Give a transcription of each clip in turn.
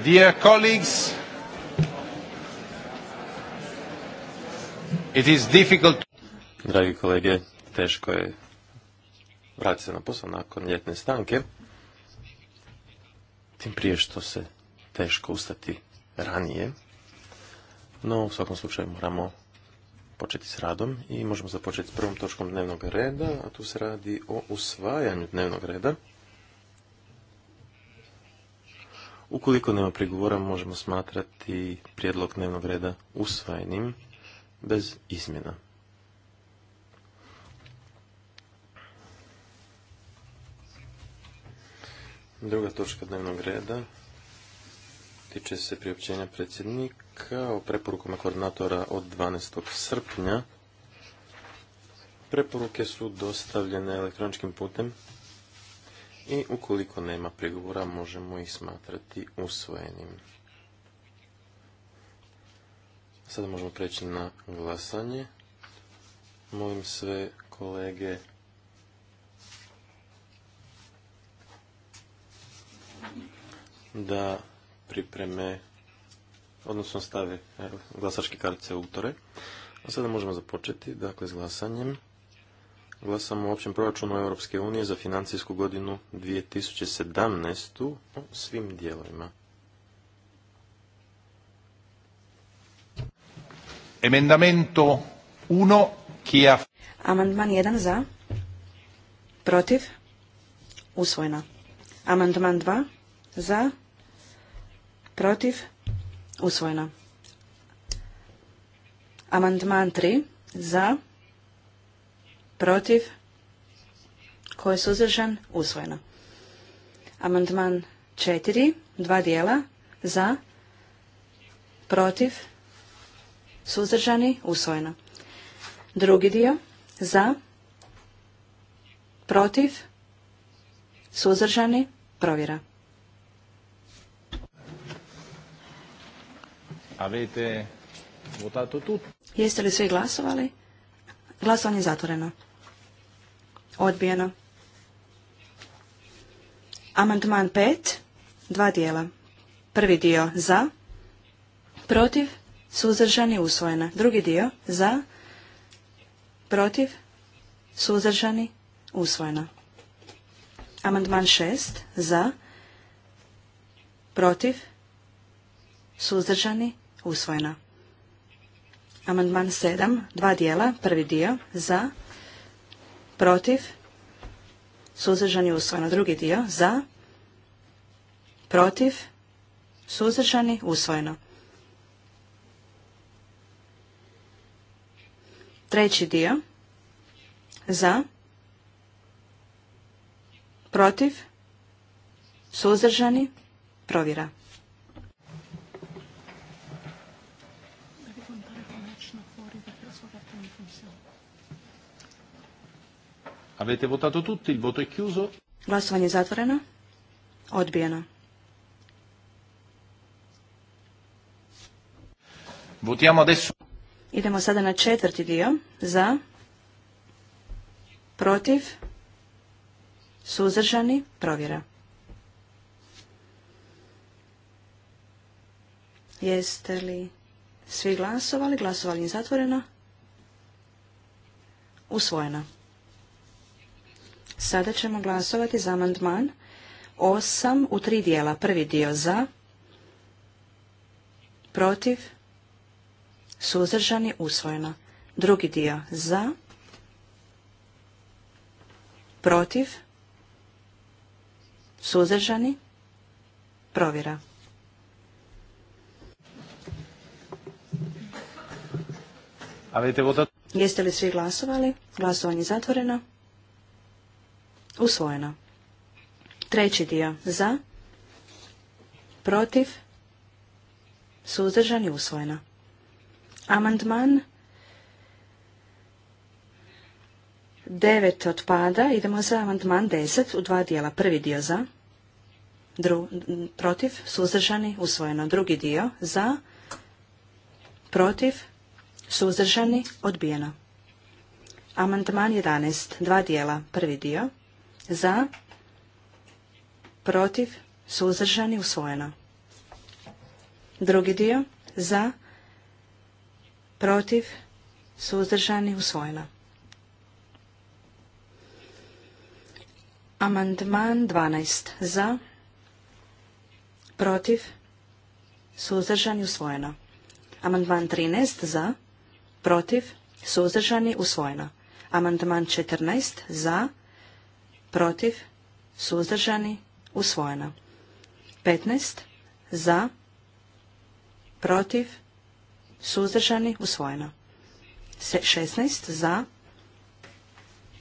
Dear colleagues, it is difficult. Dragi kolege, teško je vratiti se na posao nakon ljetne stanke. Tim prije što se teško ustati ranije. No, u svakom slučaju moramo početi s radom i možemo započeti s prvom točkom dnevnog reda, a tu se radi o usvajanju dnevnog reda. Ukoliko nema prigovora, možemo smatrati prijedlog dnevnog reda usvojenim bez izmjena. Druga točka dnevnog reda tiče se priopćenja predsjednika o preporukama koordinatora od 12. srpnja. Preporuke su dostavljene elektroničkim putem i ukoliko nema prigovora možemo ih smatrati usvojenim. Sada možemo preći na glasanje. Molim sve kolege da pripreme, odnosno stave e, glasačke kartice utore. A sada možemo započeti, dakle, s glasanjem. Glasamo o općem proračunu Europske unije za financijsku godinu 2017. o svim dijelovima. Emendamento 1 chi ha... Amandman 1 za. Protiv. Usvojena. Amandman 2 za. Protiv. Usvojena. Amandman 3 za. Protiv protiv, tko je suzdržan, usvojeno. Amandman četiri, dva dijela, za, protiv, suzdržani, usvojeno. Drugi dio, za, protiv, suzdržani, provjera. Jeste li svi glasovali? Glasovanje je zatvoreno. Odbijeno. Amandman 5. Dva dijela. Prvi dio za, protiv, suzdržani, usvojena. Drugi dio za, protiv, suzdržani, usvojena. Amandman 6. Za, protiv, suzdržani, usvojena. Amandman 7. Dva dijela. Prvi dio za, protiv, suzdržani usvojeno. Drugi dio za, protiv, suzdržani usvojeno. Treći dio za, protiv, suzdržani, provjera. Avete votato tutti, il voto è chiuso. Glasovanje je zatvoreno. Odbijeno. Votiamo adesso. Idemo sada na četvrti dio. Za. Protiv. suzržani, Provjera. Jeste li svi glasovali? Glasovanje je zatvoreno. Usvojeno. Sada ćemo glasovati za amandman osam u tri dijela. Prvi dio za, protiv, suzdržani, usvojeno. Drugi dio za, protiv, suzdržani, provjera. Jeste li svi glasovali? Glasovanje zatvoreno. Usvojeno. Treći dio. Za. Protiv. Suzdržan i usvojeno. Amandman. Devet odpada. Idemo za amandman deset u dva dijela. Prvi dio za. protiv. Suzdržani. Usvojeno. Drugi dio. Za. Protiv. Suzdržani. Odbijeno. Amandman 11. Dva dijela. Prvi dio za, protiv, suzdržani, usvojeno. Drugi dio za, protiv, suzdržani, usvojeno. Amandman 12 za, protiv, suzdržani, usvojeno. Amandman 13 za, protiv, suzdržani, usvojeno. Amandman 14 za, protiv, suzdržani, usvojeno. 15 za, protiv, suzdržani, usvojeno. 16 za,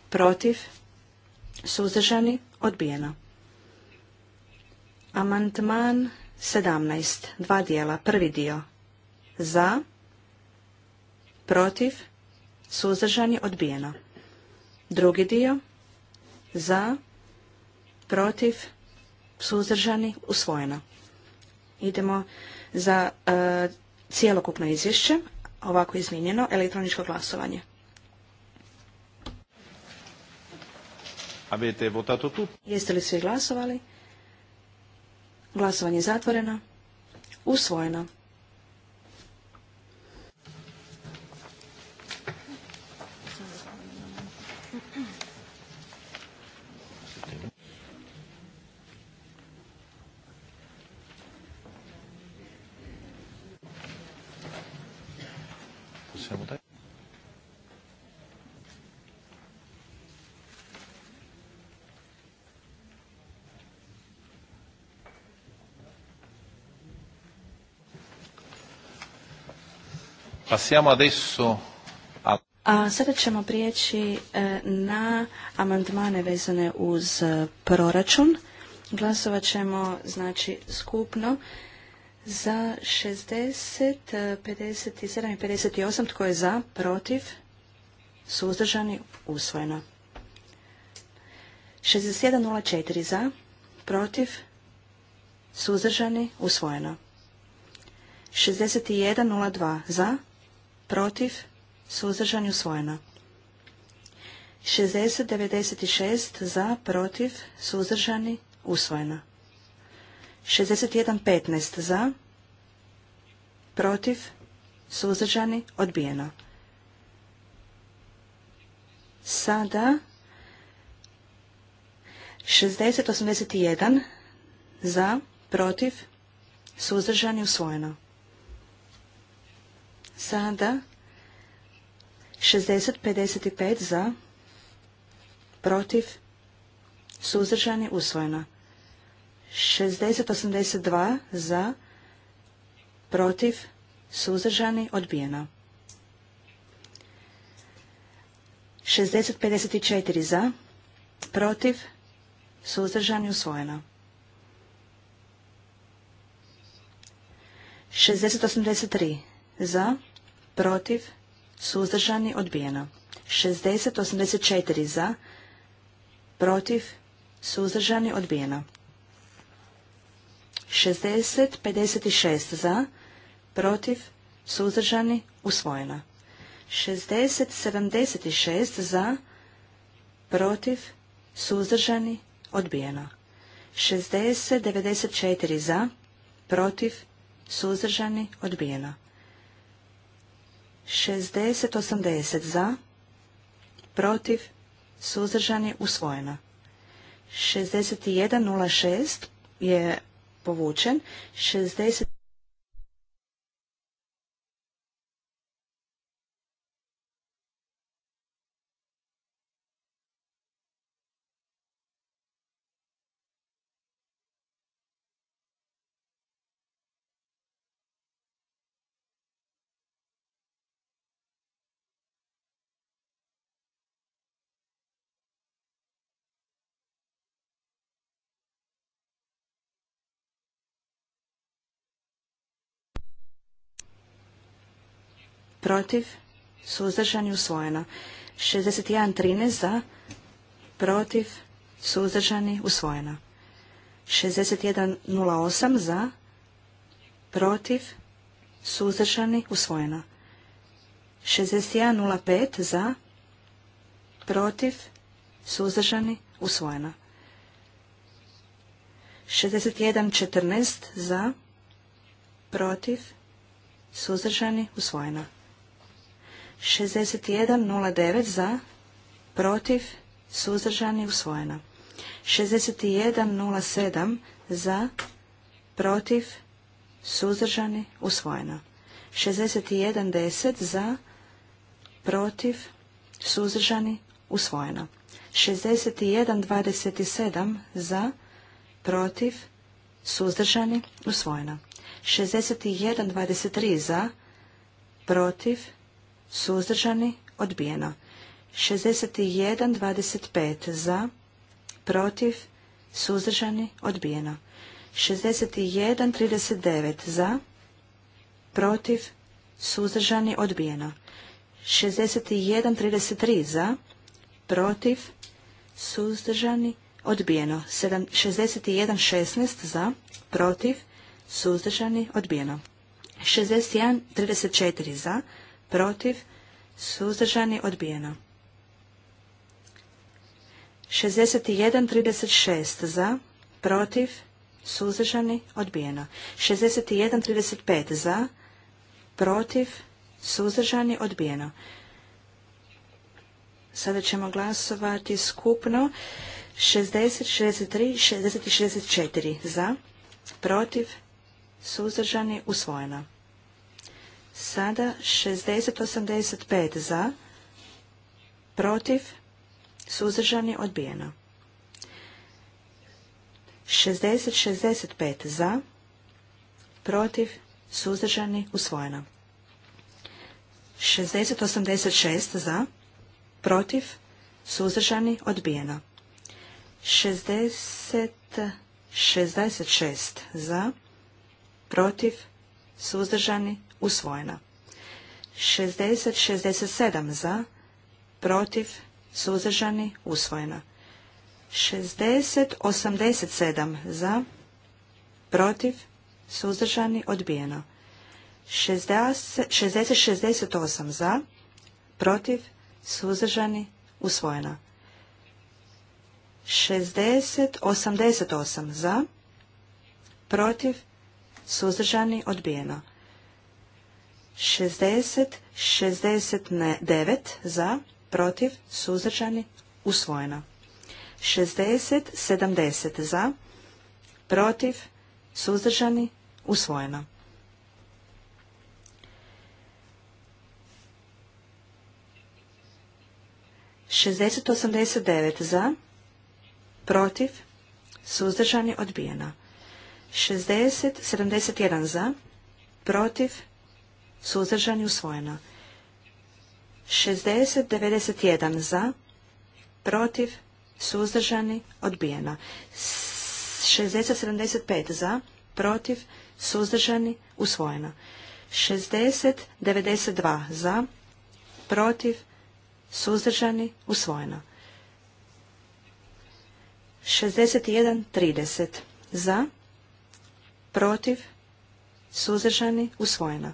protiv, suzdržani, odbijeno. Amandman 17, dva dijela, prvi dio, za, protiv, suzdržani, odbijeno. Drugi dio, za, protiv, suzdržani, usvojeno. Idemo za e, cijelokupno izvješće, ovako izmijenjeno, elektroničko glasovanje. Avete votato tu? Jeste li svi glasovali? Glasovanje je zatvoreno. Usvojeno. Passiamo adesso a... a sada ćemo prijeći e, na amandmane vezane uz e, proračun. Glasovat ćemo znači skupno za 60, 57 e, i 58. Tko je za? Protiv? Suzdržani? Usvojeno. 61.04 za? Protiv? Suzdržani? Usvojeno. 61.02 za? protiv, suzdržani, usvojeno. 6096 za, protiv, suzdržani, usvojeno. 6115 za, protiv, suzdržani, odbijeno. Sada 6081 za, protiv, suzdržani, usvojeno. Sada 60-55 za, protiv, suzdržani, usvojeno. 60-82 za, protiv, suzdržani, odbijeno. 60-54 za, protiv, suzdržani, usvojeno. 60-83 za, protiv, suzdržani, odbijeno. 6084 za, protiv, suzdržani, odbijeno. 6056 za, protiv, suzdržani, usvojeno. 6076 za, protiv, suzdržani, odbijeno. 6094 za, protiv, suzdržani, odbijeno. 60-80 za, protiv, suzdržani, usvojeno. 61-06 je povučen, 60 protiv, suzdržani, usvojeno. 61.13 za, protiv, suzdržani, usvojeno. 61.08 za, protiv, suzdržani, usvojeno. 61.05 za, protiv, suzdržani, usvojeno. 61.14 za, protiv, suzdržani, usvojeno. 61.09 za, protiv, suzdržani, usvojeno. 61.07 za, protiv, suzdržani, usvojeno. 61.10 za, protiv, suzdržani, usvojeno. 61.27 za, protiv, suzdržani, usvojeno. 61.23 za, protiv, suzdržani, odbijeno. 61.25 za, protiv, suzdržani, odbijeno. 61.39 za, protiv, suzdržani, odbijeno. 61.33 za, protiv, suzdržani, odbijeno. 61.16 za, protiv, suzdržani, odbijeno. 61.34 za, protiv, suzdržani, odbijeno. 61.36 za, protiv, suzdržani, odbijeno. 61.35 za, protiv, suzdržani, odbijeno. Sada ćemo glasovati skupno 60, 63, 60 i 64 za, protiv, suzdržani, usvojeno. Sada 60-85 za, protiv, suzdržani, odbijeno. 60-65 za, protiv, suzdržani, usvojeno. 60-86 za, protiv, suzdržani, odbijeno. 60-66 za, protiv, suzdržani, usvojena. 60-67 za, protiv, suzdržani, usvojena. 60-87 za, protiv, suzdržani, odbijeno. 60-68 za, protiv, suzdržani, usvojena. 60-88 za, protiv, suzdržani, odbijeno. 60, 69 za, protiv, suzdržani, usvojeno. 60, 70 za, protiv, suzdržani, usvojeno. 60 osamdeset devet za, protiv, suzdržani, odbijeno. 60 sedamdeset jedan za, protiv, suzdržani, usvojeno. 60-91 za, protiv, suzdržani, odbijeno. 60-75 za, protiv, suzdržani, usvojeno. 60-92 za, protiv, suzdržani, usvojeno. 61-30 za, protiv, suzdržani, usvojeno.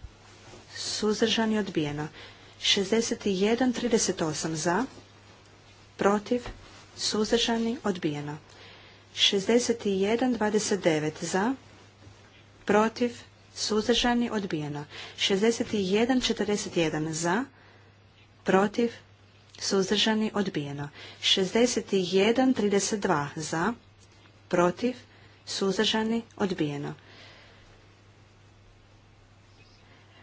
suzdržani odbijeno. 61, 38 za, protiv, suzdržani odbijeno. 61, 29 za, protiv, suzdržani odbijeno. 61, 41 za, protiv, suzdržani odbijeno. 61, 32 za, protiv, suzdržani odbijeno.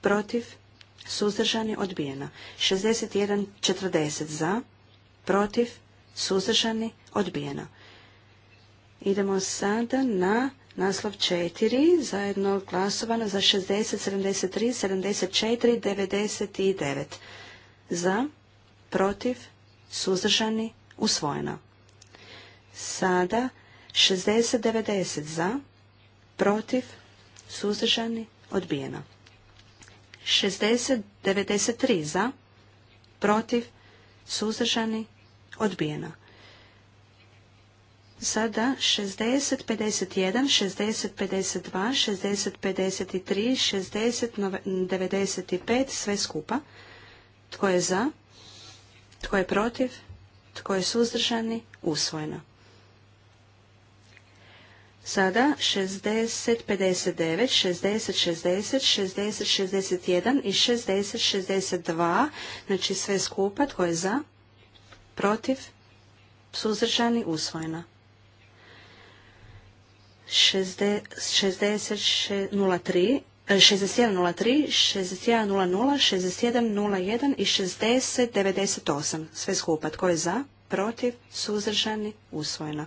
protiv, suzdržani, odbijeno. 61.40 za, protiv, suzdržani, odbijeno. Idemo sada na naslov 4, zajedno glasovano za 60, 73, 74, 99. Za, protiv, suzdržani, usvojeno. Sada 60, 90 za, protiv, suzdržani, odbijeno. 60, 93 za, protiv, suzdržani, odbijeno. Sada 60, 51, 60, 52, 60, 53, 60, 95, sve skupa. Tko je za? Tko je protiv? Tko je suzdržani? Usvojeno. Sada 60, 59, 60, 60, 60, 61 i 60, 62. Znači sve skupa. Tko je za? Protiv? Suzdržani? Usvojeno. 60, 6103, 6100, i 6098. Sve skupa. Tko je za? Protiv? Suzdržani? Usvojeno.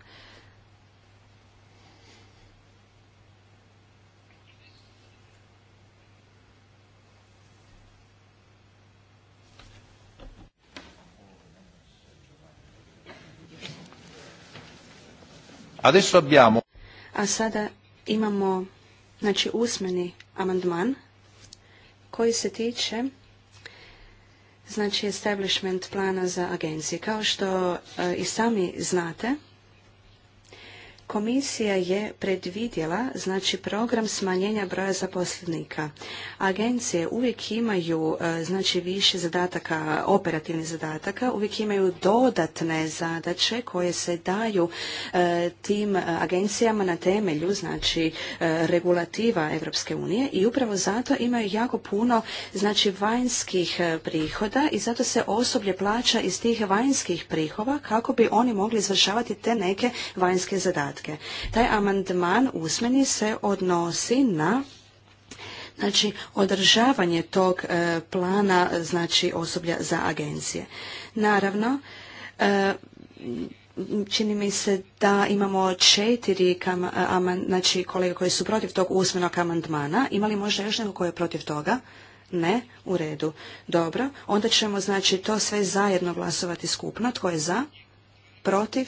Adesso abbiamo... A sada imamo znači, usmeni amandman koji se tiče znači establishment plana za agencije. Kao što e, i sami znate, Komisija je predvidjela znači program smanjenja broja zaposlenika. Agencije uvijek imaju e, znači više zadataka, operativnih zadataka, uvijek imaju dodatne zadaće koje se daju e, tim agencijama na temelju znači e, regulativa Europske unije i upravo zato imaju jako puno znači vanjskih prihoda i zato se osoblje plaća iz tih vanjskih prihova kako bi oni mogli izvršavati te neke vanjske zadatke podatke. Taj amandman usmeni se odnosi na znači održavanje tog e, plana znači osoblja za agencije. Naravno, e, čini mi se da imamo četiri kam, e, aman, znači kolege koji su protiv tog usmenog amandmana. Imali možda još neko koji je protiv toga? Ne, u redu. Dobro, onda ćemo znači to sve zajedno glasovati skupno. Tko je za? Protiv?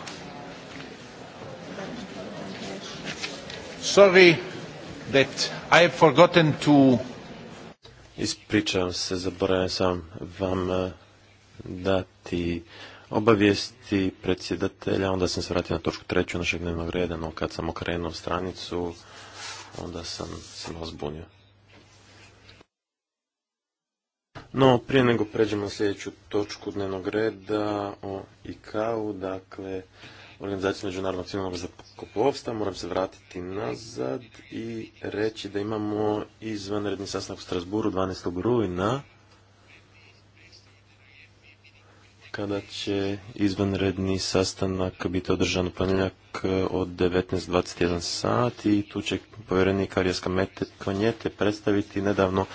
Sorry that I have forgotten to... Ispričavam se, zaboravio sam vam eh, dati obavijesti predsjedatelja, onda sam se vratio na točku treću našeg dnevnog reda, no kad sam okrenuo stranicu, onda sam se malo zbunio. No, prije nego pređemo na sljedeću točku dnevnog reda o IKAU, dakle, organizaciju Međunarodnog za zakupovstva, Moram se vratiti nazad i reći da imamo izvanredni sastanak u Strasburu 12. rujna kada će izvanredni sastanak biti održan u ponedjeljak od 19.21 sat i tu će povjerenik Arijaska Kvanjete predstaviti nedavno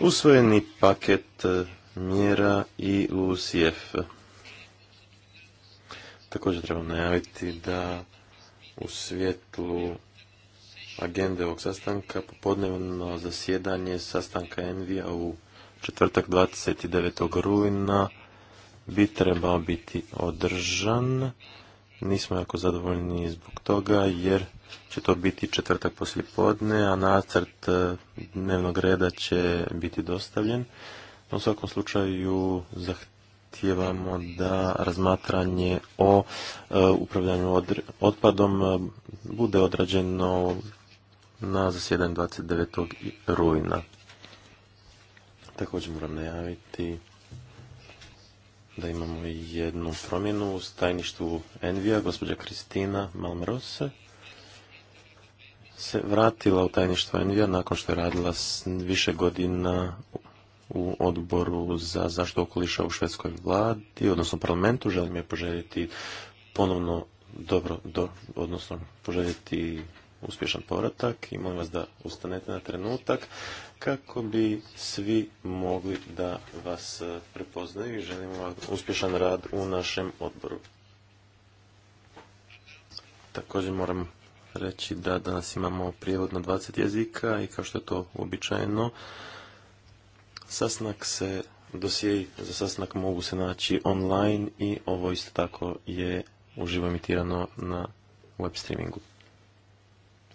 usvojeni paket e, mjera i UCF. Također trebam najaviti da u svjetlu agende ovog sastanka popodnevno zasjedanje sastanka Envija u četvrtak 29. rujna bi trebao biti održan. Nismo jako zadovoljni zbog toga jer će to biti četvrtak poslije podne, a nacrt e, dnevnog reda će biti dostavljen. U svakom slučaju zahtjevamo zahtijevamo da razmatranje o e, upravljanju otpadom e, bude odrađeno na zasjedanju 29. rujna. Također moram najaviti da imamo jednu promjenu u tajništvu Envija, gospođa Kristina Malmros se vratila u tajništvo Envija nakon što je radila više godina u odboru za zaštitu okoliša u švedskoj vladi, odnosno parlamentu. Želim je poželjeti ponovno dobro, do, odnosno poželjeti uspješan povratak i molim vas da ustanete na trenutak kako bi svi mogli da vas prepoznaju i želimo vam uspješan rad u našem odboru. Također moram reći da danas imamo prijevod na 20 jezika i kao što je to uobičajeno, sasnak se, dosije za sastanak mogu se naći online i ovo isto tako je uživo emitirano na web streamingu.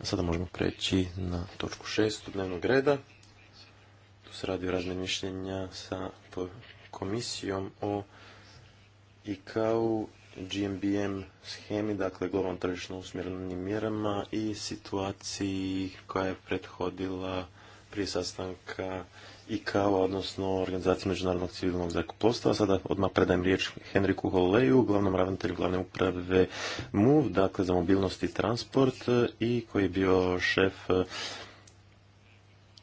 sada možemo preći na točku šestu dnevnog reda. Tu se radi o razne mišljenja sa komisijom o kao GMBM schemi, dakle globalno tržišno usmjerenim mjerama i situaciji koja je prethodila prije sastanka i kao, odnosno organizacije Međunarodnog civilnog zakuplostva. Sada odmah predajem riječ Henriku Holleju, glavnom ravnatelju glavne uprave MUV, dakle za mobilnost i transport i koji je bio šef eh,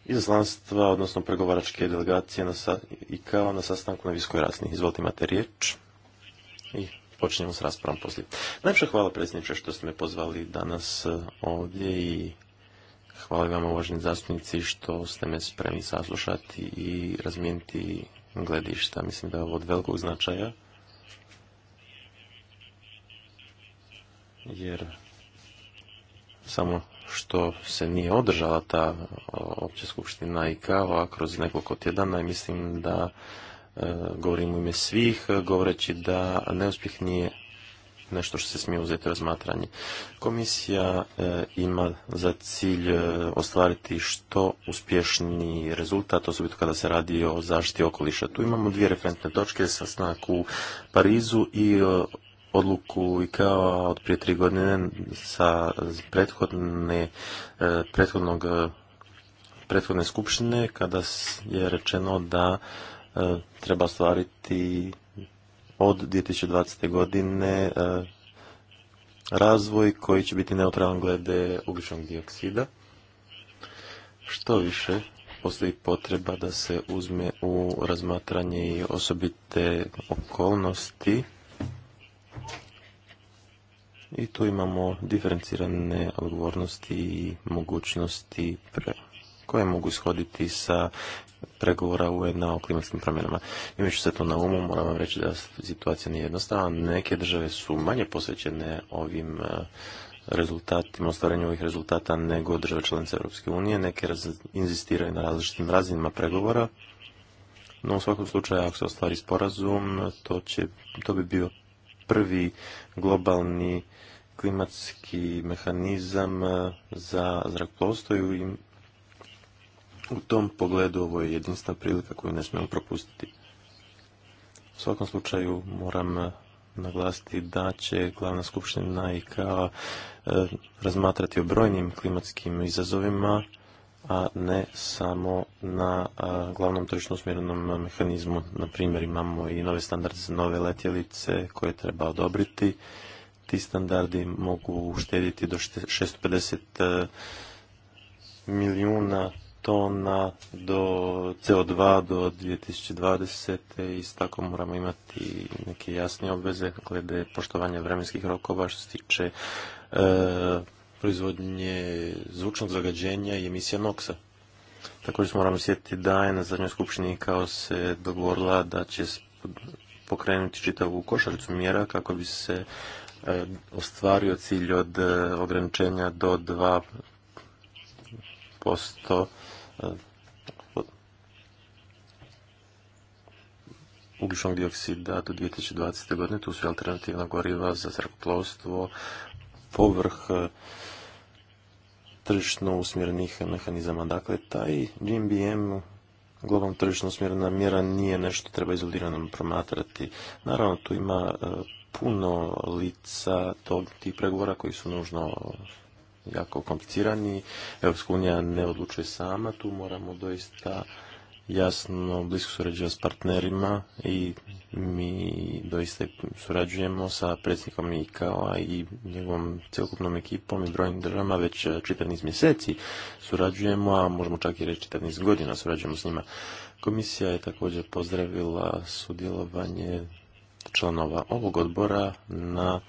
izaslanstva, odnosno pregovaračke delegacije na i kao na sastanku na viskoj rasni. Izvolite, imate riječ i počinjemo s raspravom poslije. Najpša hvala predsjedniče što ste me pozvali danas eh, ovdje i Hvala vam uvaženi zastupnici što ste me spremni saslušati i razmijeniti gledišta. Mislim da je ovo od velikog značaja. Jer samo što se nije održala ta opća skupština i kava kroz nekoliko tjedana i mislim da e, govorim u ime svih govoreći da neuspjeh nije nešto što se smije uzeti razmatranje. Komisija e, ima za cilj e, ostvariti što uspješni rezultat, osobito kada se radi o zaštiti okoliša. Tu imamo dvije referentne točke, sa u Parizu i e, odluku i kao od prije tri godine sa prethodne, prethodnog, prethodne skupštine kada je rečeno da treba ostvariti od 2020. godine e, razvoj koji će biti neutralan glede ugljičnog dioksida. Što više, postoji potreba da se uzme u razmatranje i osobite okolnosti i tu imamo diferencirane odgovornosti i mogućnosti pre koje mogu ishoditi sa pregovora un o klimatskim promjenama. Imajući se to na umu, moram vam reći da situacija nije jednostavna. Neke države su manje posvećene ovim e, rezultatima, ostvarenju ovih rezultata nego države članice Europske unije. Neke inzistiraju na različitim razinama pregovora, no u svakom slučaju ako se ostvari sporazum, to, će, to bi bio prvi globalni klimatski mehanizam e, za zrakoplovstvo i u tom pogledu ovo je jedinstvena prilika koju ne smijemo propustiti. U svakom slučaju moram e, naglasiti da će glavna skupština i e, razmatrati o brojnim klimatskim izazovima, a ne samo na e, glavnom tržišno usmjerenom mehanizmu. Na primjer, imamo i nove standarde za nove letjelice koje treba odobriti. Ti standardi mogu uštediti do 650 milijuna tona do CO2 do 2020. i s tako moramo imati neke jasne obveze glede poštovanja vremenskih rokova što se tiče e, proizvodnje zvučnog zagađenja i emisija NOX-a. Također moramo sjetiti da je na zadnjoj skupštini kao se dogovorila da će pokrenuti čitavu košaricu mjera kako bi se e, ostvario cilj od e, ograničenja do 2% ugljičnog dioksida do 2020. godine. Tu su alternativna goriva za zrakoplovstvo, povrh e, tržišno usmjerenih mehanizama. Dakle, taj GMBM globalno tržišno usmjerena mjera nije nešto treba izolirano promatrati. Naravno, tu ima e, puno lica tog, tih pregovora koji su nužno jako komplicirani. Europska unija ne odlučuje sama, tu moramo doista jasno blisko surađivati s partnerima i mi doista surađujemo sa predsjednikom IKO-a i njegovom cjelokupnom ekipom i brojnim državama već e, čitav niz mjeseci surađujemo, a možemo čak i reći čitav niz godina surađujemo s njima. Komisija je također pozdravila sudjelovanje članova ovog odbora na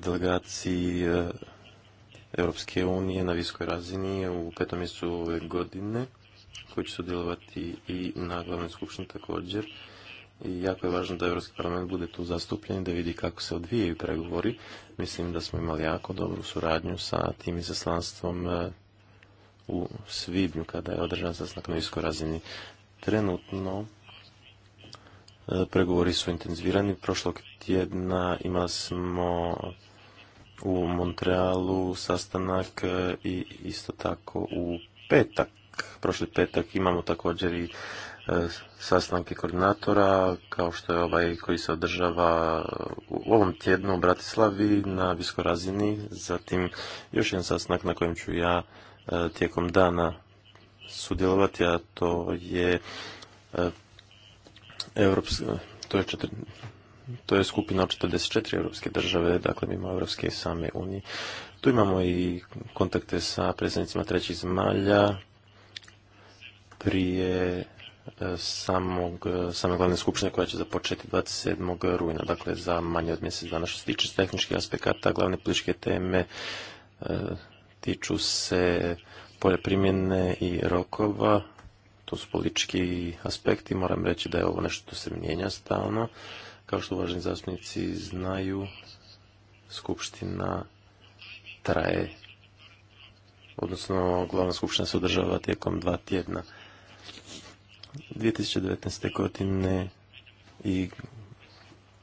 delegaciji e, Europske unije na viskoj razini u petom mjesecu ove godine koji će sudjelovati i na glavnoj skupštini također. I jako je važno da Europski parlament bude tu zastupljen da vidi kako se odvijaju pregovori. Mislim da smo imali jako dobru suradnju sa tim izaslanstvom e, u svibnju kada je održan sastanak na viskoj razini. Trenutno e, pregovori su intenzivirani. Prošlog tjedna imali smo u Montrealu sastanak e, i isto tako u petak. Prošli petak imamo također i e, sastanke koordinatora, kao što je ovaj koji se održava u ovom tjednu u Bratislavi na viskoj razini, zatim još jedan sastanak na kojem ću ja e, tijekom dana sudjelovati, a to je to je to je skupina 44 europske države, dakle mimo Europske i same Unije. Tu imamo i kontakte sa predsjednicima trećih zemalja prije e, e, same glavne skupštine koja će započeti 27. rujna, dakle za manje od mjesec dana. Što se tiče tehničkih aspekata, glavne političke teme e, tiču se polje primjene i rokova, to su politički aspekti, moram reći da je ovo nešto što se mijenja stalno. Kao što uvaženi zastupnici znaju, skupština traje, odnosno glavna skupština se održava tijekom dva tjedna. 2019. godine i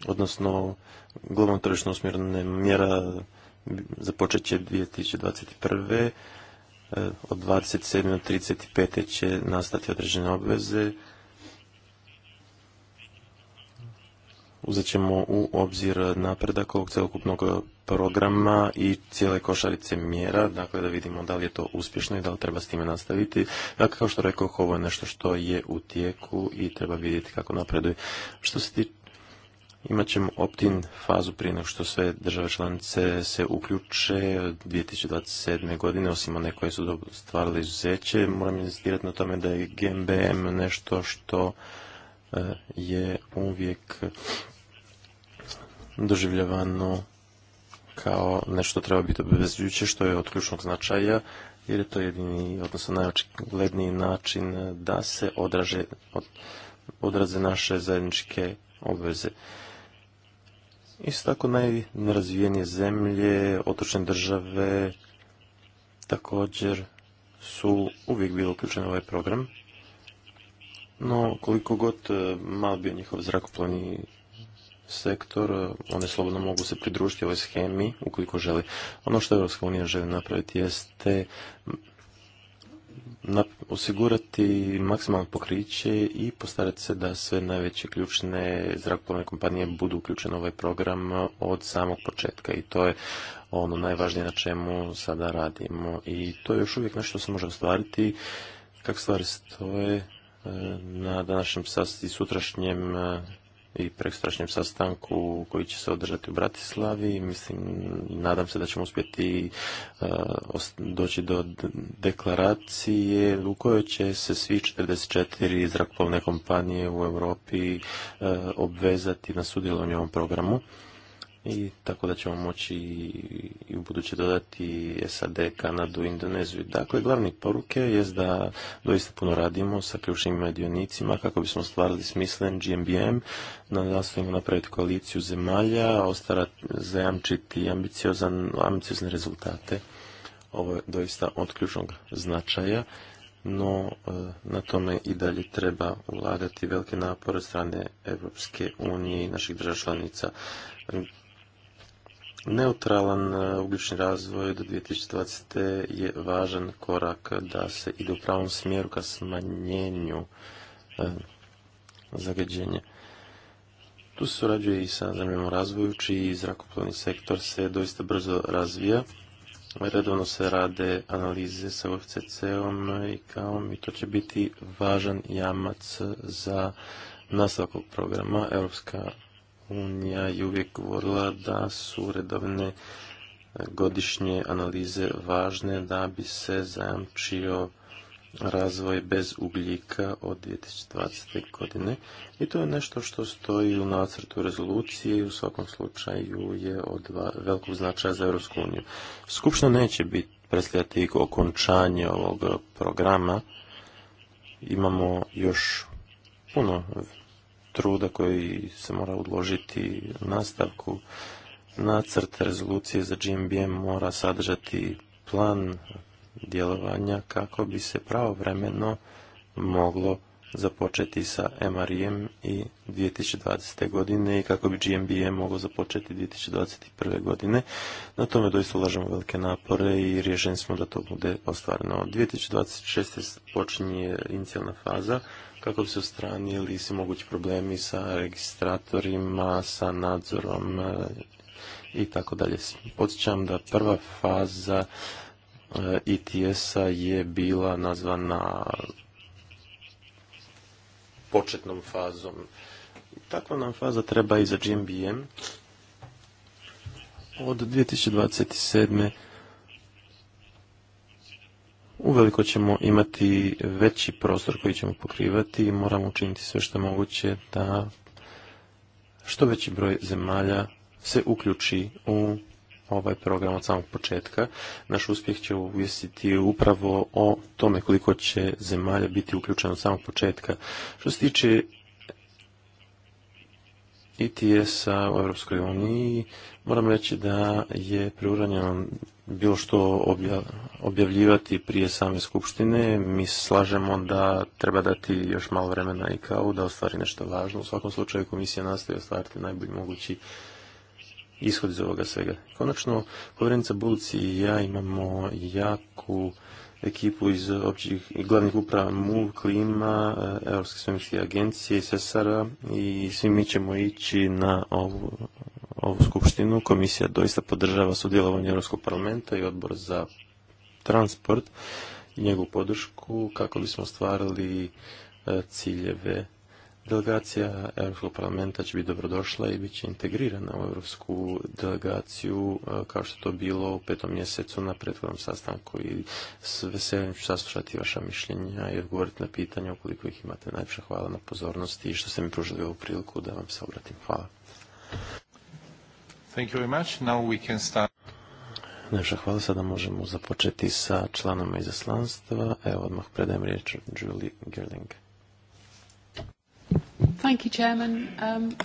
odnosno glavno tržišno usmjerene mjera započet će 2021. E, od 27. do 35. će nastati određene obveze uzet ćemo u obzir napredak ovog celokupnog programa i cijele košarice mjera, dakle da vidimo da li je to uspješno i da li treba s time nastaviti. Dakle, kao što rekao, ovo je nešto što je u tijeku i treba vidjeti kako napreduje. Što se tiče Imat ćemo opt-in fazu prije nego što sve države članice se uključe 2027. godine, osim one koje su stvarali izuzeće. Moram insistirati na tome da je GMBM nešto što E, je uvijek doživljavano kao nešto treba biti obvezujuće, što je od ključnog značaja, jer je to jedini, odnosno najočigledniji način da se odraže, odraze naše zajedničke obveze. Isto tako najnerazvijenije zemlje, otočne države, također su uvijek bili uključene u ovaj program. No, koliko god e, mal bio njihov zrakoplovni sektor, e, one slobodno mogu se pridružiti ovoj schemi ukoliko želi. Ono što Europska unija želi napraviti jeste osigurati maksimalno pokriće i postarati se da sve najveće ključne zrakoplovne kompanije budu uključene u ovaj program od samog početka i to je ono najvažnije na čemu sada radimo i to je još uvijek nešto se može ostvariti kako stvari stoje na današnjem i sutrašnjem e, i prekstrašnjem sastanku koji će se održati u Bratislavi. Mislim, nadam se da ćemo uspjeti e, doći do deklaracije u kojoj će se svi 44 zrakoplovne kompanije u Europi e, obvezati na sudjelovanje u ovom programu i tako da ćemo moći i u buduće dodati SAD, Kanadu, Indoneziju. Dakle, glavni poruke je da doista puno radimo sa ključnim medionicima kako bismo stvarali smislen GMBM, nastojimo napraviti koaliciju zemalja, ostara zajamčiti ambiciozne rezultate. Ovo je doista od ključnog značaja no e, na tome i dalje treba ulagati velike napore strane Europske unije i naših država članica. Neutralan e, ugljični razvoj do 2020. je važan korak da se ide u pravom smjeru ka smanjenju e, zagađenja. Tu se surađuje i sa zemljom razvoju, čiji zrakoplovni sektor se doista brzo razvija. Redovno se rade analize sa UFCC-om i kao i to će biti važan jamac za nastavak programa. Europska unija je uvijek govorila da su redovne godišnje analize važne da bi se zajamčio razvoj bez ugljika od 2020. godine i to je nešto što stoji u nacrtu rezolucije i u svakom slučaju je od velikog značaja za Europsku uniju. Skupština neće biti predstavljati okončanje ovog programa. Imamo još puno truda koji se mora u nastavku. Nacrt rezolucije za GMBM mora sadržati plan djelovanja kako bi se pravovremeno moglo započeti sa MRM i 2020. godine i kako bi GMBM mogao započeti 2021. godine. Na tome doista ulažemo velike napore i rješeni smo da to bude ostvareno. 2026. počinje inicijalna faza kako bi se ostranili svi mogući problemi sa registratorima, sa nadzorom e, i tako dalje. Podsjećam da prva faza e, itsa a je bila nazvana početnom fazom. takva nam faza treba i za GMBM. Od 2027 uveliko ćemo imati veći prostor koji ćemo pokrivati i moramo učiniti sve što je moguće da što veći broj zemalja se uključi u ovaj program od samog početka. Naš uspjeh će uvijestiti upravo o tome koliko će zemalja biti uključeno od samog početka. Što se tiče ETS-a u Europskoj uniji, moram reći da je preuranjeno bilo što objavljivati prije same skupštine. Mi slažemo da treba dati još malo vremena i kao da ostvari nešto važno. U svakom slučaju komisija nastaje ostvariti najbolji mogući ishod iz ovoga svega. Konačno, povjerenica Bulci i ja imamo jaku ekipu iz općih glavnih uprava MUL, Klima, e, Europske svemirske agencije i SESAR-a i svi mi ćemo ići na ovu, ovu skupštinu. Komisija doista podržava sudjelovanje Europskog parlamenta i odbor za transport i njegovu podršku kako bismo stvarili e, ciljeve Delegacija Europskog parlamenta će biti dobrodošla i bit će integrirana u europsku delegaciju e, kao što je to bilo u petom mjesecu na prethodnom sastanku i s veseljem ću saslušati vaša mišljenja i odgovoriti na pitanja ukoliko ih imate. Najpša hvala na pozornosti i što ste mi pružili ovu priliku da vam se obratim. Hvala. Thank Najpša hvala, sada možemo započeti sa članama izaslanstva. Evo odmah predajem riječ Julie Gerlinga. Thank you, Chairman. Um,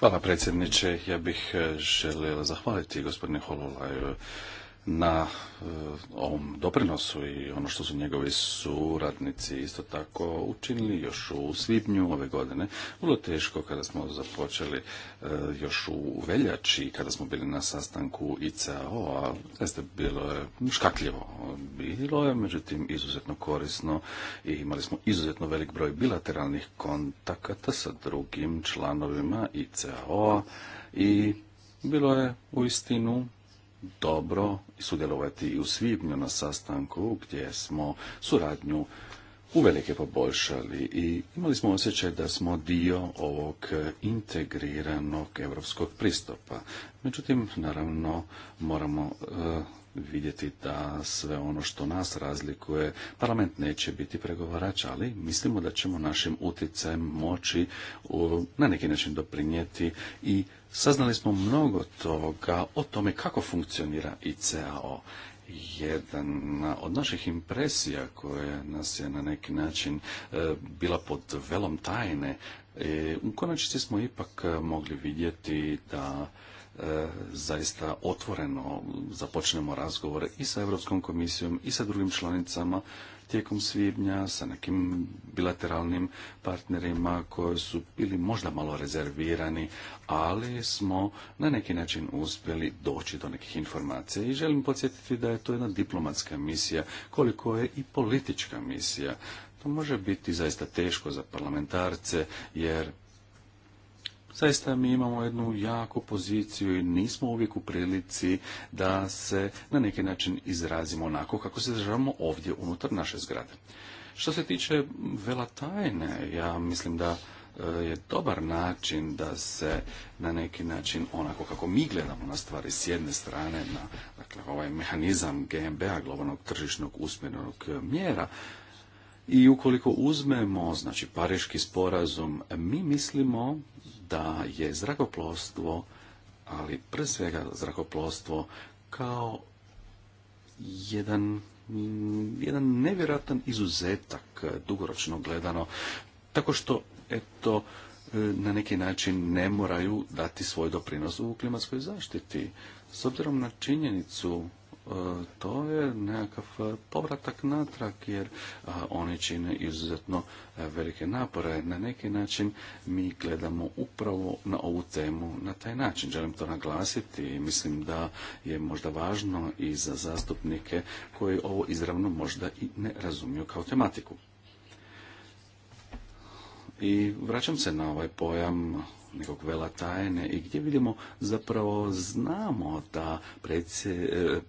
Hvala predsjedniče. Ja bih eh, želio zahvaliti gospodine Hololaju na eh, ovom doprinosu i ono što su njegovi suradnici isto tako učinili još u svibnju ove godine. Bilo teško kada smo započeli eh, još u veljači, kada smo bili na sastanku ICAO, a jeste bilo je škakljivo. Bilo je, međutim, izuzetno korisno i imali smo izuzetno velik broj bilateralnih kontakata sa drugim članovima ICAO-a i bilo je u istinu dobro sudjelovati i u svibnju na sastanku gdje smo suradnju uvelike poboljšali i imali smo osjećaj da smo dio ovog integriranog europskog pristupa. Međutim, naravno, moramo e, vidjeti da sve ono što nas razlikuje, parlament neće biti pregovarač, ali mislimo da ćemo našim utjecajem moći na neki način doprinijeti i saznali smo mnogo toga o tome kako funkcionira ICAO. Jedan od naših impresija koja nas je na neki način e, bila pod velom tajne, e, u konačnici smo ipak mogli vidjeti da E, zaista otvoreno započnemo razgovore i sa Europskom komisijom i sa drugim članicama tijekom svibnja sa nekim bilateralnim partnerima koji su bili možda malo rezervirani, ali smo na neki način uspjeli doći do nekih informacija i želim podsjetiti da je to jedna diplomatska misija, koliko je i politička misija. To može biti zaista teško za parlamentarce, jer Zaista mi imamo jednu jaku poziciju i nismo uvijek u prilici da se na neki način izrazimo onako kako se državamo ovdje unutar naše zgrade. Što se tiče vela tajne, ja mislim da e, je dobar način da se na neki način onako kako mi gledamo na stvari s jedne strane na dakle, ovaj mehanizam GMB-a, globalnog tržišnog usmjerenog e, mjera, i ukoliko uzmemo, znači, Pariški sporazum, mi mislimo da je zrakoplovstvo, ali pre svega zrakoplovstvo, kao jedan, jedan nevjerojatan izuzetak dugoročno gledano, tako što, eto, na neki način ne moraju dati svoj doprinos u klimatskoj zaštiti. S obzirom na činjenicu E, to je nekakav povratak natrag jer oni čine izuzetno e, velike napore. Na neki način mi gledamo upravo na ovu temu na taj način. Želim to naglasiti i mislim da je možda važno i za zastupnike koji ovo izravno možda i ne razumiju kao tematiku. I vraćam se na ovaj pojam nekog vela tajne i gdje vidimo zapravo znamo da e,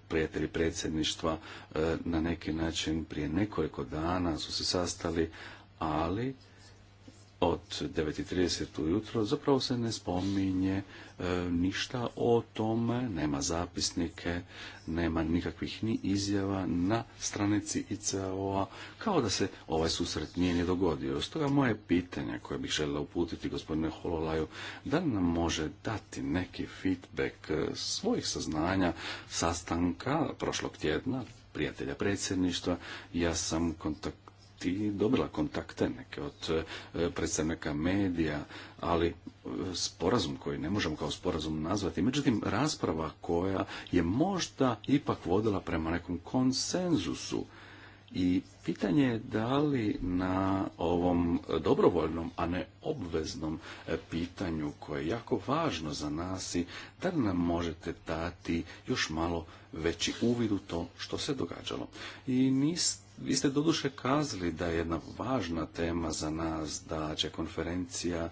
prijatelji predsjedništva e, na neki način prije nekoliko dana su se sastali, ali od 9.30 ujutro zapravo se ne spominje E, ništa o tome, nema zapisnike, nema nikakvih ni izjava na stranici ICAO-a, kao da se ovaj susret nije ni dogodio. Stoga moje pitanje koje bih željela uputiti gospodine Hololaju, da li nam može dati neki feedback e, svojih saznanja sastanka prošlog tjedna, prijatelja predsjedništva. Ja sam kontakt i dobila kontakte neke od e, predstavnika medija, ali e, sporazum koji ne možemo kao sporazum nazvati, međutim rasprava koja je možda ipak vodila prema nekom konsenzusu i pitanje je da li na ovom dobrovoljnom, a ne obveznom e, pitanju koje je jako važno za nas i da li nam možete dati još malo veći uvid u to što se događalo. I niste vi ste doduše kazali da je jedna važna tema za nas, da će konferencija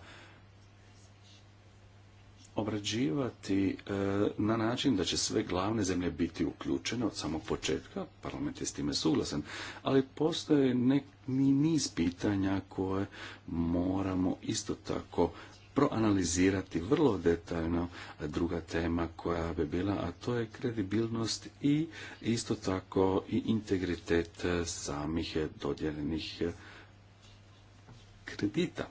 obrađivati e, na način da će sve glavne zemlje biti uključene od samog početka, parlament je s time suglasan, ali postoje nek, niz pitanja koje moramo isto tako proanalizirati vrlo detaljno druga tema koja bi bila, a to je kredibilnost i isto tako i integritet samih dodjeljenih kredita.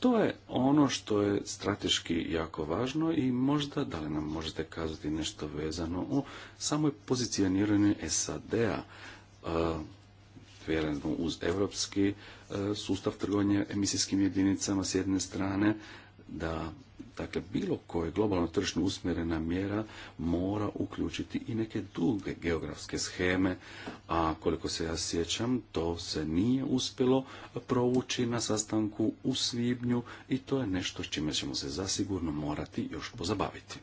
To je ono što je strateški jako važno i možda da li nam možete kazati nešto vezano u samoj pozicioniranju SAD-a e, vezano uz europski e, sustav trgovanja emisijskim jedinicama s jedne strane, da dakle bilo koje globalno tržišno usmjerena mjera mora uključiti i neke duge geografske scheme, a koliko se ja sjećam, to se nije uspjelo provući na sastanku u svibnju i to je nešto s čime ćemo se zasigurno morati još pozabaviti.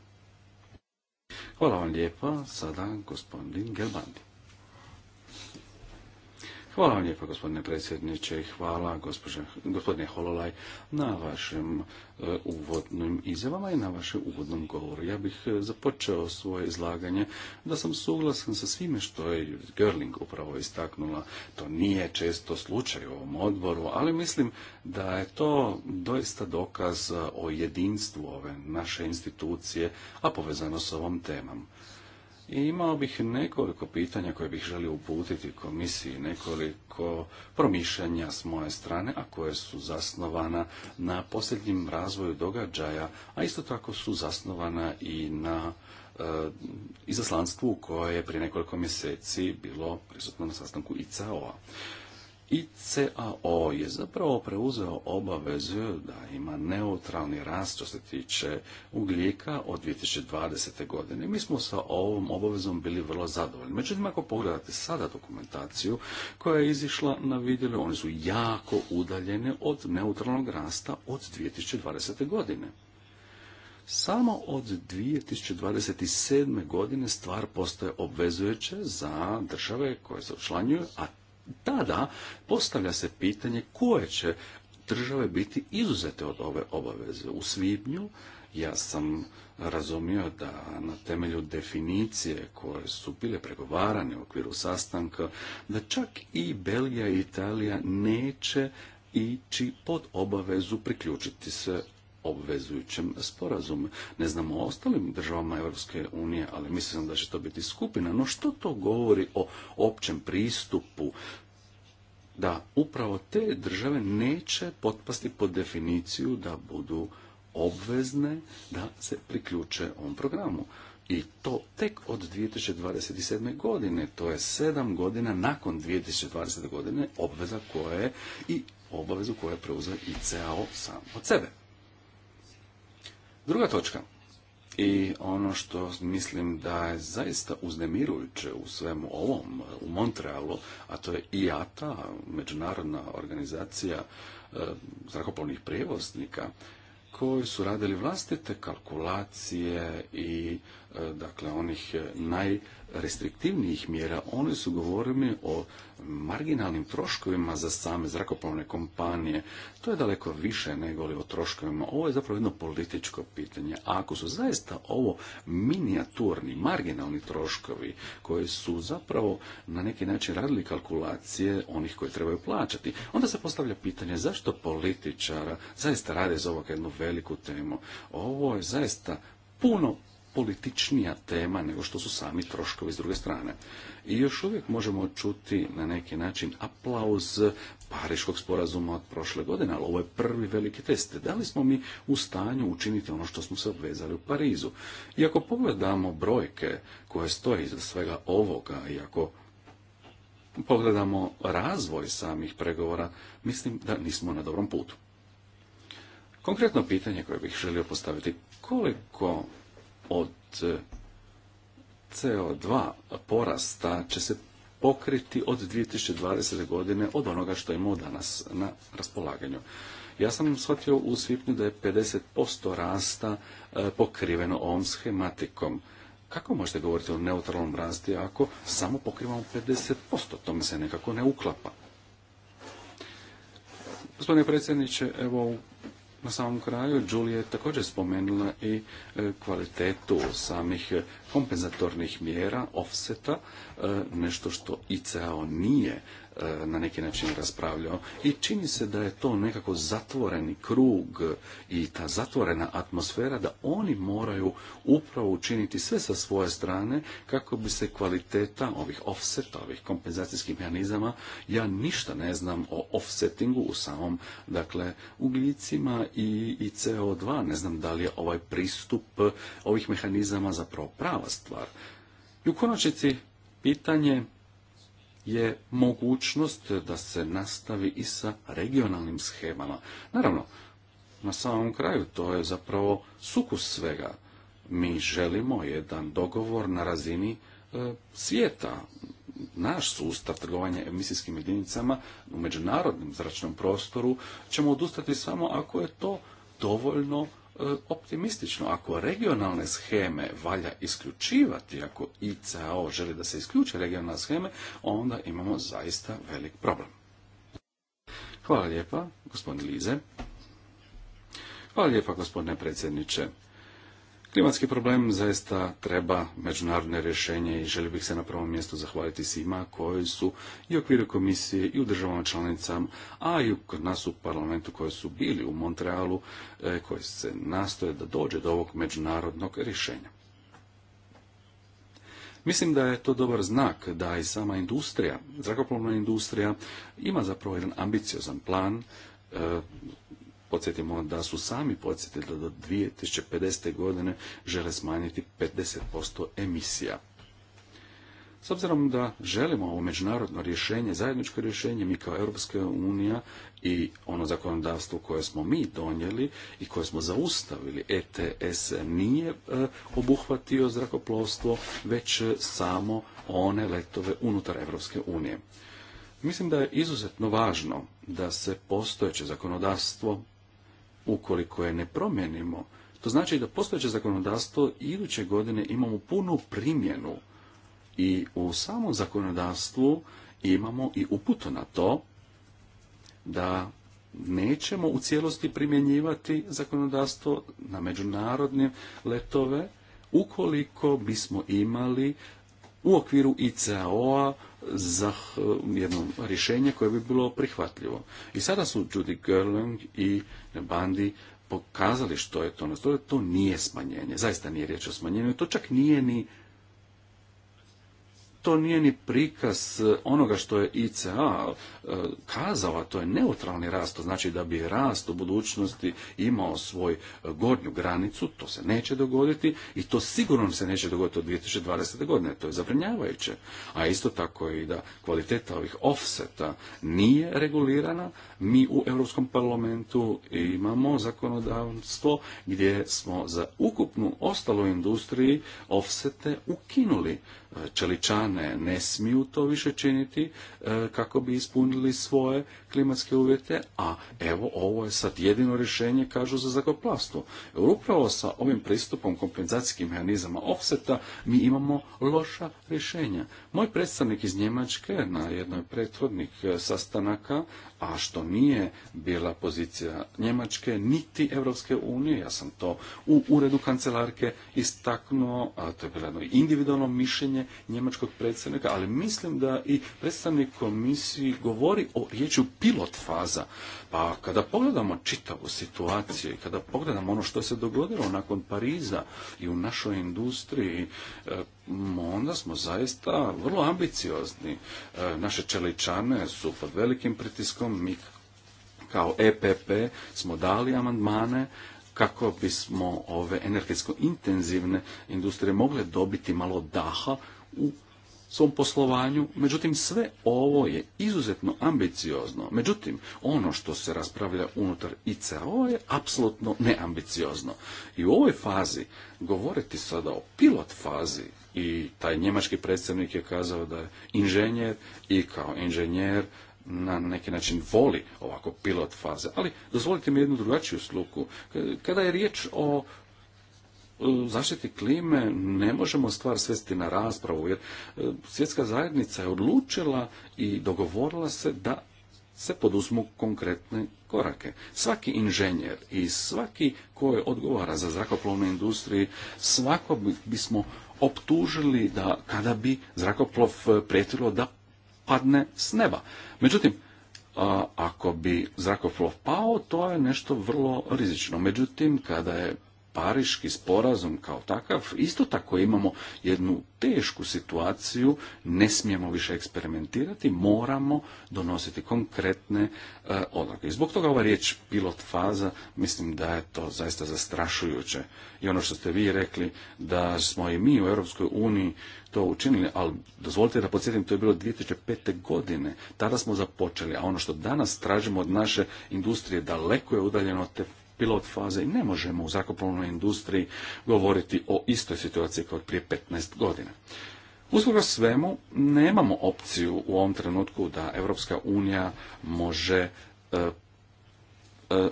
Hvala vam lijepa, sada gospodin Gelbandi. Hvala vam lijepa gospodine predsjedniče i hvala gospodine Hololaj na vašem e, uvodnim izjavama i na vašem uvodnom govoru. Ja bih e, započeo svoje izlaganje da sam suglasan sa svime što je Görling upravo istaknula. To nije često slučaj u ovom odboru, ali mislim da je to doista dokaz o jedinstvu ove naše institucije, a povezano s ovom temom. I imao bih nekoliko pitanja koje bih želio uputiti komisiji, nekoliko promišljanja s moje strane, a koje su zasnovana na posljednjem razvoju događaja, a isto tako su zasnovana i na e, izaslanstvu koje je prije nekoliko mjeseci bilo prisutno na sastanku ICAO-a. I CAO je zapravo preuzeo obavezu da ima neutralni rast što se tiče ugljika od 2020. godine. Mi smo sa ovom obavezom bili vrlo zadovoljni. Međutim, ako pogledate sada dokumentaciju koja je izišla na vidjelo, oni su jako udaljene od neutralnog rasta od 2020. godine. Samo od 2027. godine stvar postaje obvezujuće za države koje se učlanjuju, a tada postavlja se pitanje koje će države biti izuzete od ove obaveze. U svibnju ja sam razumio da na temelju definicije koje su bile pregovarane u okviru sastanka, da čak i Belgija i Italija neće ići pod obavezu priključiti se obvezujućem sporazumu. Ne znamo o ostalim državama Europske unije, ali mislim da će to biti skupina. No što to govori o općem pristupu da upravo te države neće potpasti pod definiciju da budu obvezne da se priključe ovom programu. I to tek od 2027. godine, to je sedam godina nakon 2020. godine obveza koja i obavezu koju je i ICAO sam od sebe. Druga točka. I ono što mislim da je zaista uznemirujuće u svemu ovom, u Montrealu, a to je IATA, međunarodna organizacija e, zrakoplovnih prijevoznika, koji su radili vlastite kalkulacije i e, dakle onih e, naj restriktivnijih mjera, oni su govorili o marginalnim troškovima za same zrakoplovne kompanije. To je daleko više nego li o troškovima. Ovo je zapravo jedno političko pitanje. A ako su zaista ovo minijaturni, marginalni troškovi koji su zapravo na neki način radili kalkulacije onih koji trebaju plaćati, onda se postavlja pitanje zašto političara zaista rade za ovog jednu veliku temu. Ovo je zaista puno političnija tema nego što su sami troškovi s druge strane. I još uvijek možemo čuti na neki način aplauz Pariškog sporazuma od prošle godine, ali ovo je prvi veliki test. Da li smo mi u stanju učiniti ono što smo se obvezali u Parizu? I ako pogledamo brojke koje stoje iza svega ovoga, i ako pogledamo razvoj samih pregovora, mislim da nismo na dobrom putu. Konkretno pitanje koje bih želio postaviti, koliko od eh, CO2 porasta će se pokriti od 2020. godine od onoga što imamo danas na raspolaganju. Ja sam shvatio u svipnju da je 50% rasta eh, pokriveno ovom schematikom. Kako možete govoriti o neutralnom rasti ako samo pokrivamo 50%? To mi se nekako ne uklapa. Gospodine predsjedniče, evo na samom kraju Julie je također spomenula i e, kvalitetu samih kompenzatornih mjera, offseta, e, nešto što ICAO nije E, na neki način raspravljao i čini se da je to nekako zatvoreni krug i ta zatvorena atmosfera da oni moraju upravo učiniti sve sa svoje strane kako bi se kvaliteta ovih offseta, ovih kompenzacijskih mehanizama, ja ništa ne znam o offsettingu u samom, dakle, ugljicima i, i CO2, ne znam da li je ovaj pristup ovih mehanizama zapravo prava stvar. I u konačnici pitanje je mogućnost da se nastavi i sa regionalnim schemama. Naravno, na samom kraju to je zapravo sukus svega. Mi želimo jedan dogovor na razini e, svijeta. Naš sustav trgovanja emisijskim jedinicama u međunarodnom zračnom prostoru ćemo odustati samo ako je to dovoljno E, optimistično. Ako regionalne scheme valja isključivati, ako ICAO želi da se isključe regionalne scheme, onda imamo zaista velik problem. Hvala lijepa, gospodine Lize. Hvala lijepa, gospodine predsjedniče. Klimatski problem zaista treba međunarodne rješenje i želio bih se na prvom mjestu zahvaliti svima koji su i u okviru komisije i u državama članicama, a i kod nas u parlamentu koji su bili u Montrealu, e, koji se nastoje da dođe do ovog međunarodnog rješenja. Mislim da je to dobar znak da i sama industrija, zrakoplovna industrija, ima zapravo jedan ambiciozan plan e, Podsjetimo da su sami podsjetili da do 2050. godine žele smanjiti 50% emisija. S obzirom da želimo ovo međunarodno rješenje, zajedničko rješenje, mi kao Europska unija i ono zakonodavstvo koje smo mi donijeli i koje smo zaustavili, ETS nije e, obuhvatio zrakoplovstvo, već samo one letove unutar Europske unije. Mislim da je izuzetno važno da se postojeće zakonodavstvo ukoliko je ne promijenimo, to znači da postojeće zakonodavstvo iduće godine imamo punu primjenu i u samom zakonodavstvu imamo i uputo na to da nećemo u cijelosti primjenjivati zakonodavstvo na međunarodne letove ukoliko bismo imali u okviru ICAO-a za eh, jedno rješenje koje bi bilo prihvatljivo. I sada su Judy Gerling i bandi pokazali što je to. Nas to nije smanjenje, zaista nije riječ o smanjenju, to čak nije ni to nije ni prikaz e, onoga što je ICA e, kazala, to je neutralni rast, to znači da bi rast u budućnosti imao svoj e, gornju granicu, to se neće dogoditi i to sigurno se neće dogoditi od 2020. godine, to je zabrinjavajuće. A isto tako i da kvaliteta ovih offseta nije regulirana, mi u Europskom parlamentu imamo zakonodavstvo gdje smo za ukupnu ostalu industriji offsete ukinuli čeličan ne smiju to više činiti e, kako bi ispunili svoje klimatske uvjete, a evo ovo je sad jedino rješenje, kažu, za zakoplavstvo. Upravo sa ovim pristupom kompenzacijskih mehanizama offseta mi imamo loša rješenja. Moj predstavnik iz Njemačke na jednoj prethodnih e, sastanaka, a što nije bila pozicija Njemačke niti Evropske unije, ja sam to u uredu kancelarke istaknuo, to je bilo jedno individualno mišljenje njemačkog predsjednika, ali mislim da i predstavnik komisiji govori o riječju pilot faza. Pa kada pogledamo čitavu situaciju i kada pogledamo ono što se dogodilo nakon Pariza i u našoj industriji, e, onda smo zaista vrlo ambiciozni. E, naše čeličane su pod velikim pritiskom, mi kao EPP smo dali amandmane kako bismo ove energetsko intenzivne industrije mogle dobiti malo daha u svom poslovanju, međutim sve ovo je izuzetno ambiciozno. Međutim, ono što se raspravlja unutar ICO je apsolutno neambiciozno. I u ovoj fazi govoriti sada o pilot fazi i taj njemački predstavnik je kazao da je inženjer i kao inženjer na neki način voli ovako pilot faze. Ali dozvolite mi jednu drugačiju sluku. Kada je riječ o zaštiti klime ne možemo stvar svesti na raspravu, jer e, svjetska zajednica je odlučila i dogovorila se da se poduzmu konkretne korake. Svaki inženjer i svaki koji odgovara za zrakoplovnu industriju, svako bismo optužili da kada bi zrakoplov e, prijetilo da padne s neba. Međutim, ako bi zrakoplov pao, to je nešto vrlo rizično. Međutim, kada je Pariški sporazum kao takav, isto tako imamo jednu tešku situaciju, ne smijemo više eksperimentirati, moramo donositi konkretne e, odluke. I zbog toga ova riječ pilot faza, mislim da je to zaista zastrašujuće. I ono što ste vi rekli, da smo i mi u Europskoj uniji to učinili, ali dozvolite da podsjetim, to je bilo 2005. godine. Tada smo započeli, a ono što danas tražimo od naše industrije daleko je udaljeno od te pilot faze i ne možemo u zrakoplovnoj industriji govoriti o istoj situaciji kao prije 15 godina. Usprkos svemu, nemamo opciju u ovom trenutku da Europska unija može e, e,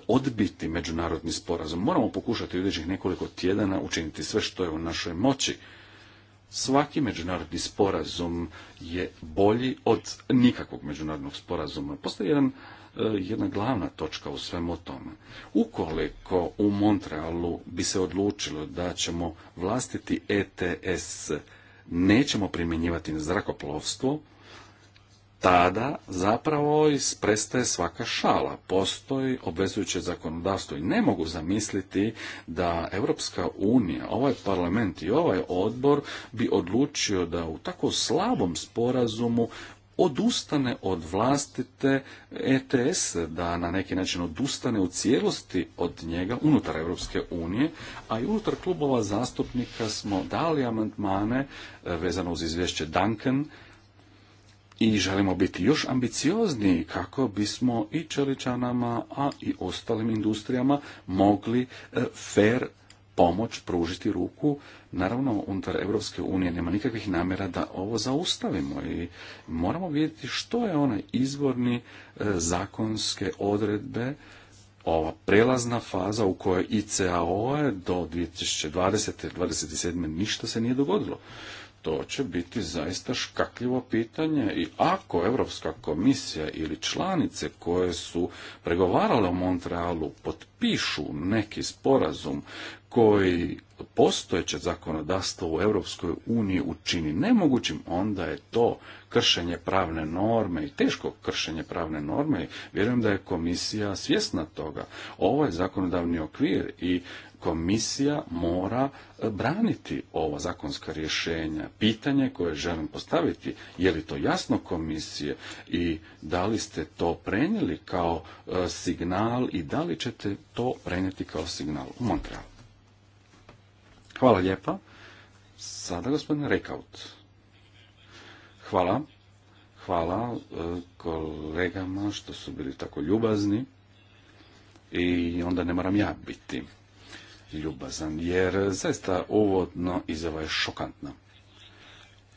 odbiti međunarodni sporazum. Moramo pokušati u idućih nekoliko tjedana učiniti sve što je u našoj moći. Svaki međunarodni sporazum je bolji od nikakvog međunarodnog sporazuma. Postoji jedan E, jedna glavna točka u svemu tome. Ukoliko u Montrealu bi se odlučilo da ćemo vlastiti ETS nećemo primjenjivati na zrakoplovstvo, tada zapravo prestaje svaka šala. Postoji obvezujuće zakonodavstvo i ne mogu zamisliti da Europska unija, ovaj parlament i ovaj odbor bi odlučio da u tako slabom sporazumu odustane od vlastite ETS, da na neki način odustane u cijelosti od njega unutar Europske unije, a i unutar klubova zastupnika smo dali amandmane e, vezano uz izvješće Duncan, i želimo biti još ambiciozniji kako bismo i čeličanama, a i ostalim industrijama mogli e, fer pomoć, pružiti ruku. Naravno, unutar Europske unije nema nikakvih namjera da ovo zaustavimo i moramo vidjeti što je onaj izvorni e, zakonske odredbe ova prelazna faza u kojoj ICAO je do 2020. 2027. ništa se nije dogodilo. To će biti zaista škakljivo pitanje i ako Europska komisija ili članice koje su pregovarale o Montrealu potpišu neki sporazum koji postojeće zakonodavstvo u Europskoj uniji učini nemogućim, onda je to kršenje pravne norme i teško kršenje pravne norme. Vjerujem da je komisija svjesna toga. Ovo je zakonodavni okvir i komisija mora e, braniti ova zakonska rješenja. Pitanje koje želim postaviti, je li to jasno komisije i da li ste to prenijeli kao e, signal i da li ćete to prenijeti kao signal u Montrealu? Hvala lijepa. Sada gospodin Rekaut. Hvala. Hvala e, kolegama što su bili tako ljubazni i onda ne moram ja biti ljubazan, jer zaista uvodno izjava je šokantna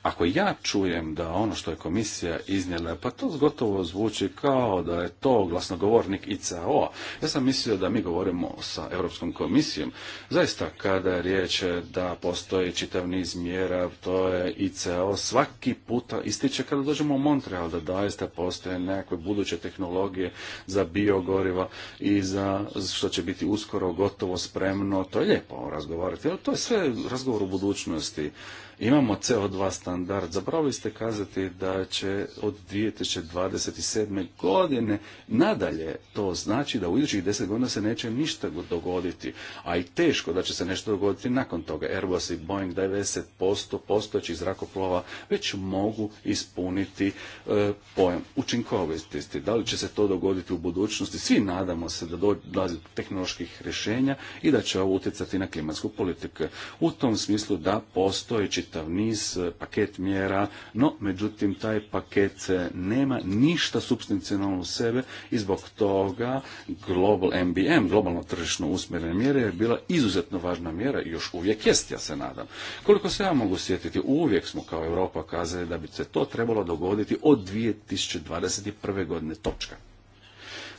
ako ja čujem da ono što je komisija iznijela, pa to gotovo zvuči kao da je to glasnogovornik ICAO. Ja sam mislio da mi govorimo sa Europskom komisijom. Zaista, kada je riječ da postoji čitav niz mjera, to je ICAO svaki puta ističe kada dođemo u Montreal, da daista postoje nekakve buduće tehnologije za biogoriva i za što će biti uskoro gotovo spremno. To je lijepo razgovarati, ali to je sve razgovor u budućnosti. Imamo CO2 standard standard. zapravo ste kazati da će od 2027. godine nadalje to znači da u idućih deset godina se neće ništa dogoditi, a i teško da će se nešto dogoditi nakon toga. Airbus i Boeing 90% postojećih zrakoplova već mogu ispuniti pojem pojam učinkovitosti. Da li će se to dogoditi u budućnosti? Svi nadamo se da dolazi do tehnoloških rješenja i da će ovo utjecati na klimatsku politiku. U tom smislu da postoji čitav niz e, paketa paket mjera, no međutim taj paket nema ništa substancionalno u sebe i zbog toga Global MBM, globalno tržišno usmjerene mjere je bila izuzetno važna mjera i još uvijek jest, ja se nadam. Koliko se ja mogu sjetiti, uvijek smo kao Europa kazali da bi se to trebalo dogoditi od 2021. godine točka.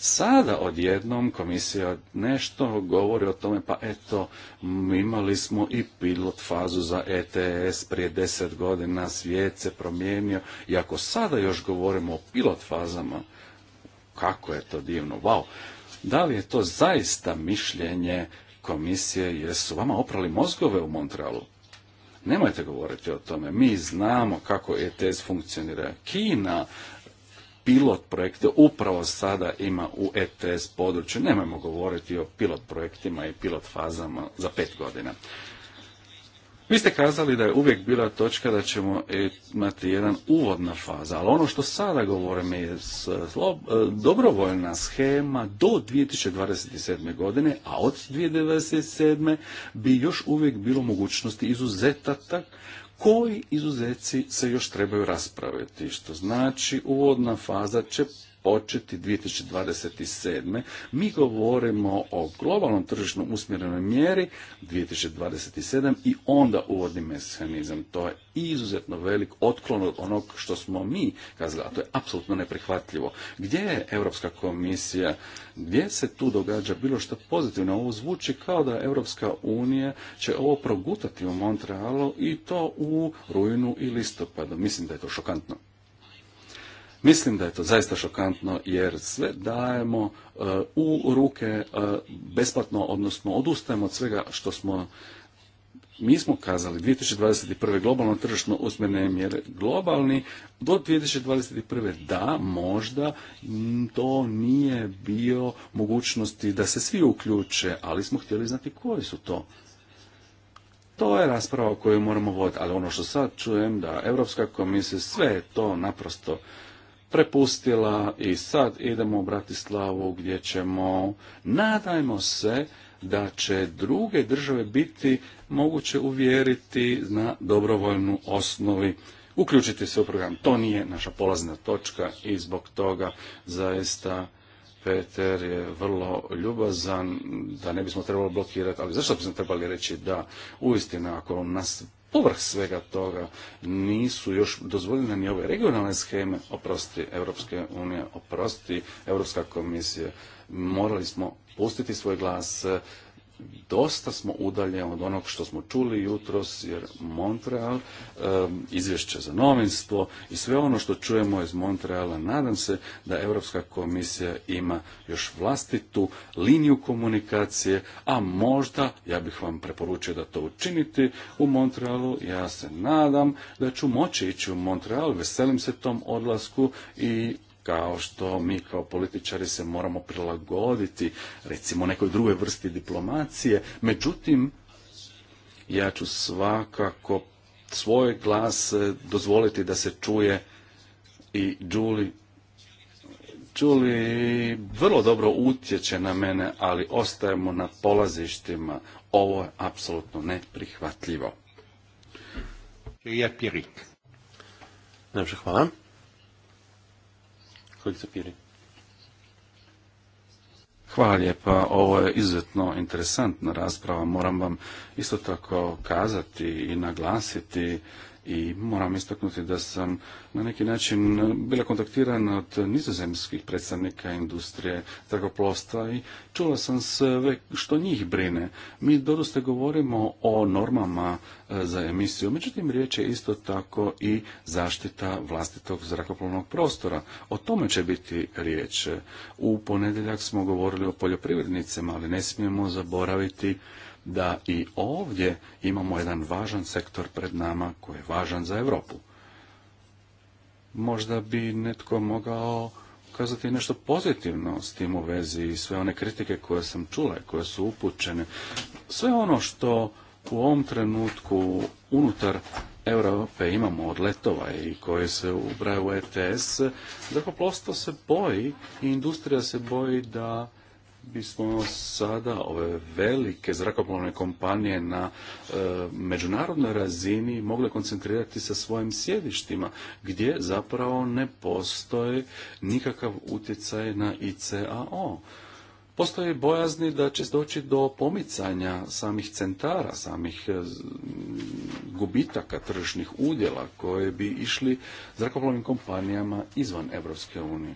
Sada odjednom komisija nešto govori o tome, pa eto, imali smo i pilot fazu za ETS prije deset godina, svijet se promijenio i ako sada još govorimo o pilot fazama, kako je to divno, wow, da li je to zaista mišljenje komisije, jesu vama oprali mozgove u Montrealu? Nemojte govoriti o tome. Mi znamo kako ETS funkcionira. Kina pilot projekte upravo sada ima u ETS području. Nemojmo govoriti o pilot projektima i pilot fazama za pet godina. Vi ste kazali da je uvijek bila točka da ćemo imati jedan uvodna faza, ali ono što sada govorim je dobrovoljna schema do 2027. godine, a od 2027. bi još uvijek bilo mogućnosti izuzetatak, koji izuzeci se još trebaju raspraviti, što znači uvodna faza će početi 2027. Mi govorimo o globalnom tržišnom usmjerenoj mjeri 2027 i onda uvodni mehanizam. To je izuzetno velik otklon od onog što smo mi kazali, a to je apsolutno neprihvatljivo. Gdje je Europska komisija, gdje se tu događa bilo što pozitivno? Ovo zvuči kao da Europska unija će ovo progutati u Montrealu i to u rujnu i listopadu. Mislim da je to šokantno. Mislim da je to zaista šokantno jer sve dajemo e, u ruke e, besplatno, odnosno odustajemo od svega što smo mi smo kazali 2021. globalno tržišno usmjerne mjere globalni do 2021. da možda to nije bio mogućnosti da se svi uključe, ali smo htjeli znati koji su to. To je rasprava koju moramo voditi, ali ono što sad čujem da Europska komisija sve to naprosto prepustila i sad idemo u Bratislavu gdje ćemo, nadajmo se da će druge države biti moguće uvjeriti na dobrovoljnu osnovi uključiti se u program. To nije naša polazna točka i zbog toga zaista Peter je vrlo ljubazan, da ne bismo trebali blokirati, ali zašto bismo trebali reći da uistinu ako nas povrh svega toga nisu još dozvoljene ni ove regionalne scheme, oprosti Europske unije, oprosti Europska komisija. Morali smo pustiti svoj glas dosta smo udalje od onog što smo čuli jutros, jer Montreal, izvješće za novinstvo i sve ono što čujemo iz Montreala, nadam se da Europska komisija ima još vlastitu liniju komunikacije, a možda, ja bih vam preporučio da to učinite u Montrealu, ja se nadam da ću moći ići u Montreal, veselim se tom odlasku i kao što mi kao političari se moramo prilagoditi recimo nekoj drugoj vrsti diplomacije. Međutim, ja ću svakako svoj glas e, dozvoliti da se čuje i Julie Čuli, vrlo dobro utječe na mene, ali ostajemo na polazištima. Ovo je apsolutno neprihvatljivo. hvala. Hvala lijepa. Ovo je izuzetno interesantna rasprava. Moram vam isto tako kazati i naglasiti i moram istaknuti da sam na neki način bila kontaktiran od nizozemskih predstavnika industrije zrakoplovstva i čula sam sve što njih brine. Mi doduste govorimo o normama e, za emisiju, međutim riječ je isto tako i zaštita vlastitog zrakoplovnog prostora. O tome će biti riječ. U ponedjeljak smo govorili o poljoprivrednicima, ali ne smijemo zaboraviti da i ovdje imamo jedan važan sektor pred nama koji je važan za Europu. Možda bi netko mogao kazati nešto pozitivno s tim u vezi i sve one kritike koje sam čula i koje su upućene. Sve ono što u ovom trenutku unutar Europe imamo od letova i koje se ubraju u ETS, zrakoplovstvo se boji i industrija se boji da bismo sada ove velike zrakoplovne kompanije na e, međunarodnoj razini mogle koncentrirati sa svojim sjedištima gdje zapravo ne postoji nikakav utjecaj na ICAO. Postoje bojazni da će doći do pomicanja samih centara, samih e, gubitaka tržišnih udjela koje bi išli zrakoplovnim kompanijama izvan Europske unije.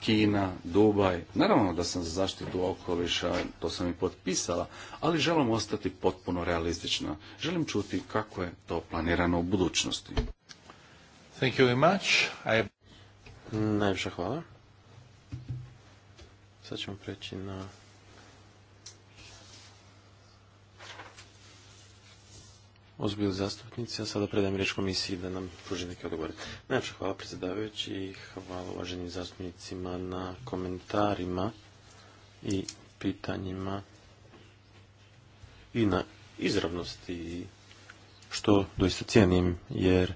Kina, Dubaj. Naravno da sam za zaštitu okoliša, to sam i potpisala, ali želim ostati potpuno realistična. Želim čuti kako je to planirano u budućnosti. Thank you very much. Najviše hvala. Sad ćemo preći na Ozbilj zastupnici, a sada predajem riječ komisiji da nam pruži neke odgovore. Najlepša hvala predsjedavajući i hvala uvaženim zastupnicima na komentarima i pitanjima i na izravnosti što doista cijenim jer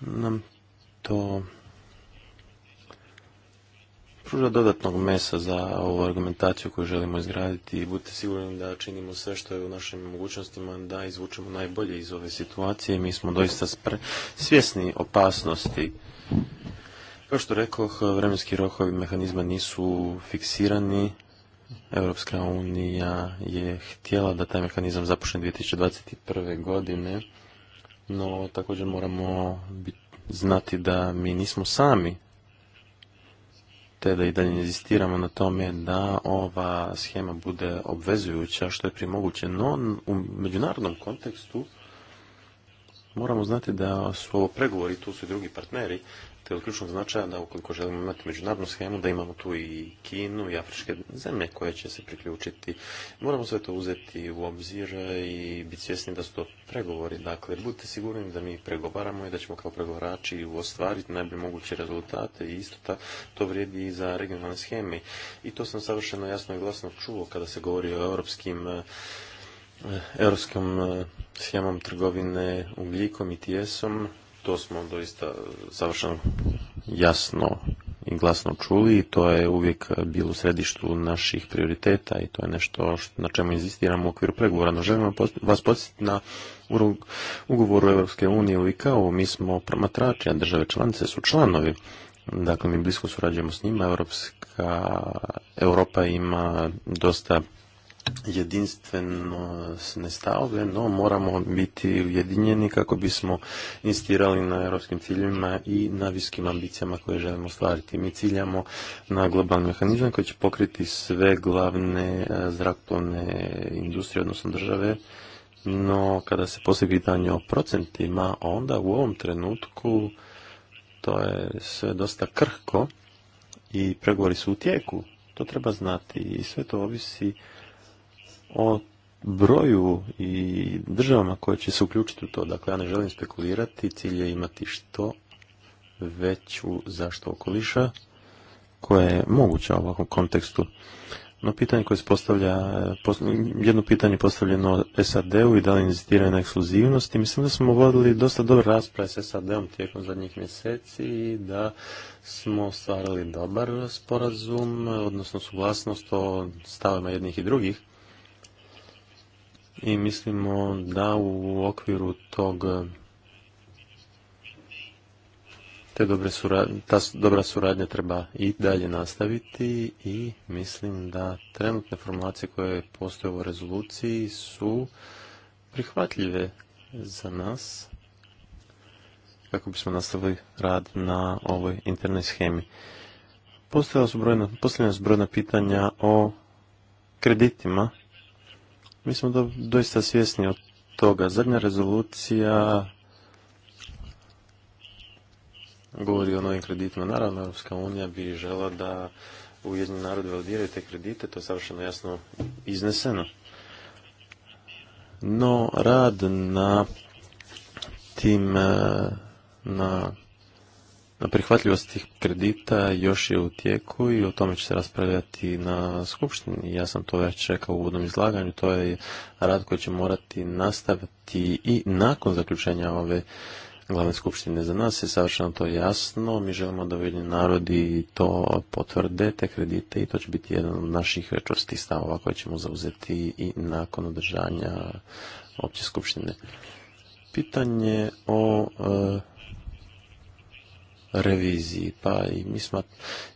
nam to pruža dodatnog mesa za ovu argumentaciju koju želimo izgraditi i budite sigurni da činimo sve što je u našim mogućnostima da izvučemo najbolje iz ove situacije. Mi smo doista svjesni opasnosti. Kao što rekoh, vremenski rokovi mehanizma nisu fiksirani. Europska unija je htjela da taj mehanizam započne 2021. godine, no također moramo biti znati da mi nismo sami te da i dalje inzistiramo na tome da ova schema bude obvezujuća što je primoguće. No, u međunarodnom kontekstu moramo znati da su ovo pregovori, tu su i drugi partneri te od ključnog značaja da ukoliko želimo imati međunarodnu schemu, da imamo tu i Kinu i afričke zemlje koje će se priključiti. Moramo sve to uzeti u obzir i biti svjesni da su to pregovori. Dakle, budite sigurni da mi pregovaramo i da ćemo kao pregovarači ostvariti najbolje moguće rezultate i isto to vrijedi i za regionalne scheme. I to sam savršeno jasno i glasno čuo kada se govori o europskim eh, europskom eh, schemom trgovine ugljikom i tijesom to smo doista savršeno jasno i glasno čuli i to je uvijek bilo u središtu naših prioriteta i to je nešto na čemu insistiramo u okviru pregovora. No želimo vas podsjetiti na ugovoru Europske unije u Mi smo promatrači, a države članice su članovi. Dakle, mi blisko surađujemo s njima. Europska, Europa ima dosta jedinstveno stavove, no moramo biti ujedinjeni kako bismo instirali na europskim ciljima i na viskim ambicijama koje želimo stvariti. Mi ciljamo na globalni mehanizam koji će pokriti sve glavne e, zrakoplovne industrije, odnosno države, no kada se poslije pitanje o procentima, onda u ovom trenutku to je sve dosta krhko i pregovori su u tijeku. To treba znati i sve to ovisi o broju i državama koje će se uključiti u to. Dakle, ja ne želim spekulirati, cilj je imati što veću zaštitu okoliša koja je moguća u ovakvom kontekstu. No pitanje koje se postavlja, jedno pitanje postavljeno SAD-u i da li inzistiraju na ekskluzivnosti. Mislim da smo vodili dosta dobar rasprave s SAD-om tijekom zadnjih mjeseci i da smo stvarali dobar sporazum, odnosno suglasnost o stavima jednih i drugih i mislimo da u okviru tog te dobre suradnje, ta dobra suradnja treba i dalje nastaviti i mislim da trenutne formulacije koje postoje u rezoluciji su prihvatljive za nas kako bismo nastavili rad na ovoj internoj schemi. Postavljena su brojna pitanja o kreditima mi smo doista svjesni od toga. Zadnja rezolucija govori o novim kreditima. Naravno, Europska unija bi žela da Ujedinjeni narodi validiraju te kredite, to je savršeno jasno izneseno. No, rad na tim, eh, na prihvatljivost tih kredita još je u tijeku i o tome će se raspravljati na skupštini. Ja sam to već čekao u uvodnom izlaganju. To je rad koji će morati nastaviti i nakon zaključenja ove glavne skupštine. Za nas je savršeno to jasno. Mi želimo da vidjeni narodi to potvrde, te kredite i to će biti jedan od naših čvrstih stavova koje ćemo zauzeti i nakon održanja opće skupštine. Pitanje o e, reviziji. Pa i mi, smo,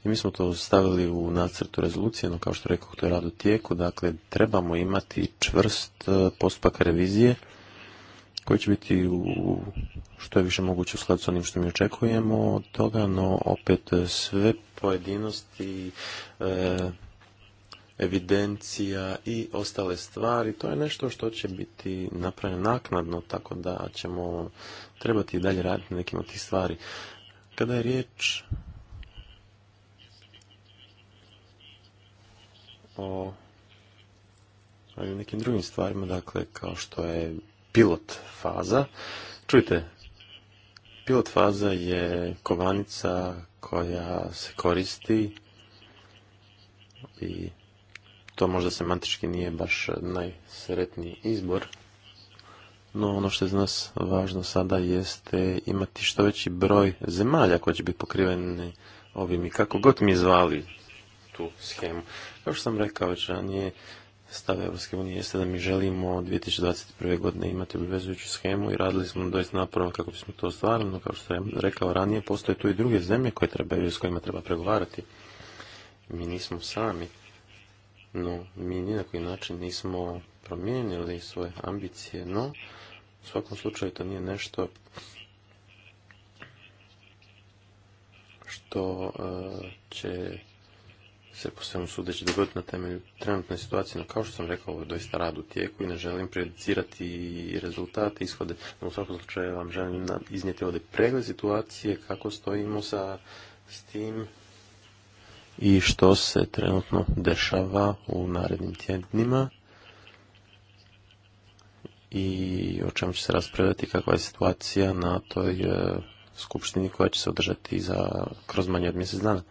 i mi smo to stavili u nacrtu rezolucije, no kao što rekao, to je rad u tijeku. Dakle, trebamo imati čvrst e, postupak revizije koji će biti u što je više moguće u skladu s onim što mi očekujemo od toga, no opet e, sve pojedinosti, e, evidencija i ostale stvari, to je nešto što će biti napravljeno naknadno, tako da ćemo trebati i dalje raditi nekim od tih stvari. Kada je riječ o nekim drugim stvarima, dakle, kao što je pilot faza. Čujte, pilot faza je kovanica koja se koristi i to možda semantički nije baš najsretniji izbor. No ono što je za nas važno sada jeste imati što veći broj zemalja koji će biti pokriveni ovim i kako god mi zvali tu schemu. Kao što sam rekao već ranije, stav EU unije jeste da mi želimo 2021. godine imati obvezujuću schemu i radili smo doista napravo kako bismo to ostvarili, no kao što sam rekao ranije, postoje tu i druge zemlje koje trebaju, s kojima treba pregovarati. Mi nismo sami, no mi ni na koji način nismo promijenili svoje ambicije, no u svakom slučaju to nije nešto što e, će se po svemu sudeći dogoditi na temelju trenutne situacije, no kao što sam rekao, ovo je doista rad u tijeku i ne želim prejudicirati rezultate, ishode. No, u svakom slučaju vam želim iznijeti ovdje pregled situacije, kako stojimo sa, s tim i što se trenutno dešava u narednim tjednima i o čemu će se raspravljati kakva je situacija na toj e, skupštini koja će se održati za, kroz manje od mjesec dana.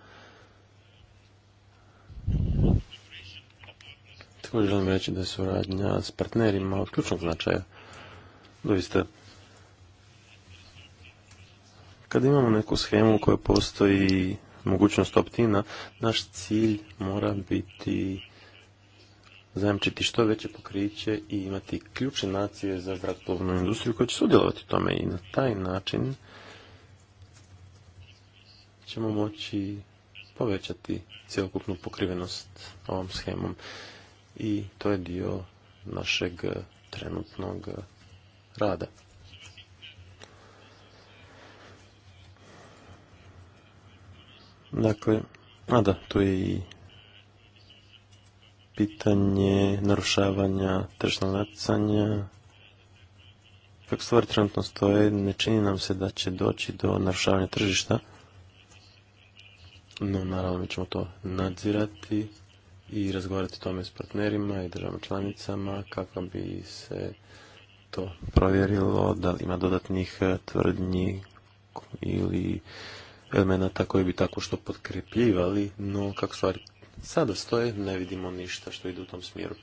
Također želim reći da je suradnja s partnerima od ključnog značaja. Doista, kad imamo neku schemu u kojoj postoji mogućnost optina, naš cilj mora biti zajamčiti što veće pokriće i imati ključne nacije za zrakoplovnu industriju koja će sudjelovati u tome i na taj način ćemo moći povećati cjelokupnu pokrivenost ovom schemom i to je dio našeg e, trenutnog e, rada. Dakle, a da, tu je i pitanje narušavanja tržnog natjecanja, kako stvari trenutno stoje, ne čini nam se da će doći do narušavanja tržišta, no naravno mi ćemo to nadzirati i razgovarati o tome s partnerima i državama članicama kako bi se to provjerilo, da li ima dodatnih e, tvrdnji ili elemenata koji bi tako što potkrepljivali, no kako stvari sada stoje, ne vidimo ništa što ide u tom smjeru.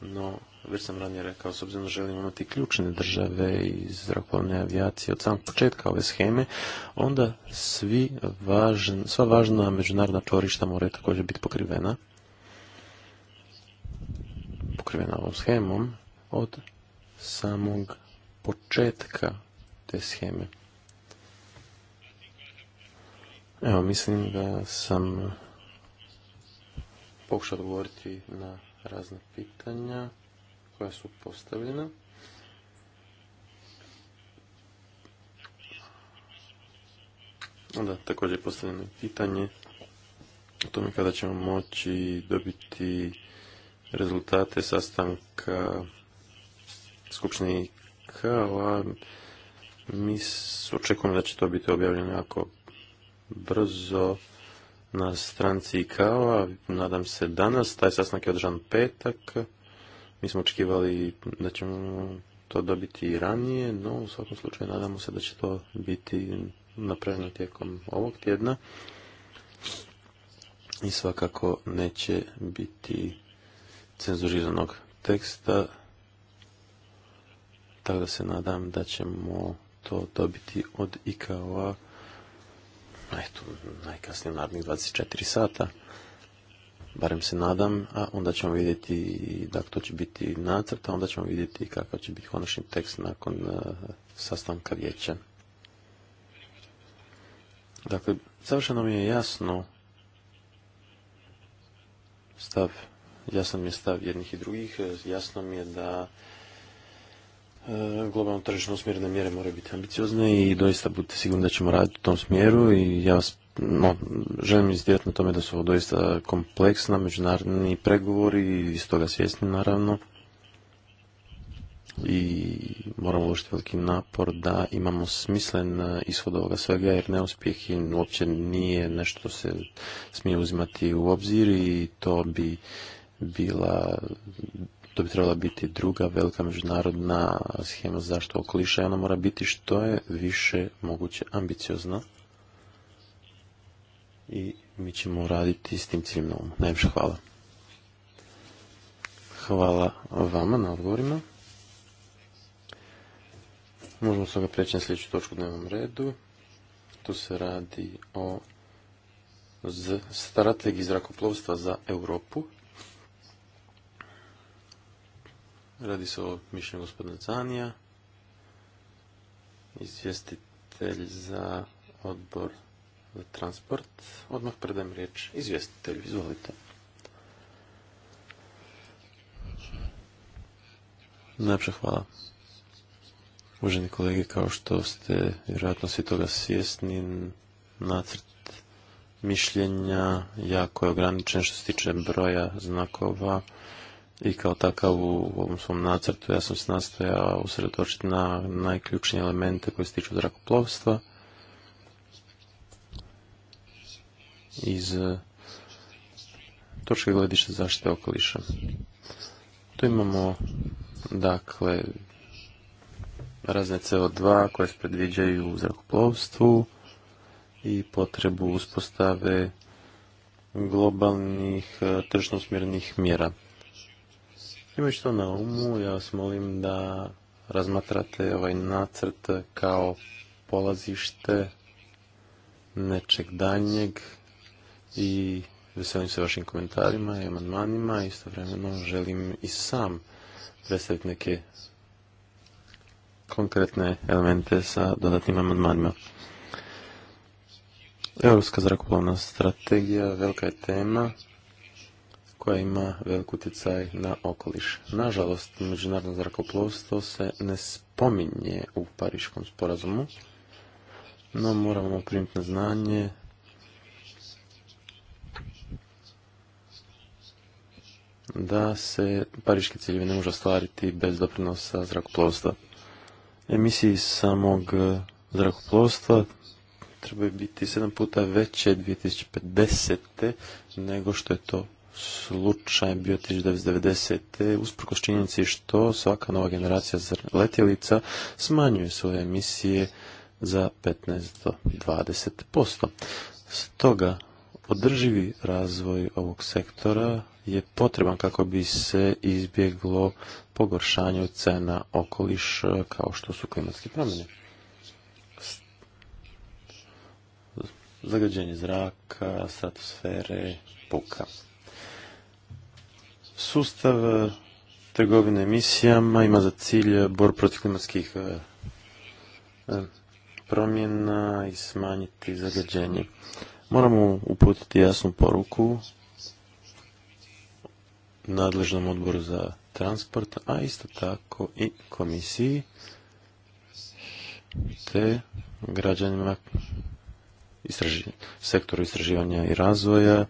No, već sam ranije rekao, s obzirom da želimo imati ključne države i zrakoplovne avijacije od samog početka ove scheme, onda svi sva važna međunarodna čvorišta moraju također biti pokrivena pokrivena ovom schemom od samog početka te scheme. Evo, mislim da sam pokušao odgovoriti na razna pitanja koja su postavljena. Onda također je postavljeno pitanje o tome kada ćemo moći dobiti rezultate sastanka Skupštine IKA. Mi očekujemo da će to biti objavljeno jako brzo na stranci IKAO-a, nadam se danas, taj sastanak je održan petak, mi smo očekivali da ćemo to dobiti i ranije, no u svakom slučaju nadamo se da će to biti napravljeno tijekom ovog tjedna i svakako neće biti cenzuriranog teksta, tako da se nadam da ćemo to dobiti od ikao a eto, najkasnije narednih 24 sata, barem se nadam, a onda ćemo vidjeti, da to će biti nacrt, a onda ćemo vidjeti kakav će biti konačni tekst nakon eh, sastanka vijeća. Dakle, savršeno mi je jasno stav, jasan mi je stav jednih i drugih, jasno mi je da E, globalno tržišno usmjerene mjere moraju biti ambiciozne i doista budite sigurni da ćemo raditi u tom smjeru i ja vas želim izdjeti na tome da su ovo doista kompleksna međunarodni pregovori i iz toga svjesni naravno i moramo uložiti veliki napor da imamo smislen ishod ovoga svega jer neuspjeh uopće nije nešto što se smije uzimati u obzir i to bi bila to bi trebala biti druga velika međunarodna schema zašto okoliša i ona mora biti što je više moguće ambiciozna. I mi ćemo raditi s tim ciljem na umu. Najviše hvala. Hvala vama na odgovorima. Možemo se preći na sljedeću točku dnevnom redu. Tu se radi o strategiji zrakoplovstva za Europu. Radi se o mišljenju gospodina Canija, izvjestitelj za odbor za transport. Odmah predajem riječ izvjestitelju, izvolite. Najpša hvala. Uvaženi kolege, kao što ste vjerojatno svi toga svjesni, nacrt mišljenja jako je ograničen što se tiče broja znakova i kao takav u ovom svom nacrtu ja sam se nastojao usredotočiti na najključnije elemente koji se tiču zrakoplovstva iz eh, točke gledišta zaštite okoliša. Tu imamo dakle razne CO2 koje se predviđaju u zrakoplovstvu i potrebu uspostave globalnih eh, tržno usmjerenih mjera. Imajući to na umu, ja vas molim da razmatrate ovaj nacrt kao polazište nečeg danjeg i veselim se vašim komentarima i amandmanima. Istovremeno želim i sam predstaviti neke konkretne elemente sa dodatnim amandmanima. Europska zrakoplovna strategija velika je tema koja ima velik utjecaj na okoliš. Nažalost, međunarodno zrakoplovstvo se ne spominje u Pariškom sporazumu, no moramo primiti na znanje da se pariški ciljevi ne može ostvariti bez doprinosa zrakoplovstva. Emisiji samog zrakoplovstva trebaju biti 7 puta veće 2050. nego što je to slučaj bio 1990. usprkos činjenici što svaka nova generacija letjelica smanjuje svoje emisije za 15 do 20%. Stoga, održivi razvoj ovog sektora je potreban kako bi se izbjeglo pogoršanje cena na okoliš kao što su klimatske promjene. Zagađenje zraka, stratosfere, puka. Sustav e, trgovine emisijama ima za cilj bor protiv klimatskih e, e, promjena i smanjiti zagađenje. Moramo uputiti jasnu poruku nadležnom odboru za transport, a isto tako i komisiji te građanima sektoru istraživanja i razvoja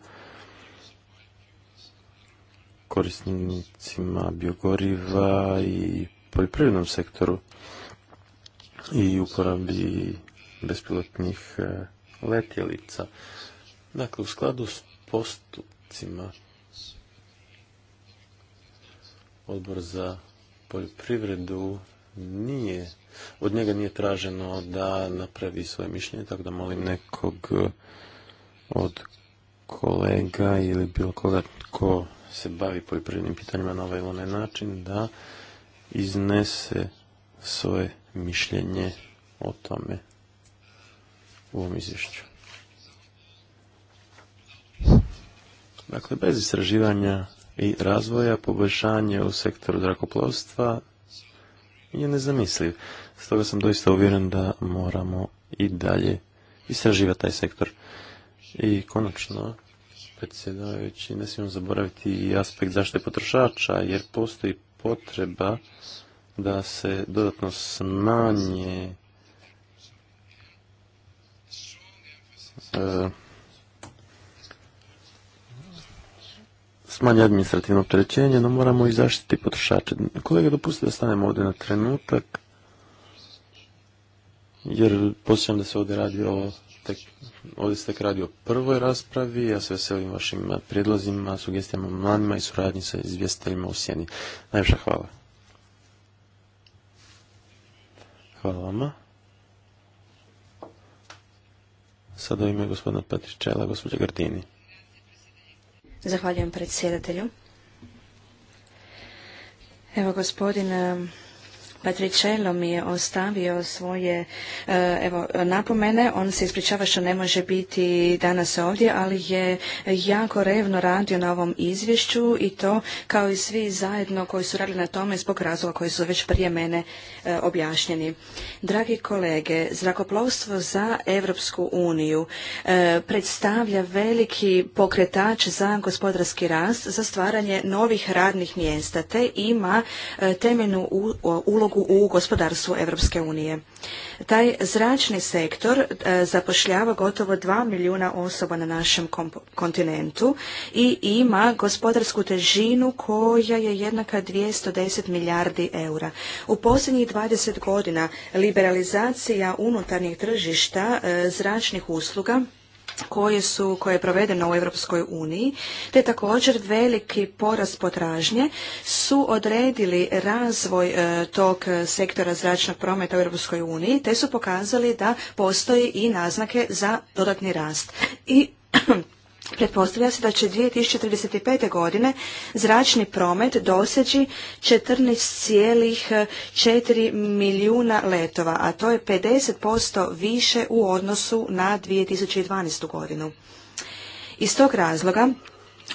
korisnicima biogoriva i poljoprivrednom sektoru i uporabi bespilotnih e, letjelica. Dakle, u skladu s postupcima odbor za poljoprivredu nije, od njega nije traženo da napravi svoje mišljenje, tako da molim nekog od kolega ili bilo koga tko se bavi poljoprivrednim pitanjima na ovaj onaj način da iznese svoje mišljenje o tome u ovom izvješću. Dakle, bez istraživanja i razvoja, poboljšanje u sektoru drakoplovstva je nezamisliv. Stoga sam doista uvjeren da moramo i dalje istraživati taj sektor. I konačno, predsjedavajući, ne smijemo zaboraviti i aspekt zaštite potrošača, jer postoji potreba da se dodatno smanje e, smanje administrativno opterećenje, no moramo i zaštiti potrošače. Kolega, dopustite da stanemo ovdje na trenutak, jer posjećam da se ovdje radi o tek, ovdje se tek radi o prvoj raspravi. Ja se veselim vašim prijedlozima, sugestijama, mladima i suradnji sa izvjestiteljima u Sjeni. Najviše hvala. Hvala vama. Sada u ime gospodina Petričela, gospođa Gardini. Zahvaljujem predsjedatelju. Evo gospodin Patricello mi je ostavio svoje eh, evo, napomene. On se ispričava što ne može biti danas ovdje, ali je jako revno radio na ovom izvješću i to kao i svi zajedno koji su radili na tome zbog razloga koji su već prije mene eh, objašnjeni. Dragi kolege, zrakoplovstvo za Europsku uniju eh, predstavlja veliki pokretač za gospodarski rast, za stvaranje novih radnih mjesta, te ima temeljnu ulogu u gospodarstvu Europske unije. Taj zračni sektor e, zapošljava gotovo 2 milijuna osoba na našem kontinentu i ima gospodarsku težinu koja je jednaka 210 milijardi eura. U posljednjih 20 godina liberalizacija unutarnjih tržišta e, zračnih usluga koje, su, koje je provedeno u Europskoj uniji, te također veliki porast potražnje su odredili razvoj e, tog sektora zračnog prometa u Europskoj uniji, te su pokazali da postoji i naznake za dodatni rast. I Pretpostavlja se da će 2035. godine zračni promet doseći 14,4 milijuna letova, a to je 50% više u odnosu na 2012. godinu. Iz tog razloga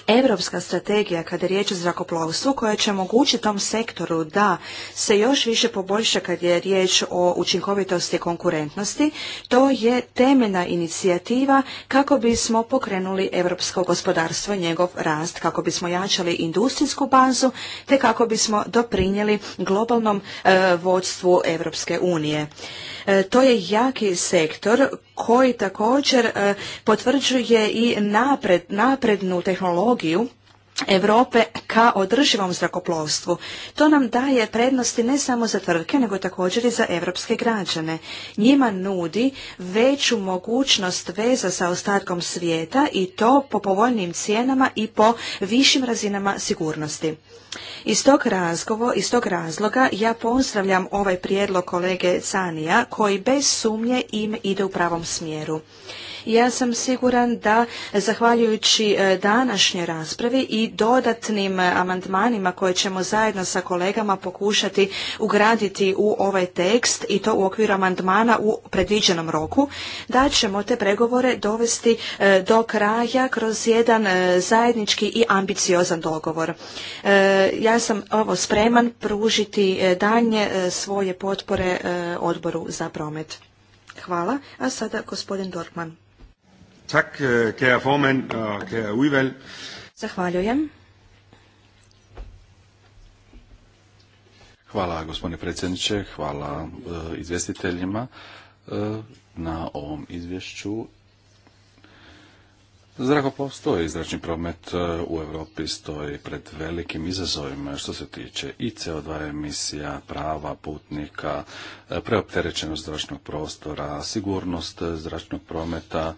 europska strategija kada je riječ o zrakoplovstvu koja će omogućiti tom sektoru da se još više poboljša kad je riječ o učinkovitosti i konkurentnosti, to je temeljna inicijativa kako bismo pokrenuli europsko gospodarstvo, i njegov rast, kako bismo jačali industrijsku bazu te kako bismo doprinijeli globalnom e, vodstvu vođstvu Europske unije. E, to je jaki sektor koji također e, potvrđuje i napred, naprednu tehnologiju Europe ka održivom zrakoplovstvu. To nam daje prednosti ne samo za tvrtke, nego također i za evropske građane. Njima nudi veću mogućnost veza sa ostatkom svijeta i to po povoljnim cijenama i po višim razinama sigurnosti. Iz tog, razgovo, iz tog razloga ja pozdravljam ovaj prijedlog kolege Canija koji bez sumnje im ide u pravom smjeru. Ja sam siguran da zahvaljujući e, današnjoj raspravi i dodatnim e, amandmanima koje ćemo zajedno sa kolegama pokušati ugraditi u ovaj tekst i to u okviru amandmana u predviđenom roku, da ćemo te pregovore dovesti e, do kraja kroz jedan zajednički i ambiciozan dogovor. Ja sam ovo spreman pružiti danje svoje potpore odboru za promet. Hvala. A sada gospodin Dorkman. Tak, øh, kære formand Zahvaljujem. Hvala gospodine predsjedniče, hvala e, izvjestiteljima e, na ovom izvješću. Zrakoplovstvo i zračni promet e, u Europi stoji pred velikim izazovima što se tiče i CO2 emisija, prava putnika, preopterećenost zračnog prostora, sigurnost zračnog prometa,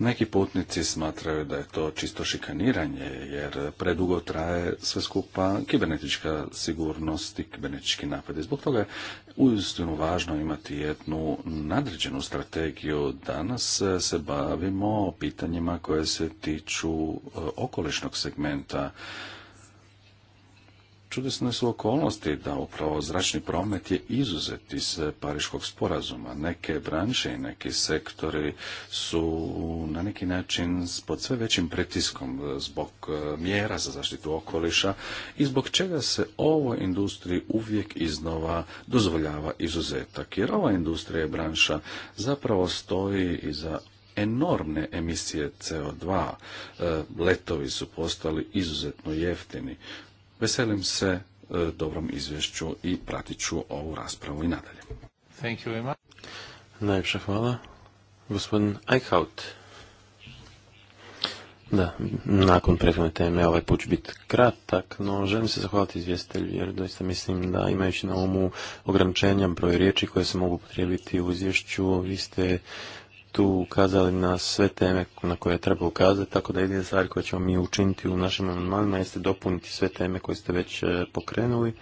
neki putnici smatraju da je to čisto šikaniranje, jer predugo traje sve skupa kibernetička sigurnost i kibernetički napad. I zbog toga je uistinu važno imati jednu nadređenu strategiju. Danas se bavimo pitanjima koje se tiču e, okolišnog segmenta Čudesne su okolnosti da upravo zračni promet je izuzet iz eh, Pariškog sporazuma. Neke branše i neki sektori su na neki način pod sve većim pritiskom eh, zbog eh, mjera za zaštitu okoliša i zbog čega se ovoj industriji uvijek iznova dozvoljava izuzetak. Jer ova industrija i branša zapravo stoji iza enormne emisije CO2. Letovi su postali izuzetno jeftini. Veselim se e, dobrom izvješću i pratit ću ovu raspravu i nadalje. Thank hvala. Gospodin Eichhout. Da, nakon prethodne teme ovaj put ću biti kratak, no želim se zahvaliti izvjestitelju jer doista mislim da imajući na umu ograničenja broj riječi koje se mogu upotrijebiti u izvješću, vi ste tu ukazali na sve teme na koje treba ukazati, tako da jedina stvar koja ćemo mi učiniti u našim amandmanima jeste dopuniti sve teme koje ste već e, pokrenuli.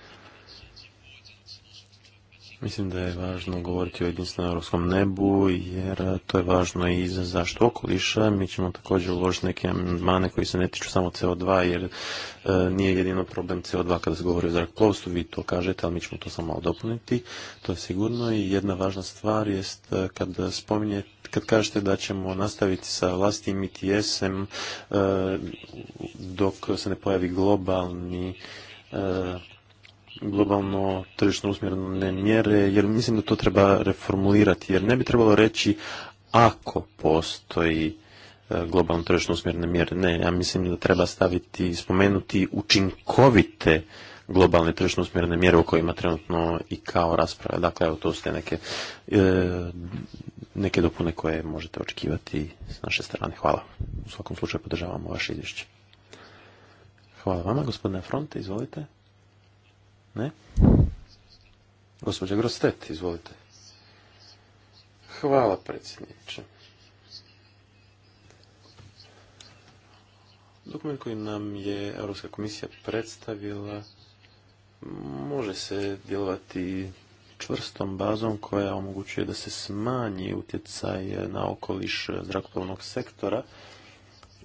Mislim da je važno govoriti o jedinstvenom europskom nebu, jer to je važno i za zaštitu okoliša. Mi ćemo također uložiti neke amandmane koji se ne tiču samo CO2, jer e, nije jedino problem CO2 kada se govori o zrakoplovstvu, vi to kažete, ali mi ćemo to samo dopuniti, to je sigurno. I jedna važna stvar jest e, kada spominjete kad kažete da ćemo nastaviti sa vlastitim ITS-em e, dok se ne pojavi globalni e, globalno tržišno usmjerene mjere, jer mislim da to treba reformulirati, jer ne bi trebalo reći ako postoji e, globalno tržišno usmjerene mjere. Ne, ja mislim da treba staviti, spomenuti učinkovite globalne tržišno usmjerene mjere u kojima trenutno i kao rasprave. Dakle, evo to ste neke, e, neke dopune koje možete očekivati s naše strane. Hvala. U svakom slučaju podržavamo vaše izvješće. Hvala vama, gospodine Fronte, izvolite. Ne? Gospođa Grostet, izvolite. Hvala, predsjedniče. Dokument koji nam je Europska komisija predstavila može se djelovati čvrstom bazom koja omogućuje da se smanji utjecaj na okoliš zrakoplovnog sektora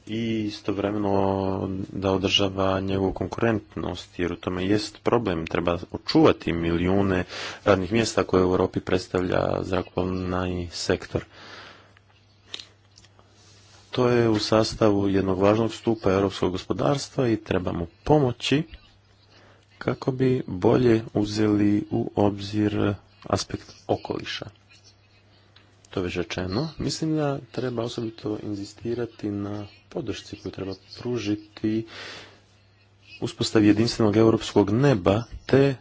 i istovremeno da održava njegovu konkurentnost, jer u tome jest problem. Treba očuvati milijune radnih mjesta koje u Europi predstavlja zrakoplovni sektor. To je u sastavu jednog važnog stupa europskog gospodarstva i trebamo pomoći kako bi bolje uzeli u obzir aspekt okoliša. To je već rečeno. Mislim da treba osobito inzistirati na podršci koju treba pružiti uspostavi jedinstvenog europskog neba te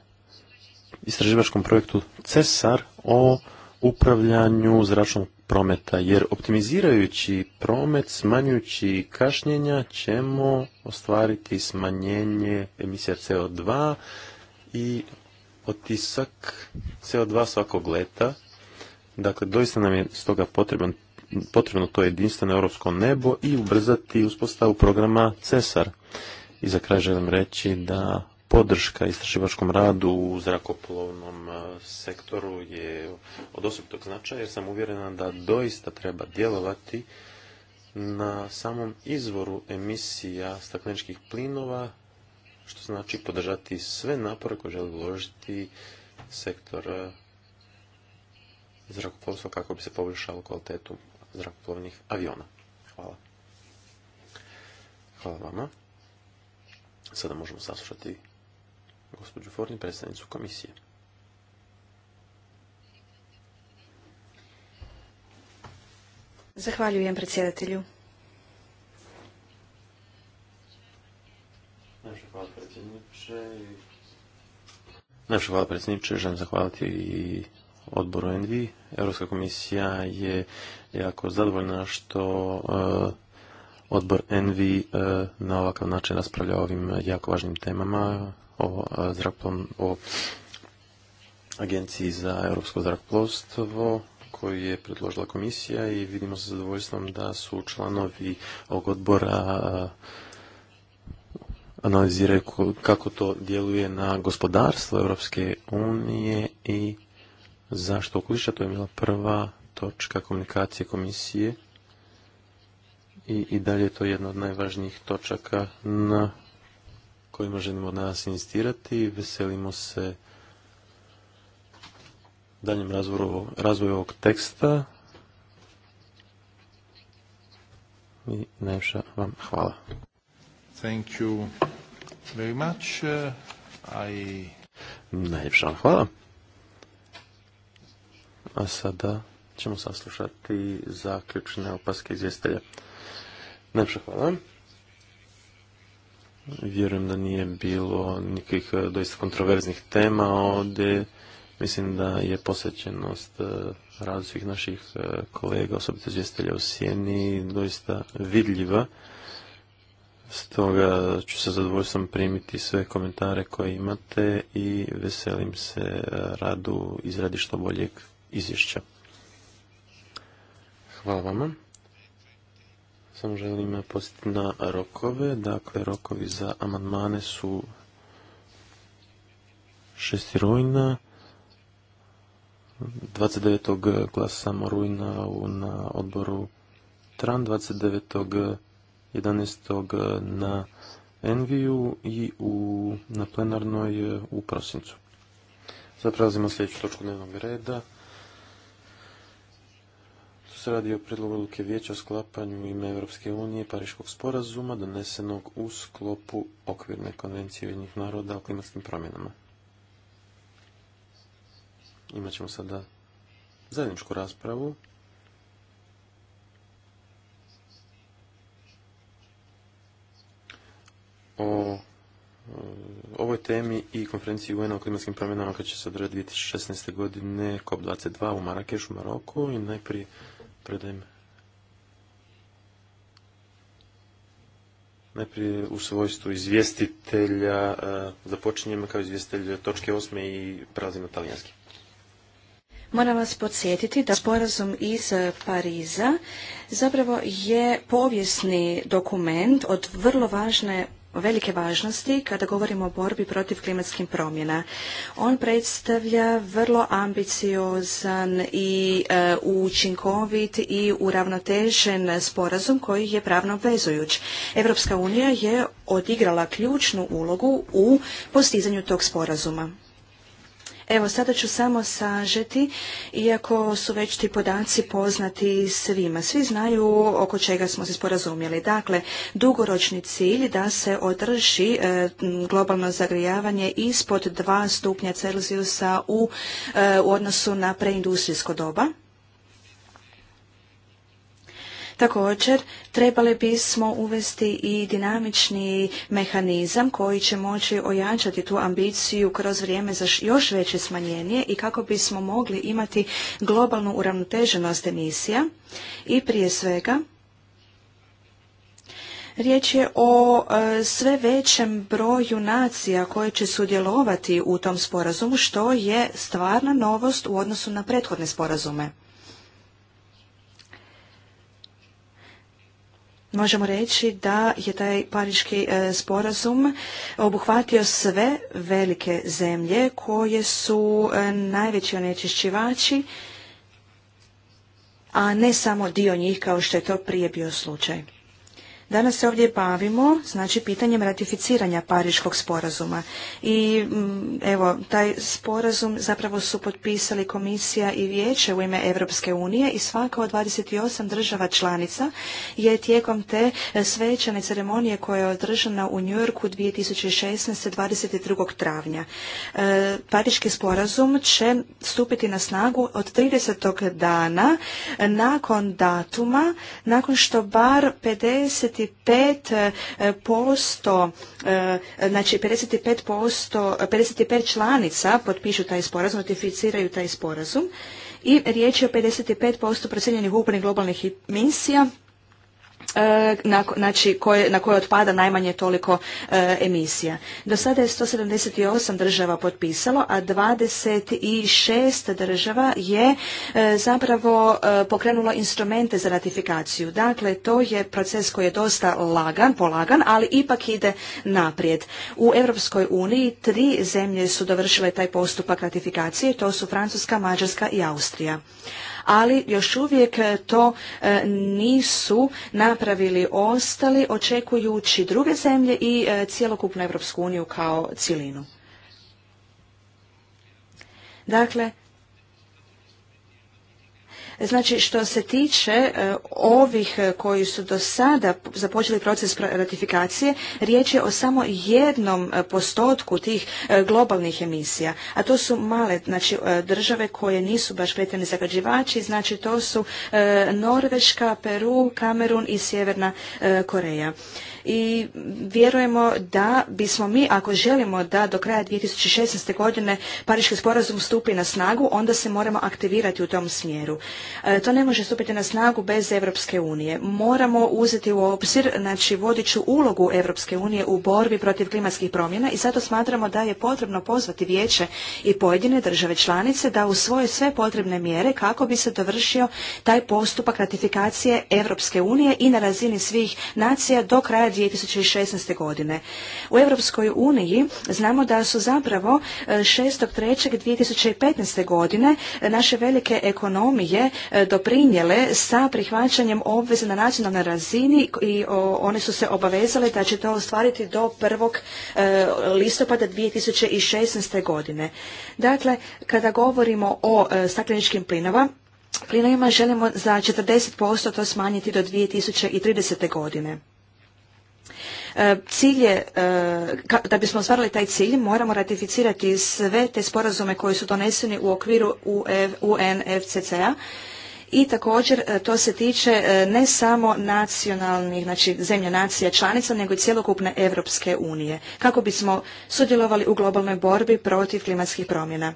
istraživačkom projektu CESAR o upravljanju zračnog prometa, jer optimizirajući promet, smanjujući kašnjenja, ćemo ostvariti smanjenje emisija CO2 i otisak CO2 svakog leta. Dakle, doista nam je stoga potreban, potrebno to jedinstveno europsko nebo i ubrzati uspostavu programa CESAR. I za kraj želim reći da podrška istraživačkom radu u zrakoplovnom e, sektoru je od osobitog značaja jer sam uvjerena da doista treba djelovati na samom izvoru emisija stakleničkih plinova, što znači podržati sve napore koje želi uložiti sektor e, zrakoplovstva kako bi se poboljšalo kvalitetu zrakoplovnih aviona. Hvala. Hvala vama. Sada možemo saslušati gospođu Forni, predstavnicu komisije. Zahvaljujem predsjedatelju. Najviše hvala predsjedniče. Želim zahvaliti i odboru ENVI. Europska komisija je jako zadovoljna što eh, odbor NV eh, na ovakav način raspravlja ovim jako važnim temama o, o Agenciji za europsko zrakoplovstvo koju je predložila komisija i vidimo sa zadovoljstvom da su članovi ovog odbora analiziraju kako to djeluje na gospodarstvo Europske unije i zašto okoliša. To je bila prva točka komunikacije komisije i, i dalje je to jedna od najvažnijih točaka na kojima želimo danas investirati. Veselimo se daljem razvoju ovog teksta. I najviše vam hvala. Thank you very much. I... Najljepša vam hvala. A sada ćemo saslušati zaključne opaske izvjestelja. Najljepša hvala. Vjerujem da nije bilo nikakvih e, doista kontroverznih tema ovdje. Mislim da je posjećenost e, radu svih naših e, kolega, osobito zvjestelja u Sjeni, doista vidljiva. Stoga ću se zadovoljstvom primiti sve komentare koje imate i veselim se radu izradi što boljeg izvješća. Hvala vama samo želim postati na rokove. Dakle, rokovi za amandmane su 6. rujna, 29. glasamo rujna na odboru TRAN, 29. 11. na Enviju i u, na plenarnoj u prosincu. Sad prelazimo sljedeću točku dnevnog reda se radi o predlogu odluke vijeća o sklapanju ime Europske unije Pariškog sporazuma donesenog u sklopu okvirne konvencije Ujedinjenih naroda o klimatskim promjenama. Imaćemo sada zajedničku raspravu. O e, ovoj temi i konferenciji UN o klimatskim promjenama koja će se održati 2016. godine COP22 u Marakešu, Maroku i najprije predajem Najprije u svojstvu izvjestitelja e, započinjemo kao izvjestitelj točke osme i prelazimo talijanski. Moram vas podsjetiti da sporazum iz Pariza zapravo je povijesni dokument od vrlo važne velike važnosti kada govorimo o borbi protiv klimatskih promjena. On predstavlja vrlo ambiciozan i e, učinkovit i uravnotežen sporazum koji je pravno obvezujuć. Europska unija je odigrala ključnu ulogu u postizanju tog sporazuma. Evo, sada ću samo sažeti, iako su već ti podaci poznati svima. Svi znaju oko čega smo se sporazumjeli. Dakle, dugoročni cilj da se održi e, globalno zagrijavanje ispod dva stupnja Celzijusa u, e, u odnosu na preindustrijsko doba Također, trebali bismo uvesti i dinamični mehanizam koji će moći ojačati tu ambiciju kroz vrijeme za još veće smanjenje i kako bismo mogli imati globalnu uravnoteženost emisija i prije svega Riječ je o e, sve većem broju nacija koje će sudjelovati u tom sporazumu, što je stvarna novost u odnosu na prethodne sporazume. možemo reći da je taj pariški e, sporazum obuhvatio sve velike zemlje koje su e, najveći onečišćivači, a ne samo dio njih kao što je to prije bio slučaj. Danas se ovdje bavimo, znači, pitanjem ratificiranja Pariškog sporazuma. I mm, evo, taj sporazum zapravo su potpisali Komisija i Vijeće u ime Europske unije i svaka od 28 država članica je tijekom te svečane ceremonije koja je održana u Njujorku 2016. 22. travnja. E, Pariški sporazum će stupiti na snagu od 30. dana nakon datuma, nakon što bar 50 55% e, e, znači 55%, 55 članica potpišu taj sporazum, notificiraju taj sporazum i riječ je o 55% procijenjenih ukupnih globalnih emisija E, na, znači, koje, na koje otpada najmanje toliko e, emisija. Do sada je 178 država potpisalo, a 26 država je e, zapravo pokrenulo instrumente za ratifikaciju. Dakle, to je proces koji je dosta lagan, polagan, ali ipak ide naprijed. U Europskoj uniji tri zemlje su dovršile taj postupak ratifikacije, to su Francuska, Mađarska i Austrija ali još uvijek e, to e, nisu napravili ostali očekujući druge zemlje i e, cjelokupnu Europsku uniju kao cilinu. Dakle, Znači, što se tiče e, ovih e, koji su do sada započeli proces ratifikacije, riječ je o samo jednom e, postotku tih globalnih emisija, a to su male znači, države koje nisu baš pretjerni zagađivači, znači to su Norveška, Peru, Kamerun i Sjeverna Koreja i vjerujemo da bismo mi, ako želimo da do kraja 2016. godine Pariški sporazum stupi na snagu, onda se moramo aktivirati u tom smjeru. E, to ne može stupiti na snagu bez Europske unije. Moramo uzeti u obzir, znači vodeću ulogu Europske unije u borbi protiv klimatskih promjena i zato smatramo da je potrebno pozvati vijeće i pojedine države članice da usvoje sve potrebne mjere kako bi se dovršio taj postupak ratifikacije Europske unije i na razini svih nacija do kraja 2016. godine. U Europskoj uniji znamo da su zapravo 6.3.2015. E, godine e, naše velike ekonomije e, doprinjele sa prihvaćanjem obveze na nacionalnoj razini i one su se obavezale da će to ostvariti do 1. listopada 2016. godine. Dakle, kada govorimo o stakleničkim plinova, plinovima želimo za 40% to smanjiti do 2030. godine. E, Cilje, e, da bismo ostvarili taj cilj, moramo ratificirati sve te sporazume koji su doneseni u okviru UNFCCA e, i također to se tiče ne samo nacionalnih, znači zemlja nacija članica, nego i cjelokupne Europske unije, kako bismo sudjelovali u globalnoj borbi protiv klimatskih promjena.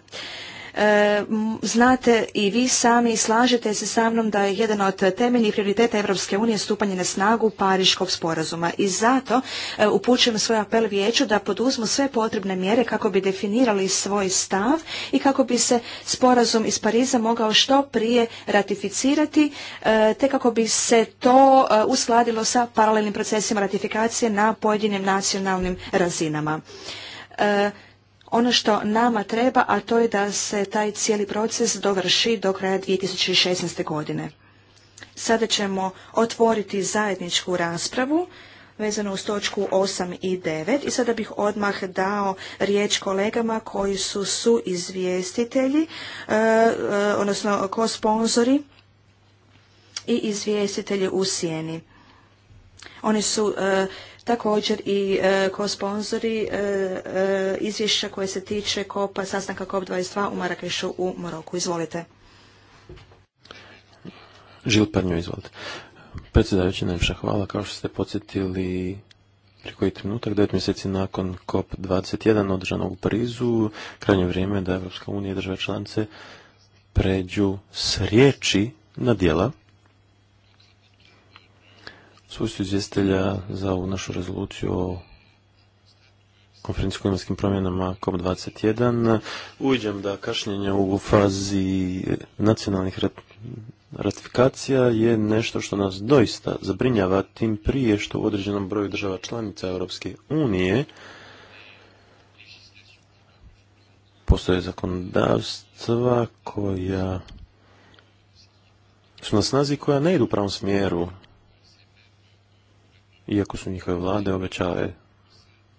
E, znate i vi sami slažete se sa mnom da je jedan od temeljnih prioriteta Evropske unije stupanje na snagu Pariškog sporazuma i zato e, upućujem svoj apel vijeću da poduzmu sve potrebne mjere kako bi definirali svoj stav i kako bi se sporazum iz Pariza mogao što prije ratificirati e, te kako bi se to uskladilo sa paralelnim procesima ratifikacije na pojedinim nacionalnim razinama ono što nama treba, a to je da se taj cijeli proces dovrši do kraja 2016. godine. Sada ćemo otvoriti zajedničku raspravu vezano uz točku 8 i 9 i sada bih odmah dao riječ kolegama koji su su izvjestitelji, e, e, odnosno ko sponzori i izvjestitelji u sjeni. Oni su e, također i e, ko sponzori e, e, izvješća koje se tiče kopa sastanka COP22 u Marakešu u Moroku. Izvolite. Žil izvolite. Predsjedavajući, najviše hvala. Kao što ste podsjetili preko i trenutak, devet mjeseci nakon COP21 održanog u Parizu, krajnje vrijeme da Evropska unija i države članice pređu s riječi na dijela susju izvjestelja za ovu našu rezoluciju o konferenciju klimatskim promjenama COP21. Uviđam da kašnjenje u fazi nacionalnih ratifikacija je nešto što nas doista zabrinjava, tim prije što u određenom broju država članica Europske unije postoje zakonodavstva koja su na snazi koja ne idu u pravom smjeru iako su njihove vlade obećale